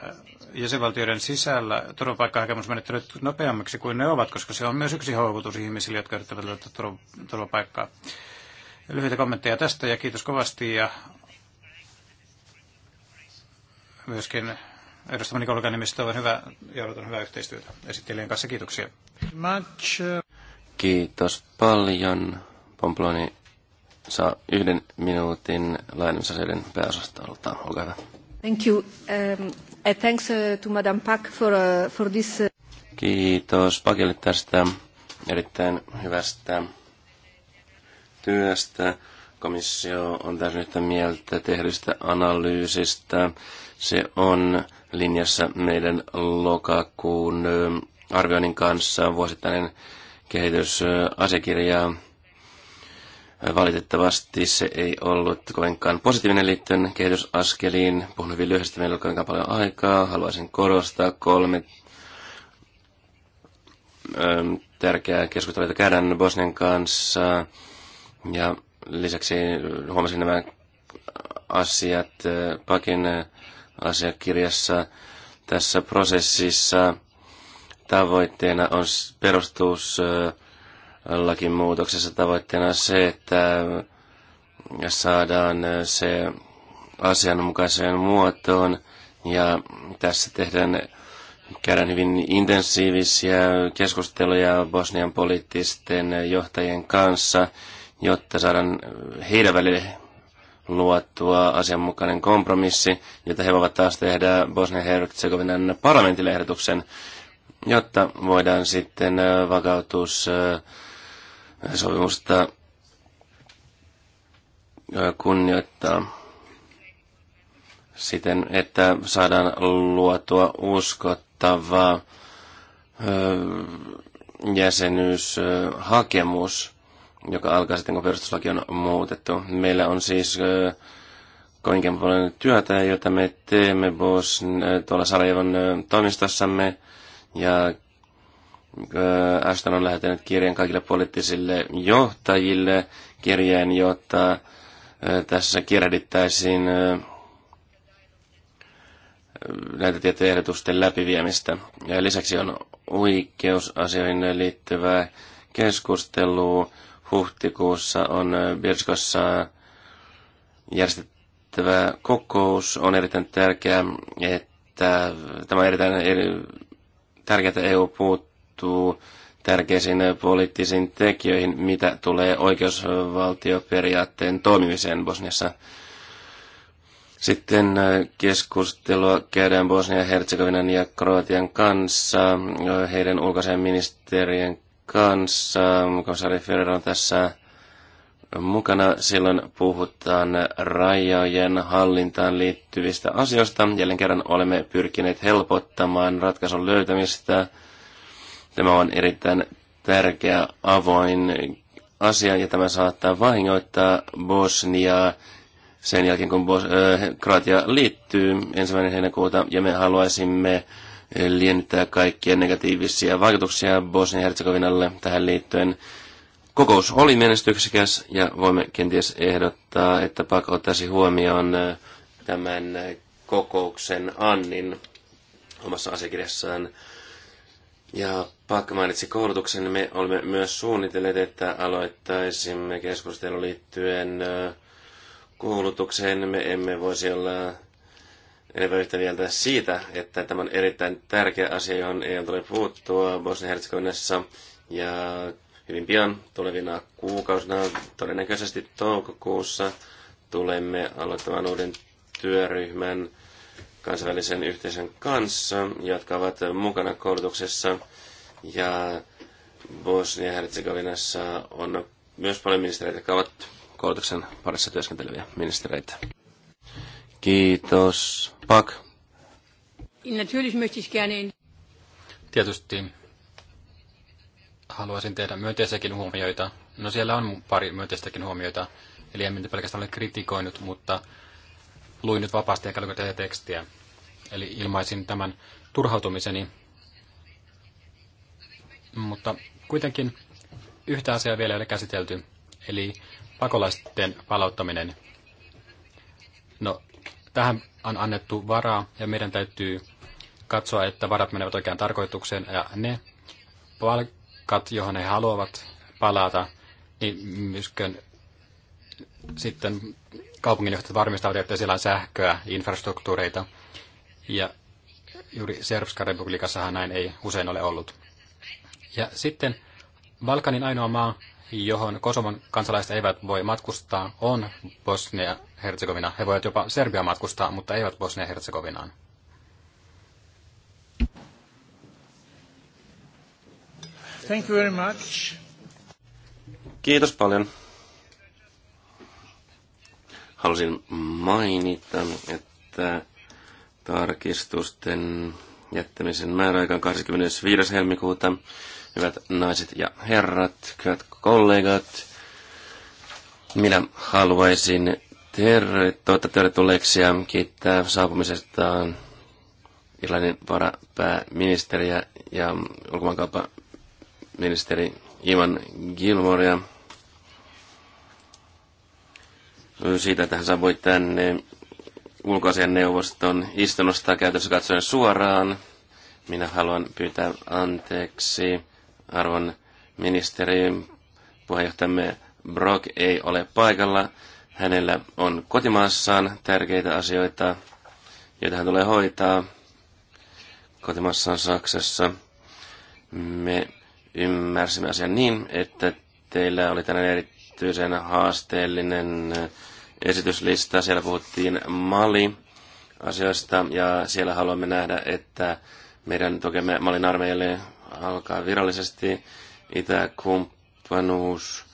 jäsenvaltioiden sisällä turvapaikkahakemusmenettelyt nopeammiksi kuin ne ovat, koska se on myös yksi houkutus ihmisille, jotka yrittävät löytää turvapaikkaa. Lyhyitä kommentteja tästä ja kiitos kovasti ja myöskin edustamani kollegan nimistä on hyvä ja odotan hyvää yhteistyötä esittelijän kanssa. Kiitoksia. Uh, kiitos paljon, Pomploni saa yhden minuutin lainsäädännön pääosastolta. Olkaa hyvä. Thank you. Um, thanks uh, to Madame Pak for, uh, for this. Uh, Kiitos Pakille tästä erittäin hyvästä työstä. Komissio on täysin yhtä mieltä tehdystä analyysistä. Se on linjassa meidän lokakuun arvioinnin kanssa vuosittainen kehitysasiakirjaa. Valitettavasti se ei ollut kovinkaan positiivinen liittyen kehitysaskeliin. Puhun hyvin lyhyesti, meillä on kovinkaan paljon aikaa. Haluaisin korostaa kolme ähm, tärkeää keskustelua, käydään Bosnian kanssa. Ja lisäksi huomasin nämä asiat äh, Pakin äh, asiakirjassa. Tässä prosessissa tavoitteena on perustus äh, lakimuutoksessa tavoitteena se, että saadaan se asianmukaiseen muotoon ja tässä tehdään käydään hyvin intensiivisiä keskusteluja Bosnian poliittisten johtajien kanssa, jotta saadaan heidän välille luotua asianmukainen kompromissi, jota he voivat taas tehdä Bosnian herzegovinan parlamentille jotta voidaan sitten vakautus sopimusta kunnioittaa siten, että saadaan luotua uskottava jäsenyyshakemus, joka alkaa sitten, kun perustuslaki on muutettu. Meillä on siis kovinkin paljon työtä, jota me teemme Bos tuolla Sarajevon toimistossamme, ja Äh, Ashton on lähettänyt kirjan kaikille poliittisille johtajille kirjeen, jotta äh, tässä kirjadittaisiin äh, näitä tiettyjä ehdotusten läpiviemistä. Ja lisäksi on oikeusasioihin liittyvää keskustelua. Huhtikuussa on Birskossa järjestettävä kokous. On erittäin tärkeää, että tämä on erittäin eri, tärkeää, että EU puuttuu puuttuu tärkeisiin poliittisiin tekijöihin, mitä tulee oikeusvaltioperiaatteen toimimiseen Bosniassa. Sitten äh, keskustelua käydään Bosnia-Herzegovinan ja Kroatian kanssa, äh, heidän ulkoisen ministerien kanssa. Komissaari Ferrer on tässä mukana. Silloin puhutaan rajojen hallintaan liittyvistä asioista. Jälleen kerran olemme pyrkineet helpottamaan ratkaisun löytämistä – Tämä on erittäin tärkeä avoin asia ja tämä saattaa vahingoittaa Bosniaa sen jälkeen, kun Bos- äh, Kroatia liittyy ensimmäinen heinäkuuta ja me haluaisimme liennyttää kaikkia negatiivisia vaikutuksia Bosnia-Herzegovinalle tähän liittyen. Kokous oli menestyksekäs ja voimme kenties ehdottaa, että PAK ottaisi huomioon tämän kokouksen Annin omassa asiakirjassaan ja Pakka mainitsi koulutuksen, niin me olemme myös suunnitelleet, että aloittaisimme keskustelun liittyen koulutukseen. Me emme voisi olla enemmän yhtä mieltä siitä, että tämä on erittäin tärkeä asia, johon ei ole puuttua Bosnia-Herzegovinassa. Ja hyvin pian tulevina kuukausina, todennäköisesti toukokuussa, tulemme aloittamaan uuden työryhmän kansainvälisen yhteisön kanssa, jotka ovat mukana koulutuksessa. Ja Bosnia-Herzegovinassa on myös paljon ministereitä, jotka ovat koulutuksen parissa työskenteleviä ministereitä. Kiitos. Pak. Tietysti haluaisin tehdä myönteisiäkin huomioita. No siellä on pari myönteistäkin huomioita, eli en nyt pelkästään ole kritikoinut, mutta luin nyt vapaasti eikä lukenut tätä tekstiä. Eli ilmaisin tämän turhautumiseni. Mutta kuitenkin yhtä asiaa vielä ei ole käsitelty, eli pakolaisten palauttaminen. No, tähän on annettu varaa ja meidän täytyy katsoa, että varat menevät oikeaan tarkoitukseen ja ne palkat, johon he haluavat palata, niin myöskin sitten kaupunginjohtajat varmistavat, että siellä on sähköä, infrastruktuureita ja juuri Serbska republikassahan näin ei usein ole ollut. Ja sitten Balkanin ainoa maa, johon Kosovon kansalaiset eivät voi matkustaa, on Bosnia-Herzegovina. He voivat jopa Serbia matkustaa, mutta eivät Bosnia-Herzegovinaan. Thank you very much. Kiitos paljon. Halusin mainita, että Tarkistusten jättämisen määräaikaan 25. helmikuuta. Hyvät naiset ja herrat, hyvät kollegat, minä haluaisin terve, toivottaa tervetulleeksi ja kiittää saapumisestaan Irlannin varapääministeriä ja ulkomaankaupan ministeri Ivan Gilmorea siitä, että hän saapui tänne ulkoisen neuvoston istunnosta käytössä katsoen suoraan. Minä haluan pyytää anteeksi arvon ministeri puheenjohtajamme Brock ei ole paikalla. Hänellä on kotimaassaan tärkeitä asioita, joita hän tulee hoitaa kotimaassaan Saksassa. Me ymmärsimme asian niin, että teillä oli tänään erityisen haasteellinen esityslistaa. Siellä puhuttiin Mali asioista ja siellä haluamme nähdä, että meidän tukemme Malin armeijalle alkaa virallisesti. Itäkumppanuus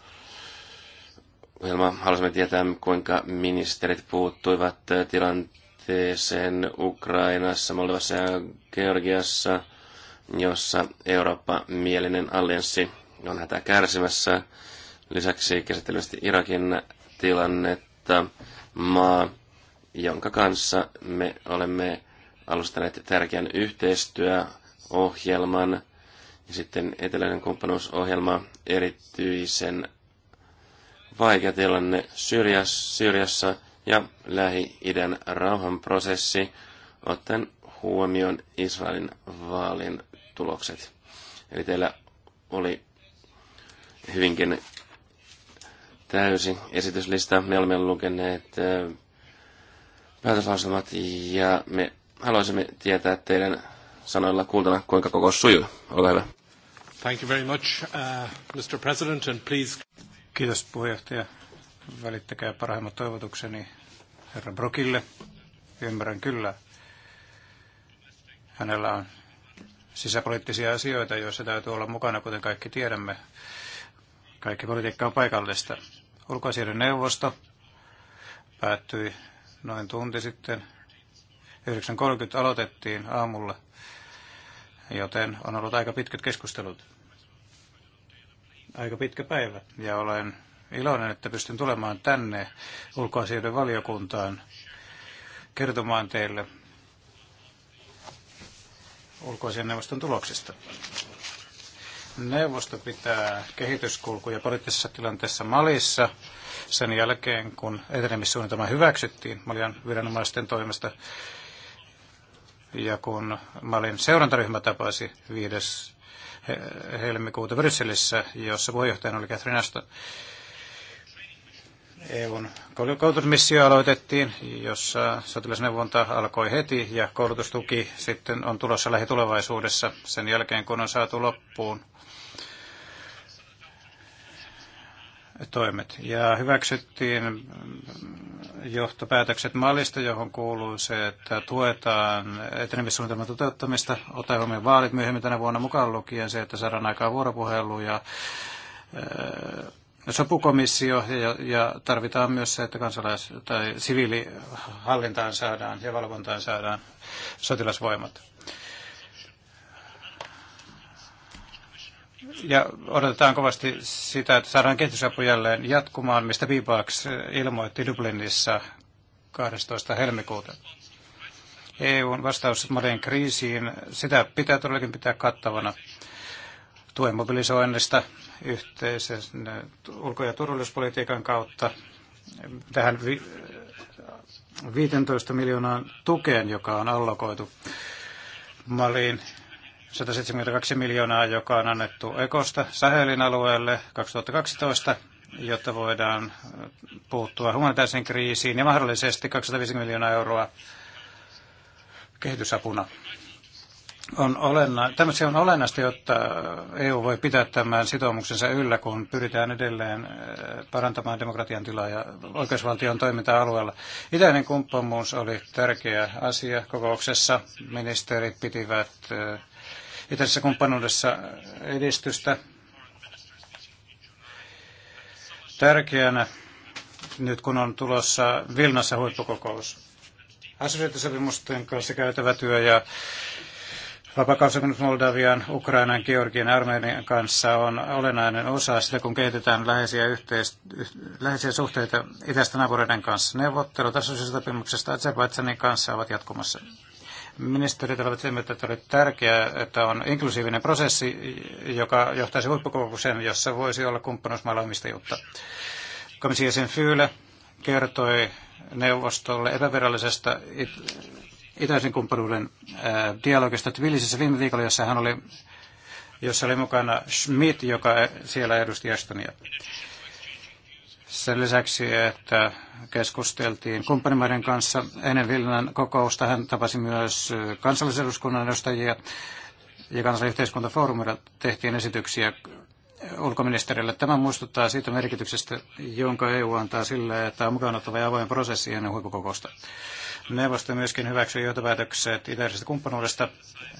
ohjelma. Haluaisimme tietää, kuinka ministerit puuttuivat tilanteeseen Ukrainassa, Moldovassa ja Georgiassa, jossa Eurooppa-mielinen allianssi on hätä kärsimässä. Lisäksi käsittelysti Irakin tilanne maa, jonka kanssa me olemme alustaneet tärkeän yhteistyöohjelman ja sitten eteläinen kumppanuusohjelma erityisen vaikea tilanne Syyriassa ja Lähi-idän rauhanprosessi ottaen huomioon Israelin vaalin tulokset. Eli teillä oli hyvinkin täysi esityslista. Me olemme lukeneet päätöslauselmat ja me haluaisimme tietää teidän sanoilla kuultana, kuinka koko sujuu. Olkaa hyvä. Thank you very much, uh, Mr. President, and please... Kiitos puheenjohtaja. Välittäkää parhaimmat toivotukseni herra Brokille. Ymmärrän kyllä. Hänellä on sisäpoliittisia asioita, joissa täytyy olla mukana, kuten kaikki tiedämme. Kaikki politiikka on paikallista. Ulkoasioiden neuvosto päättyi noin tunti sitten. 9.30 aloitettiin aamulla, joten on ollut aika pitkät keskustelut. Aika pitkä päivä ja olen iloinen, että pystyn tulemaan tänne ulkoasioiden valiokuntaan kertomaan teille ulkoasian neuvoston tuloksista. Neuvosto pitää kehityskulkuja poliittisessa tilanteessa Malissa sen jälkeen, kun etenemissuunnitelma hyväksyttiin Malian viranomaisten toimesta ja kun Malin seurantaryhmä tapasi 5. helmikuuta Brysselissä, jossa puheenjohtajana oli Catherine Ashton. EUn koulutusmissio aloitettiin, jossa sotilasneuvonta alkoi heti ja koulutustuki sitten on tulossa lähitulevaisuudessa sen jälkeen, kun on saatu loppuun toimet. Ja hyväksyttiin johtopäätökset mallista, johon kuuluu se, että tuetaan etenemissuunnitelman toteuttamista, otetaan huomioon vaalit myöhemmin tänä vuonna mukaan lukien se, että saadaan aikaa vuoropuhelu ja äh, sopukomissio ja, ja tarvitaan myös se, että kansalais- tai siviilihallintaan saadaan ja valvontaan saadaan sotilasvoimat. ja odotetaan kovasti sitä, että saadaan kehitysapu jälleen jatkumaan, mistä Bibax ilmoitti Dublinissa 12. helmikuuta. EUn vastaus Malin kriisiin, sitä pitää todellakin pitää kattavana tuen mobilisoinnista yhteisen ulko- ja turvallisuuspolitiikan kautta tähän 15 miljoonaan tukeen, joka on allokoitu Maliin 172 miljoonaa, joka on annettu Ekosta Sahelin alueelle 2012, jotta voidaan puuttua humanitaarisen kriisiin ja mahdollisesti 250 miljoonaa euroa kehitysapuna. On olenna, tämmöisiä on olennaista, jotta EU voi pitää tämän sitoumuksensa yllä, kun pyritään edelleen eh, parantamaan demokratian tilaa ja oikeusvaltion toimintaa alueella. Itäinen kumppanuus oli tärkeä asia kokouksessa. Ministerit pitivät eh, itäisessä kumppanuudessa edistystä. Tärkeänä nyt kun on tulossa Vilnassa huippukokous. Assosiaatiosopimusten kanssa käytävä työ ja Vapakausopimukset Moldavian, Ukrainan, Georgian ja Armenian kanssa on olennainen osa sitä, kun kehitetään läheisiä, yhteist- läheisiä suhteita itästä naapureiden kanssa. Neuvottelut assosiaatiosopimuksesta Azerbaidsanin kanssa ovat jatkumassa. Ministeri olivat sitä että oli tärkeää, että on inklusiivinen prosessi, joka johtaisi huippukokoukseen, jossa voisi olla kumppanuusmailla omistajuutta. Komissio sen Fyyle kertoi neuvostolle epävirallisesta it- itäisen kumppanuuden dialogista Tbilisissä viime viikolla, jossa hän oli jossa oli mukana Schmidt, joka siellä edusti Estonia. Sen lisäksi, että keskusteltiin kumppanimaiden kanssa ennen Vilnan kokousta, hän tapasi myös kansalliseduskunnan edustajia ja kansallisyhteiskuntafoorumilla tehtiin esityksiä ulkoministerille. Tämä muistuttaa siitä merkityksestä, jonka EU antaa sille, että on mukaan ottava ja avoin prosessi ennen huippukokousta. Neuvosto myöskin hyväksyi johtopäätökset itäisestä kumppanuudesta.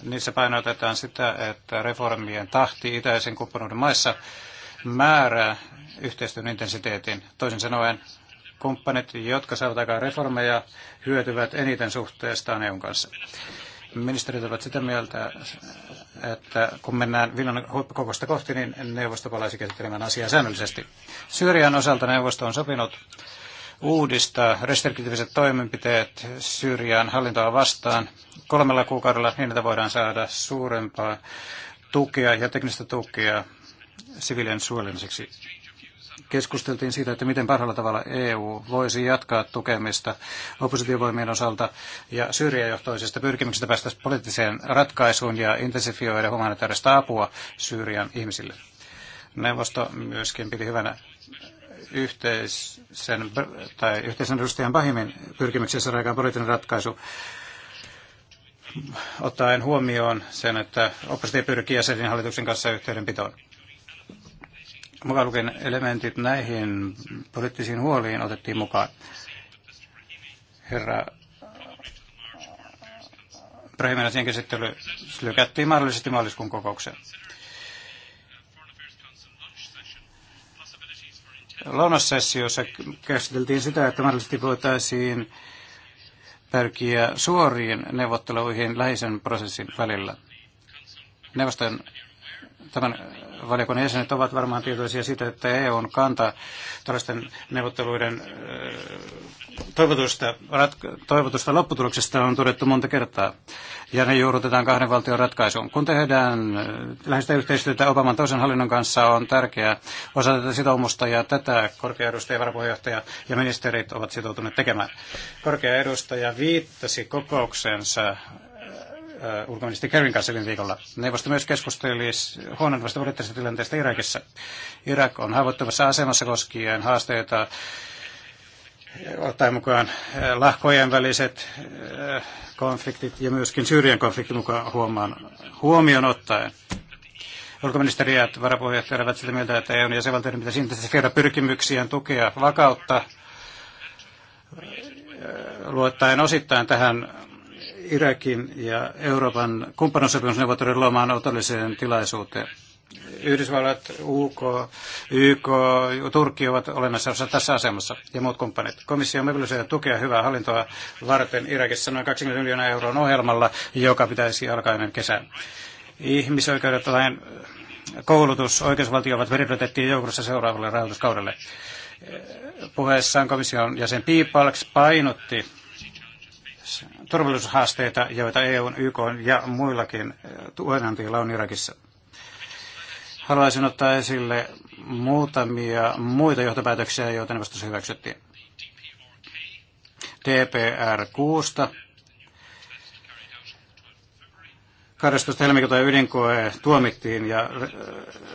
Niissä painotetaan sitä, että reformien tahti itäisen kumppanuuden maissa määrää yhteistyön intensiteetin. Toisin sanoen kumppanit, jotka saavat aikaan reformeja, hyötyvät eniten suhteestaan EUn kanssa. Ministerit ovat sitä mieltä, että kun mennään Vilnan huippukokosta kohti, niin neuvosto palaisi käsittelemään asiaa säännöllisesti. Syyrian osalta neuvosto on sopinut uudistaa restriktiiviset toimenpiteet Syyrian hallintoa vastaan kolmella kuukaudella niin, että voidaan saada suurempaa tukea ja teknistä tukea siviilien suojelemiseksi. Keskusteltiin siitä, että miten parhaalla tavalla EU voisi jatkaa tukemista oppositiovoimien osalta ja syrjäjohtoisista pyrkimyksistä päästä poliittiseen ratkaisuun ja intensifioida humanitaarista apua Syyrian ihmisille. Neuvosto myöskin piti hyvänä yhteisen, tai yhteisen edustajan pahimin pyrkimyksessä aikaan poliittinen ratkaisu ottaen huomioon sen, että oppositio pyrkii jäsenin hallituksen kanssa yhteydenpitoon mukaan lukien elementit näihin poliittisiin huoliin otettiin mukaan. Herra Bremen asian käsittely lykättiin mahdollisesti maaliskuun kokoukseen. Lounassessiossa käsiteltiin sitä, että mahdollisesti voitaisiin pyrkiä suoriin neuvotteluihin läheisen prosessin välillä. Neuvoston tämän valiokunnan jäsenet ovat varmaan tietoisia siitä, että e on kanta tällaisten neuvotteluiden toivotusta, toivotusta lopputuloksesta on todettu monta kertaa. Ja ne juurrutetaan kahden valtion ratkaisuun. Kun tehdään lähestä yhteistyötä Obaman toisen hallinnon kanssa, on tärkeää osa tätä sitoumusta ja tätä korkea edustaja, varapuheenjohtaja ja ministerit ovat sitoutuneet tekemään. Korkea edustaja viittasi kokouksensa Äh, ulkoministeri Kerryn kanssa viime viikolla. Neuvosto myös keskusteli huononnevasta poliittisesta tilanteesta Irakissa. Irak on haavoittuvassa asemassa koskien haasteita äh, ottaen mukaan äh, lahkojen väliset konfliktit ja myöskin Syyrian konflikti mukaan huomaan, huomioon ottaen. Ulkoministeri ja varapuheenjohtaja ovat sitä mieltä, että EUn jäsenvaltioiden pitäisi intensifioida pyrkimyksiään tukea vakautta luottaen osittain tähän Irakin ja Euroopan kumppanuussopimusneuvottelujen luomaan otolliseen tilaisuuteen. Yhdysvallat, UK, YK, Turkki ovat olennaisessa osassa tässä asemassa ja muut kumppanit. Komissio on mobilisoinut tukea hyvää hallintoa varten Irakissa noin 20 miljoonaa euron ohjelmalla, joka pitäisi alkaa ennen kesää. Ihmisoikeudet, lain koulutus, oikeusvaltio ovat veriprotettiin joukossa seuraavalle rahoituskaudelle. Puheessaan komission jäsen Piipalks painotti turvallisuushaasteita, joita EUn, YK ja muillakin eh, tuenantajilla on Irakissa. Haluaisin ottaa esille muutamia muita johtopäätöksiä, joita neuvostossa hyväksyttiin. TPR-6 12. helmikuuta ydinkoe tuomittiin ja äh,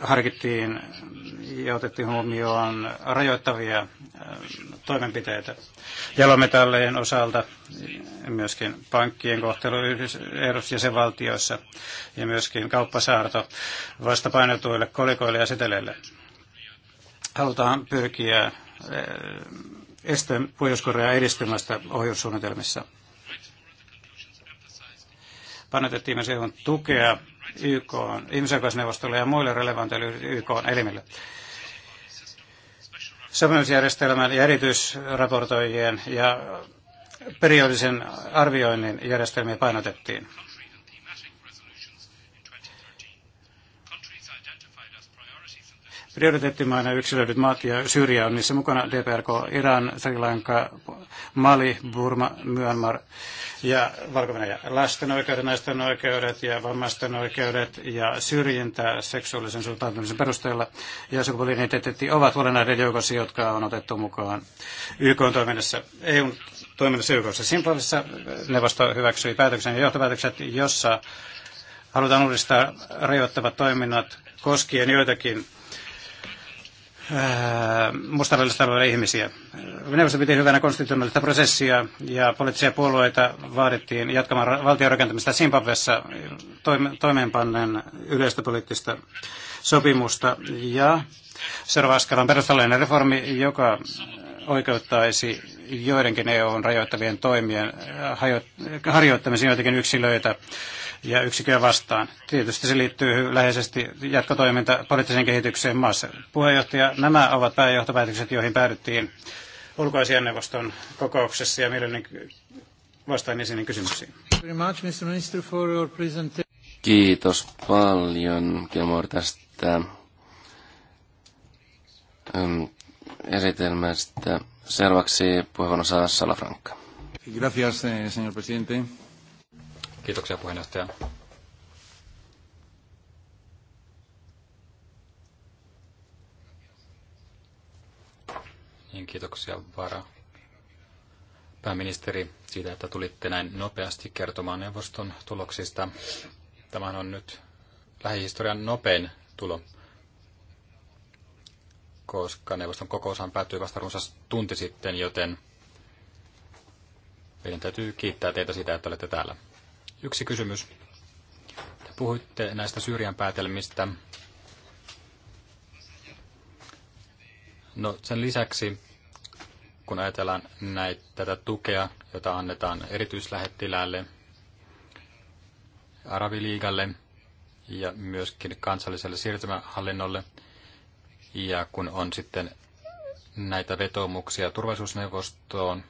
harkittiin ja otettiin huomioon rajoittavia äh, toimenpiteitä jalometallien osalta, myöskin pankkien kohtelu Yhdys- jäsenvaltioissa ja myöskin kauppasaarto vastapainotuille kolikoille ja seteleille. Halutaan pyrkiä äh, estämään Pohjois-Korea edistymästä ohjussuunnitelmissa painotettiin myös EUn tukea YK ihmisoikeusneuvostolle ja muille relevanteille YK elimille. Sopimusjärjestelmän ja erityisraportoijien ja periodisen arvioinnin järjestelmiä painotettiin. prioriteettimaina yksilöidyt maat ja Syyria on niissä mukana, DPRK, Iran, Sri Lanka, Mali, Burma, Myanmar ja valko ja Lasten oikeudet, naisten oikeudet ja vammaisten oikeudet ja syrjintä seksuaalisen suuntautumisen perusteella ja sukupuolinen ovat huolenaiden joukossa, jotka on otettu mukaan YK toiminnassa. EUn toiminnassa YKssa Simplavissa neuvosto hyväksyi päätöksen ja johtopäätökset, jossa halutaan uudistaa rajoittavat toiminnat koskien joitakin mustavallistavilla ihmisiä. Neuvosto piti hyvänä konstitutionaalista prosessia ja poliittisia puolueita vaadittiin jatkamaan valtion rakentamista Zimbabwessa toimeenpanneen yleistä poliittista sopimusta. Ja seuraava askel on perustallinen reformi, joka oikeuttaisi joidenkin EUn rajoittavien toimien harjoittamisen joitakin yksilöitä ja yksikköä vastaan. Tietysti se liittyy läheisesti jatkotoiminta poliittiseen kehitykseen maassa. Puheenjohtaja, nämä ovat pääjohtopäätökset, joihin päädyttiin ulkoasianneuvoston kokouksessa ja mielelläni vastaan esiin kysymyksiin. Kiitos paljon, Kilmour, tästä ähm, esitelmästä. Seuraavaksi puheenvuoron saa Salafranca. Gracias, eh, señor presidente. Kiitoksia puheenjohtaja. Niin, kiitoksia Vara. Pääministeri siitä, että tulitte näin nopeasti kertomaan neuvoston tuloksista. Tämähän on nyt lähihistorian nopein tulo koska neuvoston kokoushan päättyi vasta runsas tunti sitten, joten meidän täytyy kiittää teitä siitä, että olette täällä. Yksi kysymys. Te puhuitte näistä Syyrian päätelmistä. No sen lisäksi, kun ajatellaan näitä, tätä tukea, jota annetaan erityislähettiläälle, Arabiliigalle ja myöskin kansalliselle siirtymähallinnolle, ja kun on sitten näitä vetomuksia turvallisuusneuvostoon,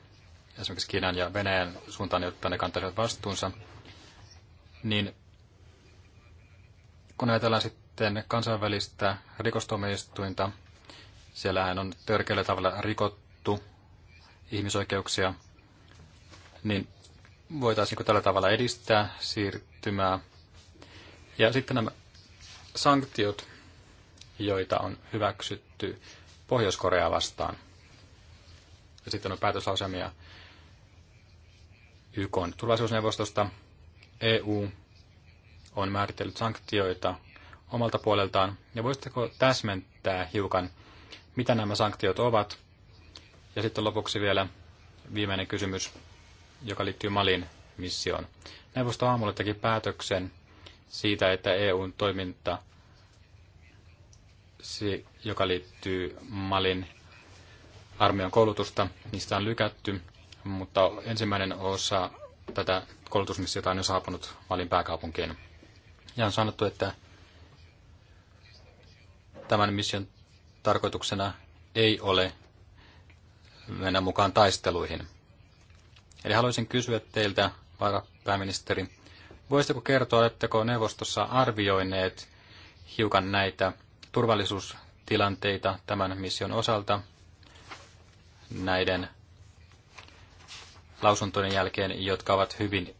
esimerkiksi Kiinan ja Venäjän suuntaan, jotta ne kantaisivat vastuunsa, niin kun ajatellaan sitten kansainvälistä rikostuomioistuinta, siellähän on törkeällä tavalla rikottu ihmisoikeuksia, niin voitaisiinko tällä tavalla edistää siirtymää. Ja sitten nämä sanktiot, joita on hyväksytty Pohjois-Koreaa vastaan. Ja sitten on päätöslauselmia YK turvallisuusneuvostosta. EU on määritellyt sanktioita omalta puoleltaan. Ja voisitteko täsmentää hiukan, mitä nämä sanktiot ovat? Ja sitten lopuksi vielä viimeinen kysymys, joka liittyy Malin missioon. Neuvosto aamulla teki päätöksen siitä, että EUn toiminta joka liittyy Malin armeijan koulutusta. Niistä on lykätty, mutta ensimmäinen osa tätä koulutusmissiota on jo saapunut Malin pääkaupunkiin. Ja on sanottu, että tämän mission tarkoituksena ei ole mennä mukaan taisteluihin. Eli haluaisin kysyä teiltä, pääministeri, voisitteko kertoa, oletteko neuvostossa arvioineet hiukan näitä turvallisuustilanteita tämän mission osalta näiden lausuntojen jälkeen, jotka ovat hyvin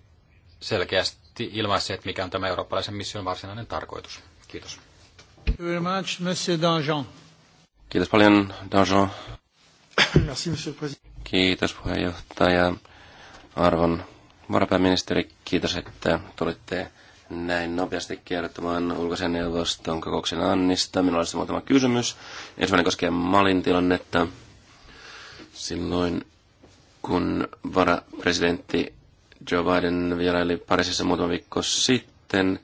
selkeästi ilmaisseet, mikä on tämä eurooppalaisen mission varsinainen tarkoitus. Kiitos. Kiitos paljon, Danjean. Kiitos puheenjohtaja. Arvon varapääministeri, kiitos, että tulitte näin nopeasti kertomaan ulkoisen neuvoston kokouksen Annista. Minulla olisi muutama kysymys. Ensimmäinen koskee Malin tilannetta. Silloin kun varapresidentti Joe Biden vieraili Pariisissa muutama viikko sitten,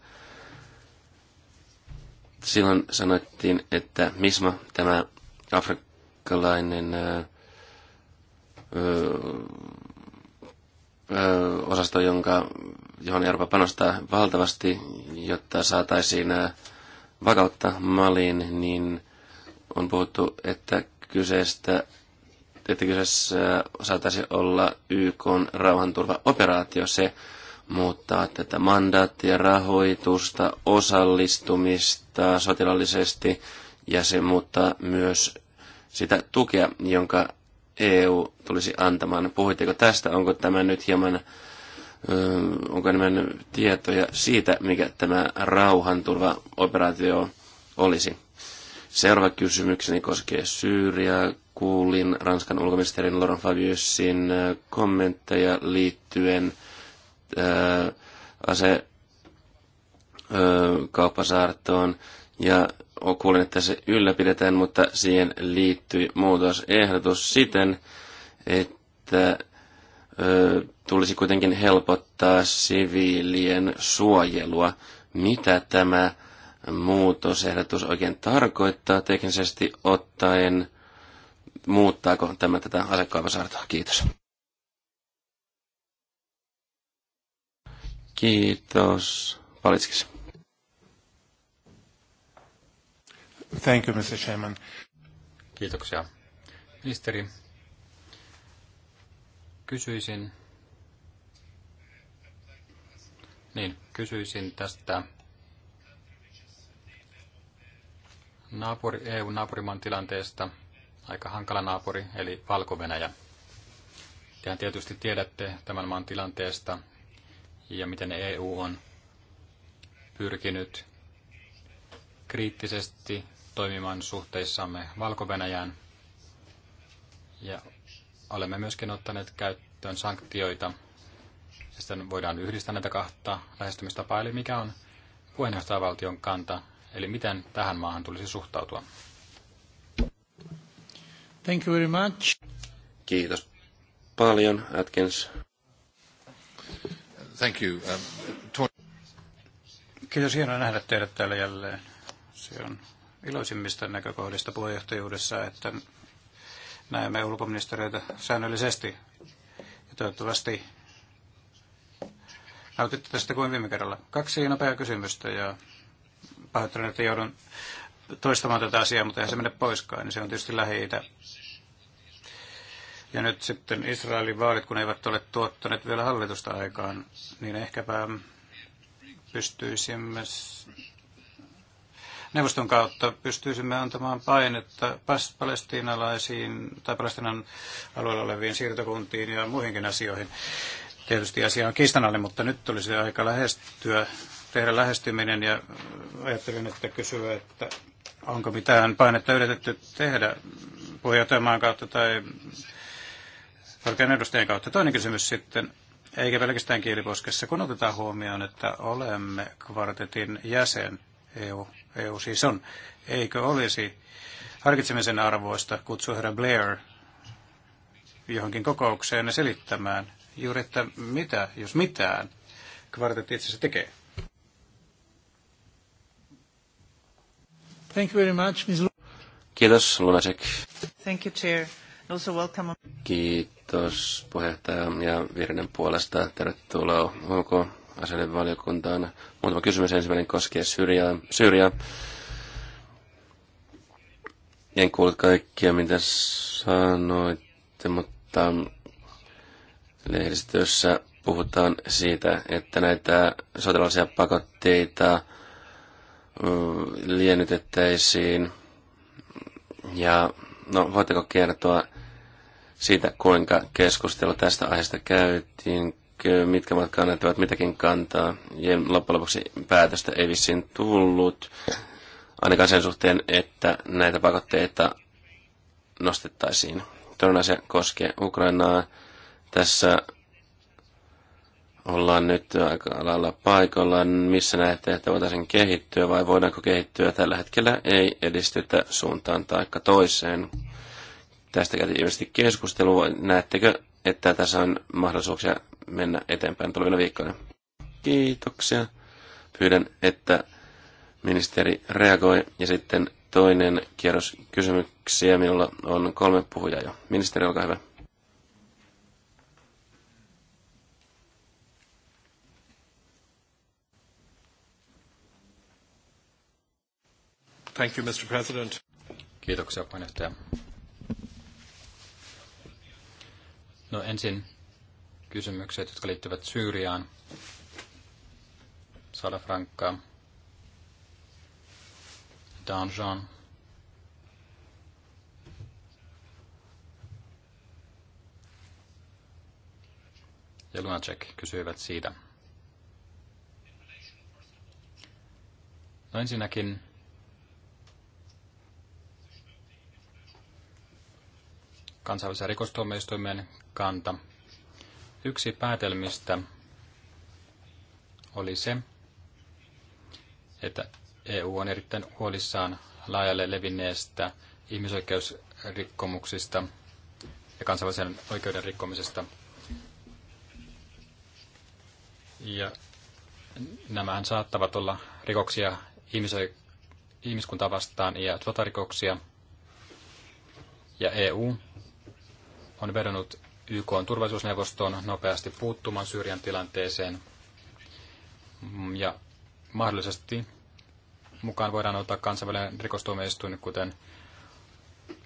silloin sanottiin, että MISMA, tämä afrikkalainen öö, öö, osasto, jonka johon Eurooppa panostaa valtavasti, jotta saataisiin äh, vakautta maliin, niin on puhuttu, että kyseestä että kyseessä äh, saataisi olla YK rauhanturvaoperaatio. Se muuttaa tätä mandaattia, rahoitusta, osallistumista sotilaallisesti ja se muuttaa myös sitä tukea, jonka EU tulisi antamaan. Puhuitteko tästä? Onko tämä nyt hieman onko enemmän tietoja siitä, mikä tämä rauhanturvaoperaatio olisi. Seuraava kysymykseni koskee Syyriaa. Kuulin Ranskan ulkoministerin Laurent Fabiusin kommentteja liittyen ase kauppasaartoon ja kuulin, että se ylläpidetään, mutta siihen liittyi muutosehdotus siten, että tulisi kuitenkin helpottaa siviilien suojelua. Mitä tämä muutosehdotus oikein tarkoittaa teknisesti ottaen? Muuttaako tämä tätä asekaavasartaa? Kiitos. Kiitos. Valitsikis. Thank you, Mr. Chairman. Kiitoksia. Ministeri, kysyisin, niin, kysyisin tästä naapuri, EU-naapurimaan tilanteesta. Aika hankala naapuri, eli Valko-Venäjä. Tehän tietysti tiedätte tämän maan tilanteesta ja miten EU e on pyrkinyt kriittisesti toimimaan suhteissamme valko -Venäjään. Ja Olemme myöskin ottaneet käyttöön sanktioita. Ja sitten voidaan yhdistää näitä kahta lähestymistapaa, eli mikä on puheenjohtajavaltion kanta, eli miten tähän maahan tulisi suhtautua. Thank you very much. Kiitos paljon, Atkins. Thank you. Um, Kiitos, hienoa nähdä teidät täällä jälleen. Se on iloisimmista näkökohdista puheenjohtajuudessa, että Näemme ulkoministeriöitä säännöllisesti ja toivottavasti nautitte tästä kuin viime kerralla. Kaksi nopeaa kysymystä ja pahoittelen, että joudun toistamaan tätä asiaa, mutta eihän se mene poiskaan, niin se on tietysti lähi -Itä. Ja nyt sitten Israelin vaalit, kun eivät ole tuottaneet vielä hallitusta aikaan, niin ehkäpä pystyisimme neuvoston kautta pystyisimme antamaan painetta palestiinalaisiin tai Palestinan alueella oleviin siirtokuntiin ja muihinkin asioihin. Tietysti asia on kiistanalle, mutta nyt olisi aika lähestyä, tehdä lähestyminen ja ajattelin, että kysyä, että onko mitään painetta yritetty tehdä puheenjohtajamaan kautta tai korkean edustajan kautta. Toinen kysymys sitten, eikä pelkästään kieliposkessa, kun otetaan huomioon, että olemme kvartetin jäsen EU EU siis on. Eikö olisi harkitsemisen arvoista kutsua herra Blair johonkin kokoukseen ja selittämään juuri, että mitä, jos mitään, kvartetti itse asiassa tekee? Thank you very much, Ms. Kiitos, Lunacek. Thank you, Chair. Also welcome. Kiitos puheenjohtaja ja Virinen puolesta. Tervetuloa ulko asioiden valiokuntaan. Muutama kysymys ensimmäinen koskee Syyriaa. Syyriaa. En kuule kaikkia, mitä sanoitte, mutta lehdistössä puhutaan siitä, että näitä sotilaallisia pakotteita liennytettäisiin. Ja no, voitteko kertoa siitä, kuinka keskustelu tästä aiheesta käytiin, mitkä maat kannattavat mitäkin kantaa. Ja loppujen lopuksi päätöstä ei vissiin tullut, ainakaan sen suhteen, että näitä pakotteita nostettaisiin. Toinen asia koskee Ukrainaa. Tässä ollaan nyt aika lailla paikalla, missä näette, että voitaisiin kehittyä vai voidaanko kehittyä. Tällä hetkellä ei edistytä suuntaan taikka toiseen. Tästä käytiin ilmeisesti keskustelua. Näettekö että tässä on mahdollisuuksia mennä eteenpäin tulevina viikkoina. Kiitoksia. Pyydän, että ministeri reagoi ja sitten toinen kierros kysymyksiä. Minulla on kolme puhujaa jo. Ministeri, olkaa hyvä. Thank you, Mr. President. Kiitoksia puheenjohtaja. No ensin kysymykset, jotka liittyvät Syyriaan. Salafrankka, Danjean, ja Lunacek kysyivät siitä. No ensinnäkin kansainvälisen rikostuomioistuimen kanta. Yksi päätelmistä oli se, että EU on erittäin huolissaan laajalle levinneestä ihmisoikeusrikkomuksista ja kansainvälisen oikeuden rikkomisesta. Ja nämähän saattavat olla rikoksia ihmisoikeuksia ihmiskuntaa vastaan ja sotarikoksia. Ja EU on vedonnut YK on turvallisuusneuvostoon nopeasti puuttumaan Syyrian tilanteeseen mm, ja mahdollisesti mukaan voidaan ottaa kansainvälinen rikostuomioistuin, kuten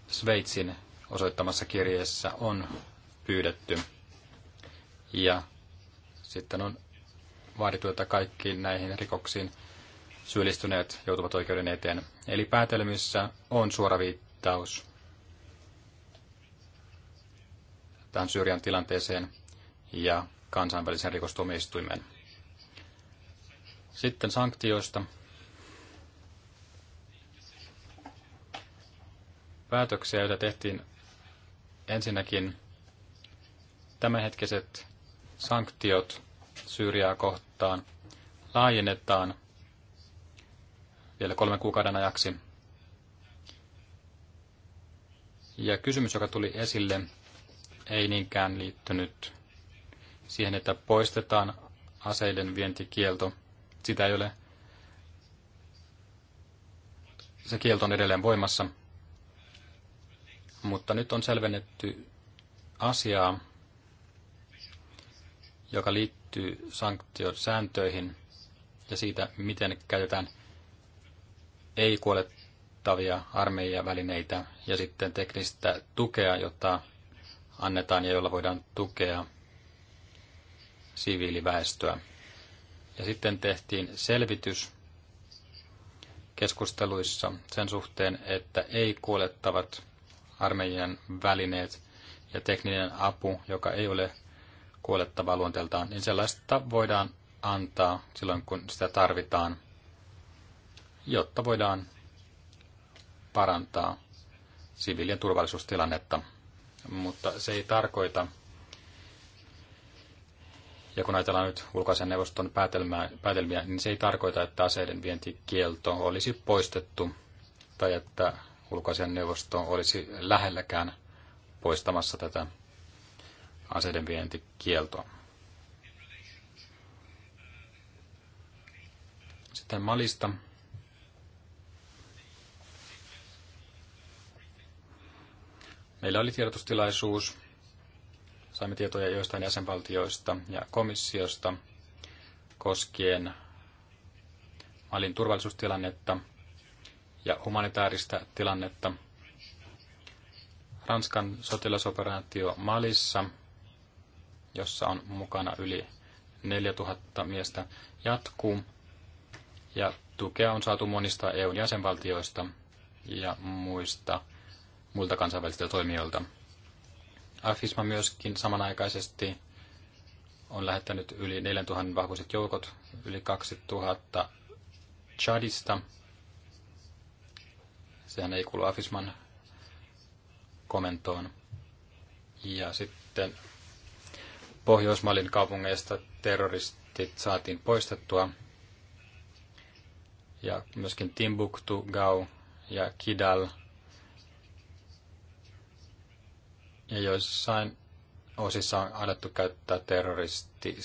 Sveitsin osoittamassa kirjeessä on pyydetty. Ja sitten on vaadittu, että kaikki näihin rikoksiin syyllistyneet joutuvat oikeuden eteen. Eli päätelmissä on suora viittaus tähän Syyrian tilanteeseen ja kansainvälisen rikostuomioistuimen. Sitten sanktioista. Päätöksiä, joita tehtiin ensinnäkin tämänhetkiset sanktiot Syyriaa kohtaan laajennetaan vielä kolmen kuukauden ajaksi. Ja kysymys, joka tuli esille, ei niinkään liittynyt siihen, että poistetaan aseiden vientikielto. Sitä ei ole. Se kielto on edelleen voimassa. Mutta nyt on selvennetty asiaa, joka liittyy sanktiosääntöihin ja siitä, miten käytetään ei-kuolettavia armeijavälineitä ja sitten teknistä tukea, jota annetaan ja jolla voidaan tukea siviiliväestöä. Ja sitten tehtiin selvitys keskusteluissa sen suhteen, että ei kuolettavat armeijan välineet ja tekninen apu, joka ei ole kuolettavaa luonteeltaan, niin sellaista voidaan antaa silloin, kun sitä tarvitaan, jotta voidaan parantaa siviilien turvallisuustilannetta mutta se ei tarkoita, ja kun ajatellaan nyt ulkoisen neuvoston päätelmiä, niin se ei tarkoita, että aseiden vientikielto olisi poistettu tai että ulkoisen neuvosto olisi lähelläkään poistamassa tätä aseiden vientikieltoa. Sitten Malista. Meillä oli tiedotustilaisuus, saimme tietoja joistain jäsenvaltioista ja komissiosta koskien Malin turvallisuustilannetta ja humanitaarista tilannetta. Ranskan sotilasoperaatio Malissa, jossa on mukana yli 4000 miestä, jatkuu ja tukea on saatu monista EU jäsenvaltioista ja muista muilta kansainvälisiltä toimijoilta. AFISMA myöskin samanaikaisesti on lähettänyt yli 4000 vahvuiset joukot, yli 2000 Chadista. Sehän ei kuulu AFISMAN komentoon. Ja sitten Pohjoismallin kaupungeista terroristit saatiin poistettua. Ja myöskin Timbuktu, Gao ja Kidal – Ja joissain osissa on alettu käyttää terroristi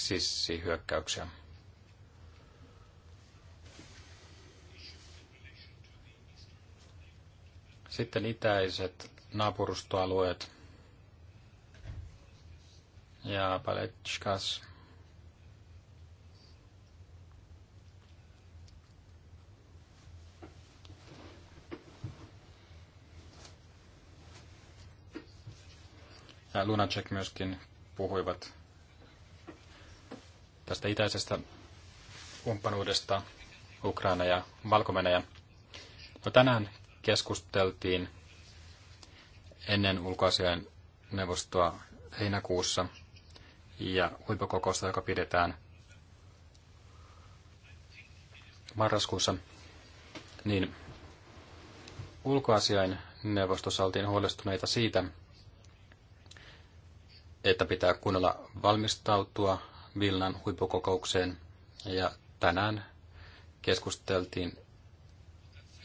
Sitten itäiset naapurustoalueet ja Paletskas ja äh, Lunacek myöskin puhuivat tästä itäisestä kumppanuudesta Ukraina ja valko No, tänään keskusteltiin ennen ulkoasian neuvostoa heinäkuussa ja huippukokousta, joka pidetään marraskuussa, niin ulkoasiain neuvostossa oltiin huolestuneita siitä, että pitää kunnolla valmistautua Vilnan huippukokoukseen. Ja tänään keskusteltiin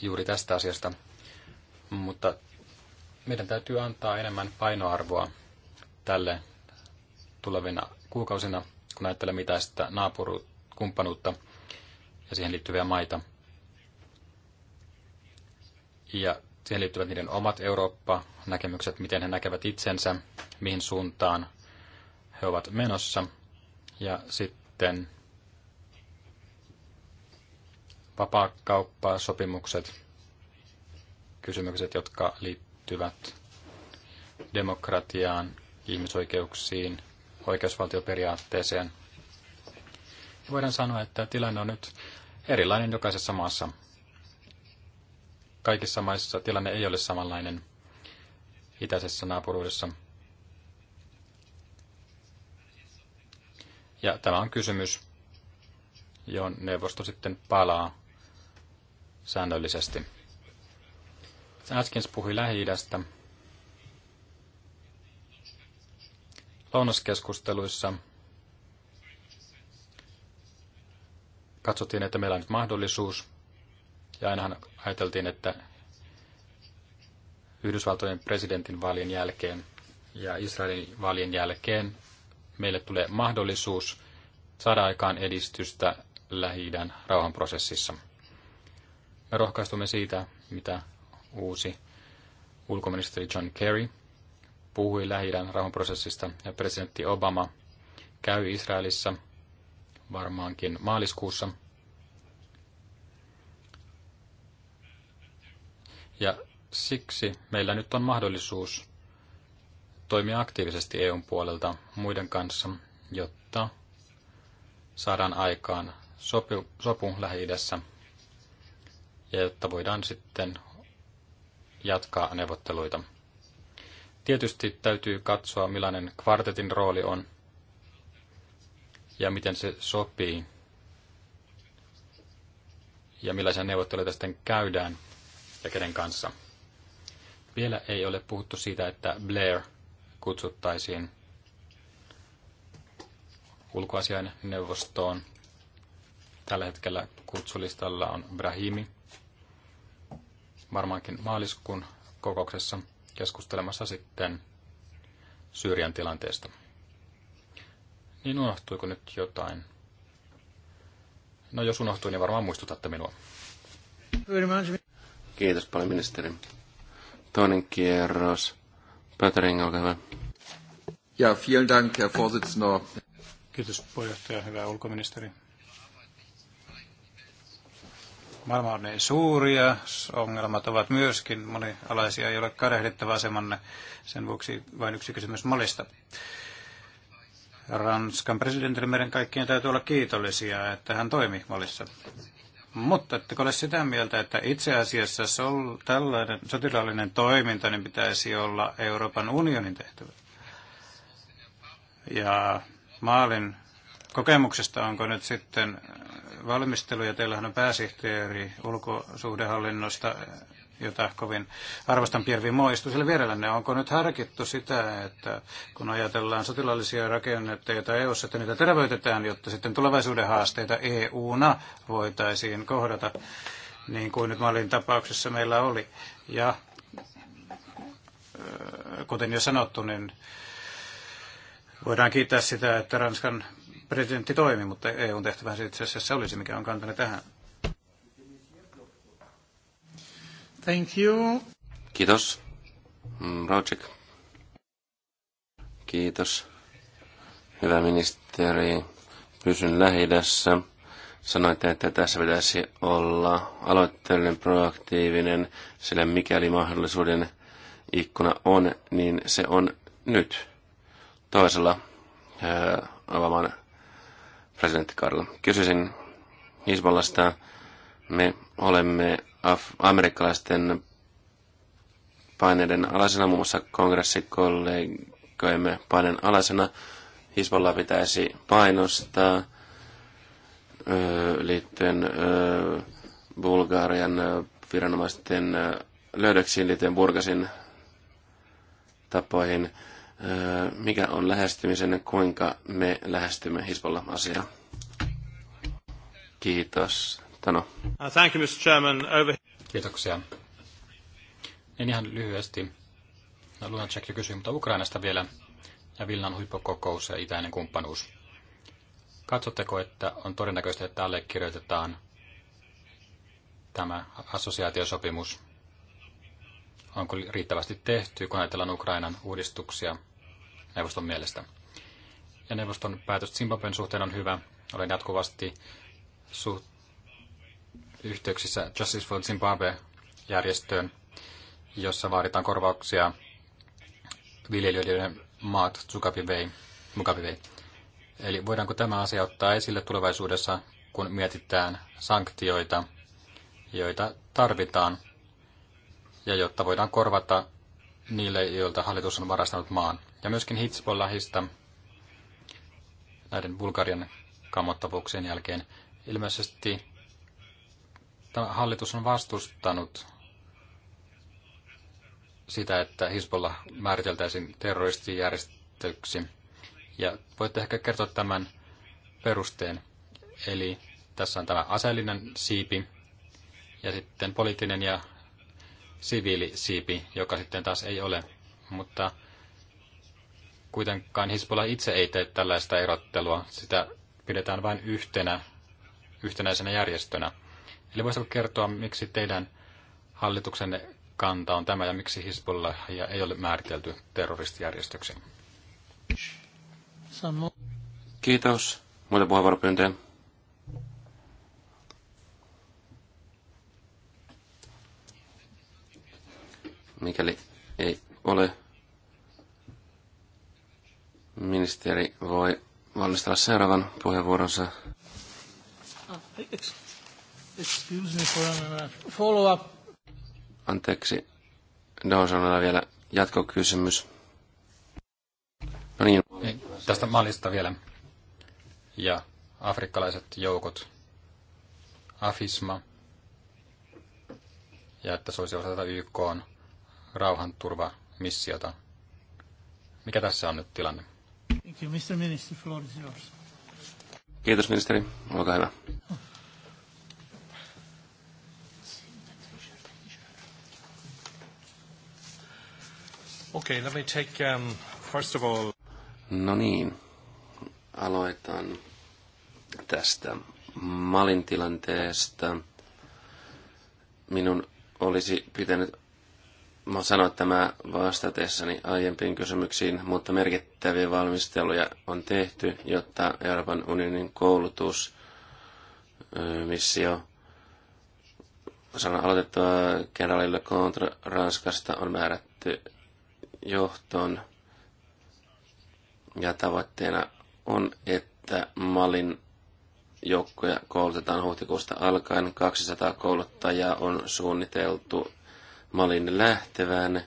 juuri tästä asiasta, mutta meidän täytyy antaa enemmän painoarvoa tälle tulevina kuukausina, kun mitä sitä naapurukumppanuutta ja siihen liittyviä maita. Ja siihen liittyvät niiden omat Eurooppa-näkemykset, miten he näkevät itsensä, mihin suuntaan he ovat menossa. Ja sitten sopimukset, kysymykset, jotka liittyvät demokratiaan, ihmisoikeuksiin, oikeusvaltioperiaatteeseen. voidaan sanoa, että tilanne on nyt erilainen jokaisessa maassa kaikissa maissa tilanne ei ole samanlainen itäisessä naapuruudessa. Ja tämä on kysymys, johon neuvosto sitten palaa säännöllisesti. Äsken puhui Lähi-idästä. Lounaskeskusteluissa katsottiin, että meillä on nyt mahdollisuus ja ainahan ajateltiin, että Yhdysvaltojen presidentin vaalien jälkeen ja Israelin vaalien jälkeen meille tulee mahdollisuus saada aikaan edistystä lähi rauhanprosessissa. Me rohkaistumme siitä, mitä uusi ulkoministeri John Kerry puhui lähi rauhanprosessista ja presidentti Obama käy Israelissa varmaankin maaliskuussa – Ja siksi meillä nyt on mahdollisuus toimia aktiivisesti EUn puolelta muiden kanssa, jotta saadaan aikaan sopu, sopu Lähi-idässä ja jotta voidaan sitten jatkaa neuvotteluita. Tietysti täytyy katsoa, millainen kvartetin rooli on ja miten se sopii ja millaisia neuvotteluita sitten käydään – ja kenen kanssa. Vielä ei ole puhuttu siitä, että Blair kutsuttaisiin ulkoasian neuvostoon. Tällä hetkellä kutsulistalla on Brahimi, varmaankin maaliskuun kokouksessa keskustelemassa sitten Syyrian tilanteesta. Niin unohtuiko nyt jotain? No jos unohtui, niin varmaan muistutatte minua. Kiitos paljon ministeri. Toinen kierros. Pötering, olkaa hyvä. Ja, vielen Dank, Herr Vorsitzender. Kiitos puheenjohtaja, hyvä ulkoministeri. Maailma on niin suuri ja ongelmat ovat myöskin monialaisia, ei ole kadehdittava asemanne. Sen vuoksi vain yksi kysymys Malista. Ranskan presidentille meidän kaikkien täytyy olla kiitollisia, että hän toimi Malissa. Mutta ettekö ole sitä mieltä, että itse asiassa sol, tällainen sotilaallinen toiminta niin pitäisi olla Euroopan unionin tehtävä? Ja Maalin kokemuksesta onko nyt sitten valmisteluja? Teillähän on pääsihteeri ulkosuhdehallinnosta jota kovin arvostan Pierre Vimo, istui siellä vierellänne. Onko nyt harkittu sitä, että kun ajatellaan sotilaallisia rakennetteita eu että niitä terveytetään, jotta sitten tulevaisuuden haasteita EU-na voitaisiin kohdata, niin kuin nyt Malin tapauksessa meillä oli. Ja äh, kuten jo sanottu, niin voidaan kiittää sitä, että Ranskan presidentti toimi, mutta eu tehtävä itse asiassa olisi, mikä on kantanut tähän. Thank you. Kiitos. Mm, Rojek. Kiitos. Hyvä ministeri, pysyn lähidässä. Sanoitte, että tässä pitäisi olla aloitteellinen, proaktiivinen, sillä mikäli mahdollisuuden ikkuna on, niin se on nyt toisella Obaman äh, presidenttikaudella. Kysyisin Hisbollasta, me olemme af- amerikkalaisten paineiden alaisena, muun muassa kongressikollegoimme paineen alaisena. Hisbollah pitäisi painostaa öö, liittyen öö, Bulgarian viranomaisten löydöksiin liittyen Burgasin tapoihin. Öö, mikä on lähestymisen, kuinka me lähestymme Hisbollah-asiaa? Kiitos. Uh, thank you, Mr. Chairman. Over... Kiitoksia. En niin ihan lyhyesti. No, Lunacek jo kysyi, mutta Ukrainasta vielä ja Vilnan huippukokous ja itäinen kumppanuus. Katsotteko, että on todennäköistä, että allekirjoitetaan tämä assosiaatiosopimus? Onko riittävästi tehty, kun ajatellaan Ukrainan uudistuksia neuvoston mielestä? Ja neuvoston päätös Zimbabwen suhteen on hyvä. Olen jatkuvasti suhteen yhteyksissä Justice for Zimbabwe-järjestöön, jossa vaaditaan korvauksia viljelijöiden maat Tsukapi vei. Eli voidaanko tämä asia ottaa esille tulevaisuudessa, kun mietitään sanktioita, joita tarvitaan, ja jotta voidaan korvata niille, joilta hallitus on varastanut maan. Ja myöskin Hitsbollahista näiden Bulgarian kamottavuuksien jälkeen ilmeisesti hallitus on vastustanut sitä, että Hisbollah määriteltäisiin terroristijärjestöksi. Ja voitte ehkä kertoa tämän perusteen. Eli tässä on tämä aseellinen siipi ja sitten poliittinen ja siviilisiipi, joka sitten taas ei ole. Mutta kuitenkaan Hisbollah itse ei tee tällaista erottelua. Sitä pidetään vain yhtenä, yhtenäisenä järjestönä. Eli voisitko kertoa, miksi teidän hallituksenne kanta on tämä ja miksi Hezbollah ei ole määritelty terroristijärjestöksi? Kiitos. Muita puheenvuoropyyntöjä? Mikäli ei ole, ministeri voi valmistella seuraavan puheenvuoronsa. Ah, Excuse me for follow-up. Anteeksi. Dawsonilla vielä jatkokysymys. No niin. niin tästä Malista vielä. Ja afrikkalaiset joukot. Afisma. Ja että se olisi osa tätä YK on rauhanturvamissiota. Mikä tässä on nyt tilanne? Thank you, Mr. Minister. Floor is yours. Kiitos ministeri. Olkaa hyvä. Oh. Okay, let me take, um, first of all... No niin, aloitan tästä Malin tilanteesta. Minun olisi pitänyt sanoa tämä vastatessani aiempiin kysymyksiin, mutta merkittäviä valmisteluja on tehty, jotta Euroopan unionin missio sanan aloitettua kenraalille kontra Ranskasta on määrätty johtoon. Ja tavoitteena on, että Malin joukkoja koulutetaan huhtikuusta alkaen. 200 kouluttajaa on suunniteltu Malin lähtevään.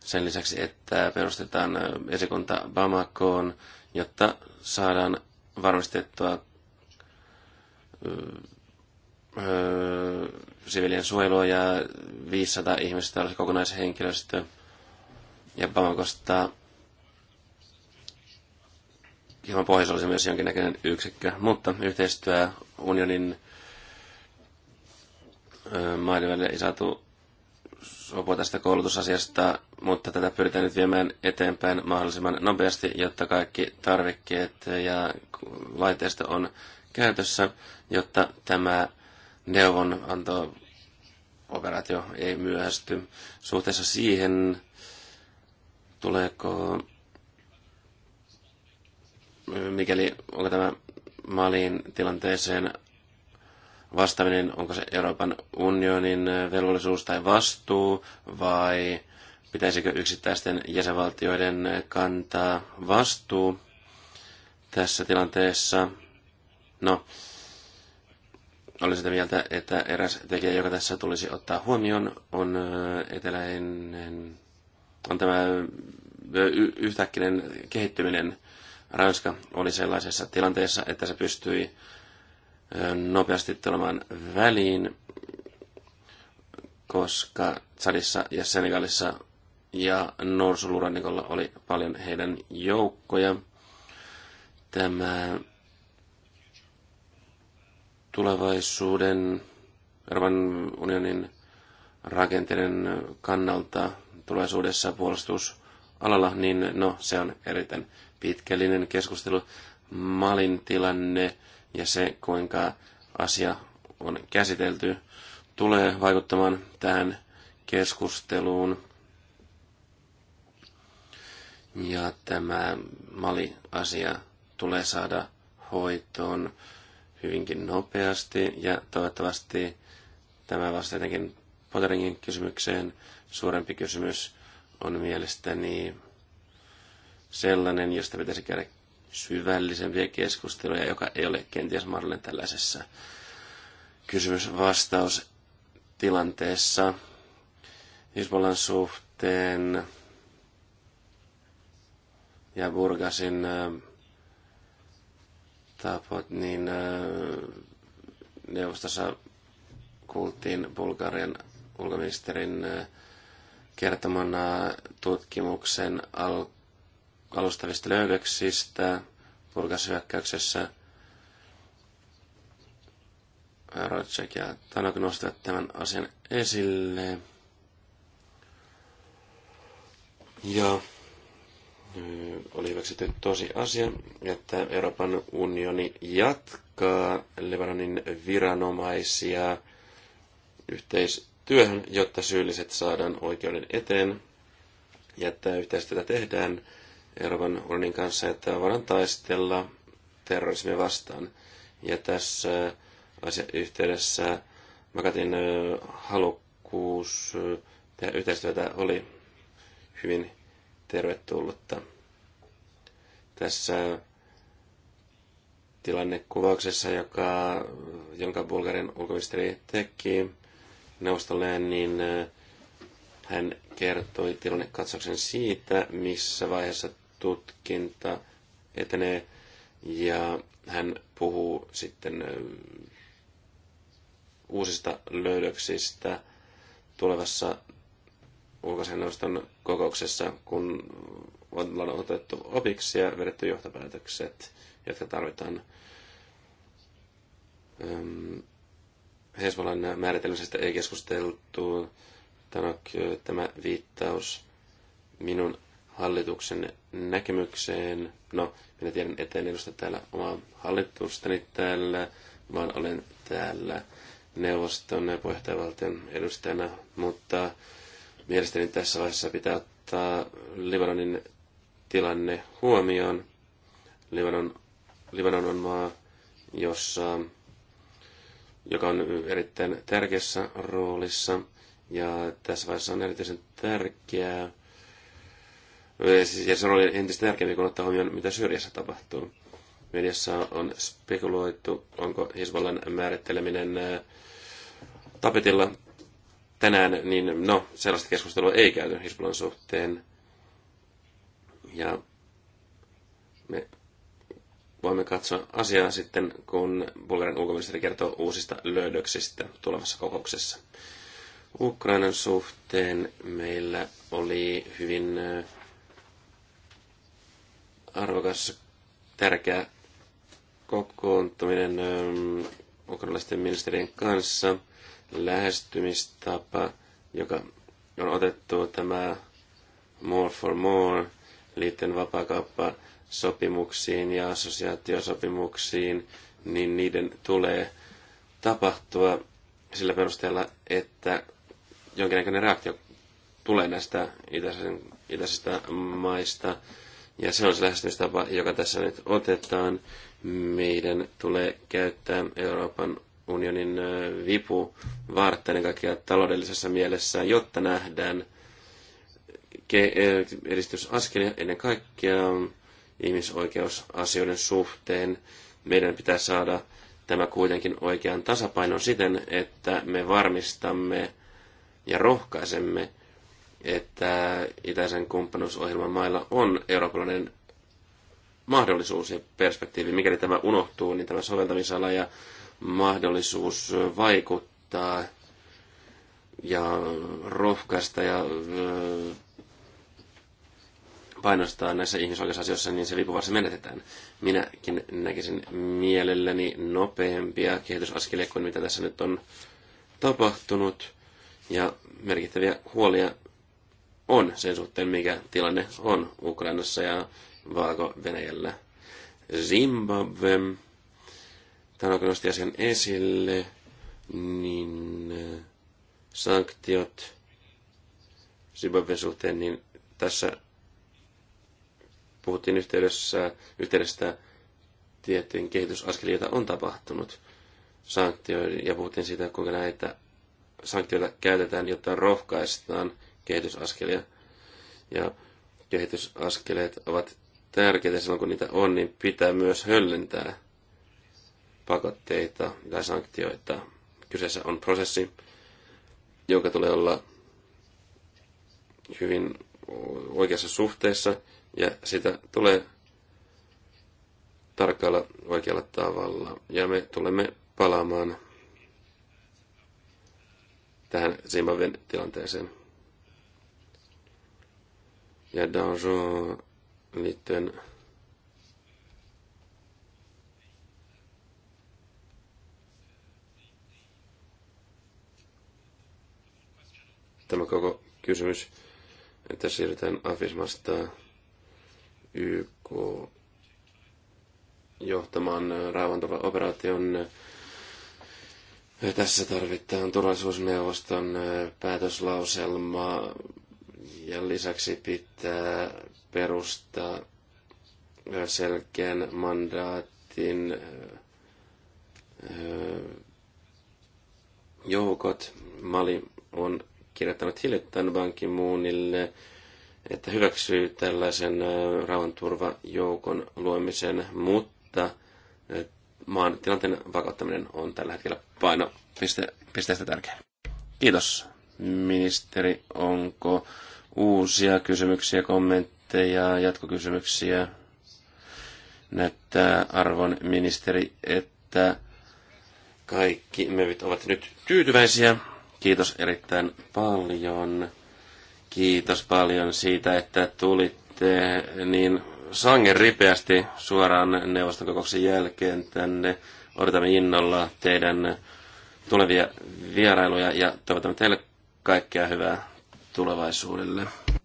Sen lisäksi, että perustetaan esikunta Bamakoon, jotta saadaan varmistettua siviilien suojelua ja 500 ihmistä olisi kokonaishenkilöstö. Ja Bamakosta hieman pohjois olisi myös jonkinnäköinen yksikkö. Mutta yhteistyö unionin maiden välillä ei saatu sopua tästä koulutusasiasta, mutta tätä pyritään nyt viemään eteenpäin mahdollisimman nopeasti, jotta kaikki tarvikkeet ja laitteisto on käytössä, jotta tämä neuvonanto operaatio ei myöhästy. Suhteessa siihen Tuleeko, mikäli onko tämä Malin tilanteeseen vastaaminen, onko se Euroopan unionin velvollisuus tai vastuu, vai pitäisikö yksittäisten jäsenvaltioiden kantaa vastuu tässä tilanteessa? No, olen sitä mieltä, että eräs tekijä, joka tässä tulisi ottaa huomioon, on äh, eteläinen on tämä yhtäkkinen kehittyminen. Ranska oli sellaisessa tilanteessa, että se pystyi nopeasti tulemaan väliin, koska Tsadissa ja Senegalissa ja Norsulurannikolla oli paljon heidän joukkoja. Tämä tulevaisuuden Euroopan unionin rakenteiden kannalta tulevaisuudessa puolustusalalla, niin no, se on erittäin pitkällinen keskustelu. Malin tilanne ja se, kuinka asia on käsitelty, tulee vaikuttamaan tähän keskusteluun. Ja tämä Mali-asia tulee saada hoitoon hyvinkin nopeasti ja toivottavasti tämä vasta jotenkin Potteringin kysymykseen Suurempi kysymys on mielestäni sellainen, josta pitäisi käydä syvällisempiä keskusteluja, joka ei ole kenties mahdollinen tällaisessa kysymys-vastaus-tilanteessa. Hisbollan suhteen ja Burgasin äh, tapot, niin äh, neuvostossa kuultiin Bulgarian ulkoministerin äh, kertomana tutkimuksen al- alustavista löydöksistä purkasyökkäyksessä. Rajek ja Tanok nostivat tämän asian esille. Ja oli hyväksytty tosi asia, että Euroopan unioni jatkaa Lebanonin viranomaisia yhteis työhön, jotta syylliset saadaan oikeuden eteen. Ja että yhteistyötä tehdään Euroopan unionin kanssa, että voidaan taistella terrorismia vastaan. Ja tässä asiayhteydessä Makatin halukkuus tehdä yhteistyötä oli hyvin tervetullutta. Tässä tilannekuvauksessa, joka, jonka Bulgarian ulkoministeri teki, neuvostolleen, niin äh, hän kertoi tilannekatsauksen siitä, missä vaiheessa tutkinta etenee, ja hän puhuu sitten äh, uusista löydöksistä tulevassa ulkoisen kokouksessa, kun on otettu opiksi ja vedetty johtopäätökset, jotka tarvitaan. Hezbollan määritelmisestä ei keskusteltu. Tanok, tämä viittaus minun hallituksen näkemykseen. No, minä tiedän, että en edusta täällä omaa hallitustani täällä, vaan olen täällä neuvoston ja puheenjohtajavaltion edustajana, mutta mielestäni tässä vaiheessa pitää ottaa Libanonin tilanne huomioon. Libanon, Libanon on maa, jossa joka on erittäin tärkeässä roolissa. Ja tässä vaiheessa on erityisen tärkeää, eh, siis ja se rooli entistä tärkeämpi, kun ottaa huomioon, mitä syrjässä tapahtuu. Mediassa on spekuloitu, onko Hisbollan määritteleminen eh, tapetilla tänään, niin no, sellaista keskustelua ei käyty Hisbollan suhteen. Ja me voimme katsoa asiaa sitten, kun Bulgarian ulkoministeri kertoo uusista löydöksistä tulevassa kokouksessa. Ukrainan suhteen meillä oli hyvin arvokas, tärkeä kokoontuminen ukrainalaisten ministerien kanssa. Lähestymistapa, joka on otettu tämä more for more, liittyen vapaakauppaan sopimuksiin ja assosiaatiosopimuksiin, niin niiden tulee tapahtua sillä perusteella, että jonkinnäköinen reaktio tulee näistä itäisen, itäisistä maista. Ja se on se lähestymistapa, joka tässä nyt otetaan. Meidän tulee käyttää Euroopan unionin vipu varten ja kaikkia taloudellisessa mielessä, jotta nähdään edistysaskelia ennen kaikkea ihmisoikeusasioiden suhteen. Meidän pitää saada tämä kuitenkin oikean tasapainon siten, että me varmistamme ja rohkaisemme, että itäisen kumppanuusohjelman mailla on eurooppalainen mahdollisuus ja perspektiivi. Mikäli tämä unohtuu, niin tämä soveltamisala ja mahdollisuus vaikuttaa ja rohkaista ja painostaa näissä ihmisoikeusasioissa, niin se vipuvarsi menetetään. Minäkin näkisin mielelläni nopeampia kehitysaskelia kuin mitä tässä nyt on tapahtunut. Ja merkittäviä huolia on sen suhteen, mikä tilanne on Ukrainassa ja Valko-Venäjällä. Zimbabwe, tämä on nosti asian esille, niin äh, sanktiot Zimbabwe suhteen, niin tässä puhuttiin yhteydessä, yhteydestä tiettyjen kehitysaskelia, joita on tapahtunut sanktioihin, ja puhuttiin siitä, kuinka näitä sanktioita käytetään, jotta rohkaistaan kehitysaskelia. Ja kehitysaskeleet ovat tärkeitä silloin, kun niitä on, niin pitää myös höllentää pakotteita tai sanktioita. Kyseessä on prosessi, joka tulee olla hyvin oikeassa suhteessa ja sitä tulee tarkkailla oikealla tavalla. Ja me tulemme palaamaan tähän Zimbabwen tilanteeseen. Ja Danjo liittyen tämä koko kysymys, että siirrytään afismasta YK johtamaan rauhanturvaoperaation. Tässä tarvitaan turvallisuusneuvoston päätöslauselma ja lisäksi pitää perustaa selkeän mandaatin öö, joukot. Mali on kirjoittanut hiljattain Ban ki että hyväksyy tällaisen rauhanturvajoukon luomisen, mutta maan tilanteen vakauttaminen on tällä hetkellä paino. pisteestä tärkeä. Kiitos, ministeri. Onko uusia kysymyksiä, kommentteja, jatkokysymyksiä? Näyttää arvon ministeri, että kaikki mevit ovat nyt tyytyväisiä. Kiitos erittäin paljon. Kiitos paljon siitä, että tulitte niin sangen ripeästi suoraan neuvoston kokouksen jälkeen tänne. Odotamme innolla teidän tulevia vierailuja ja toivotamme teille kaikkea hyvää tulevaisuudelle.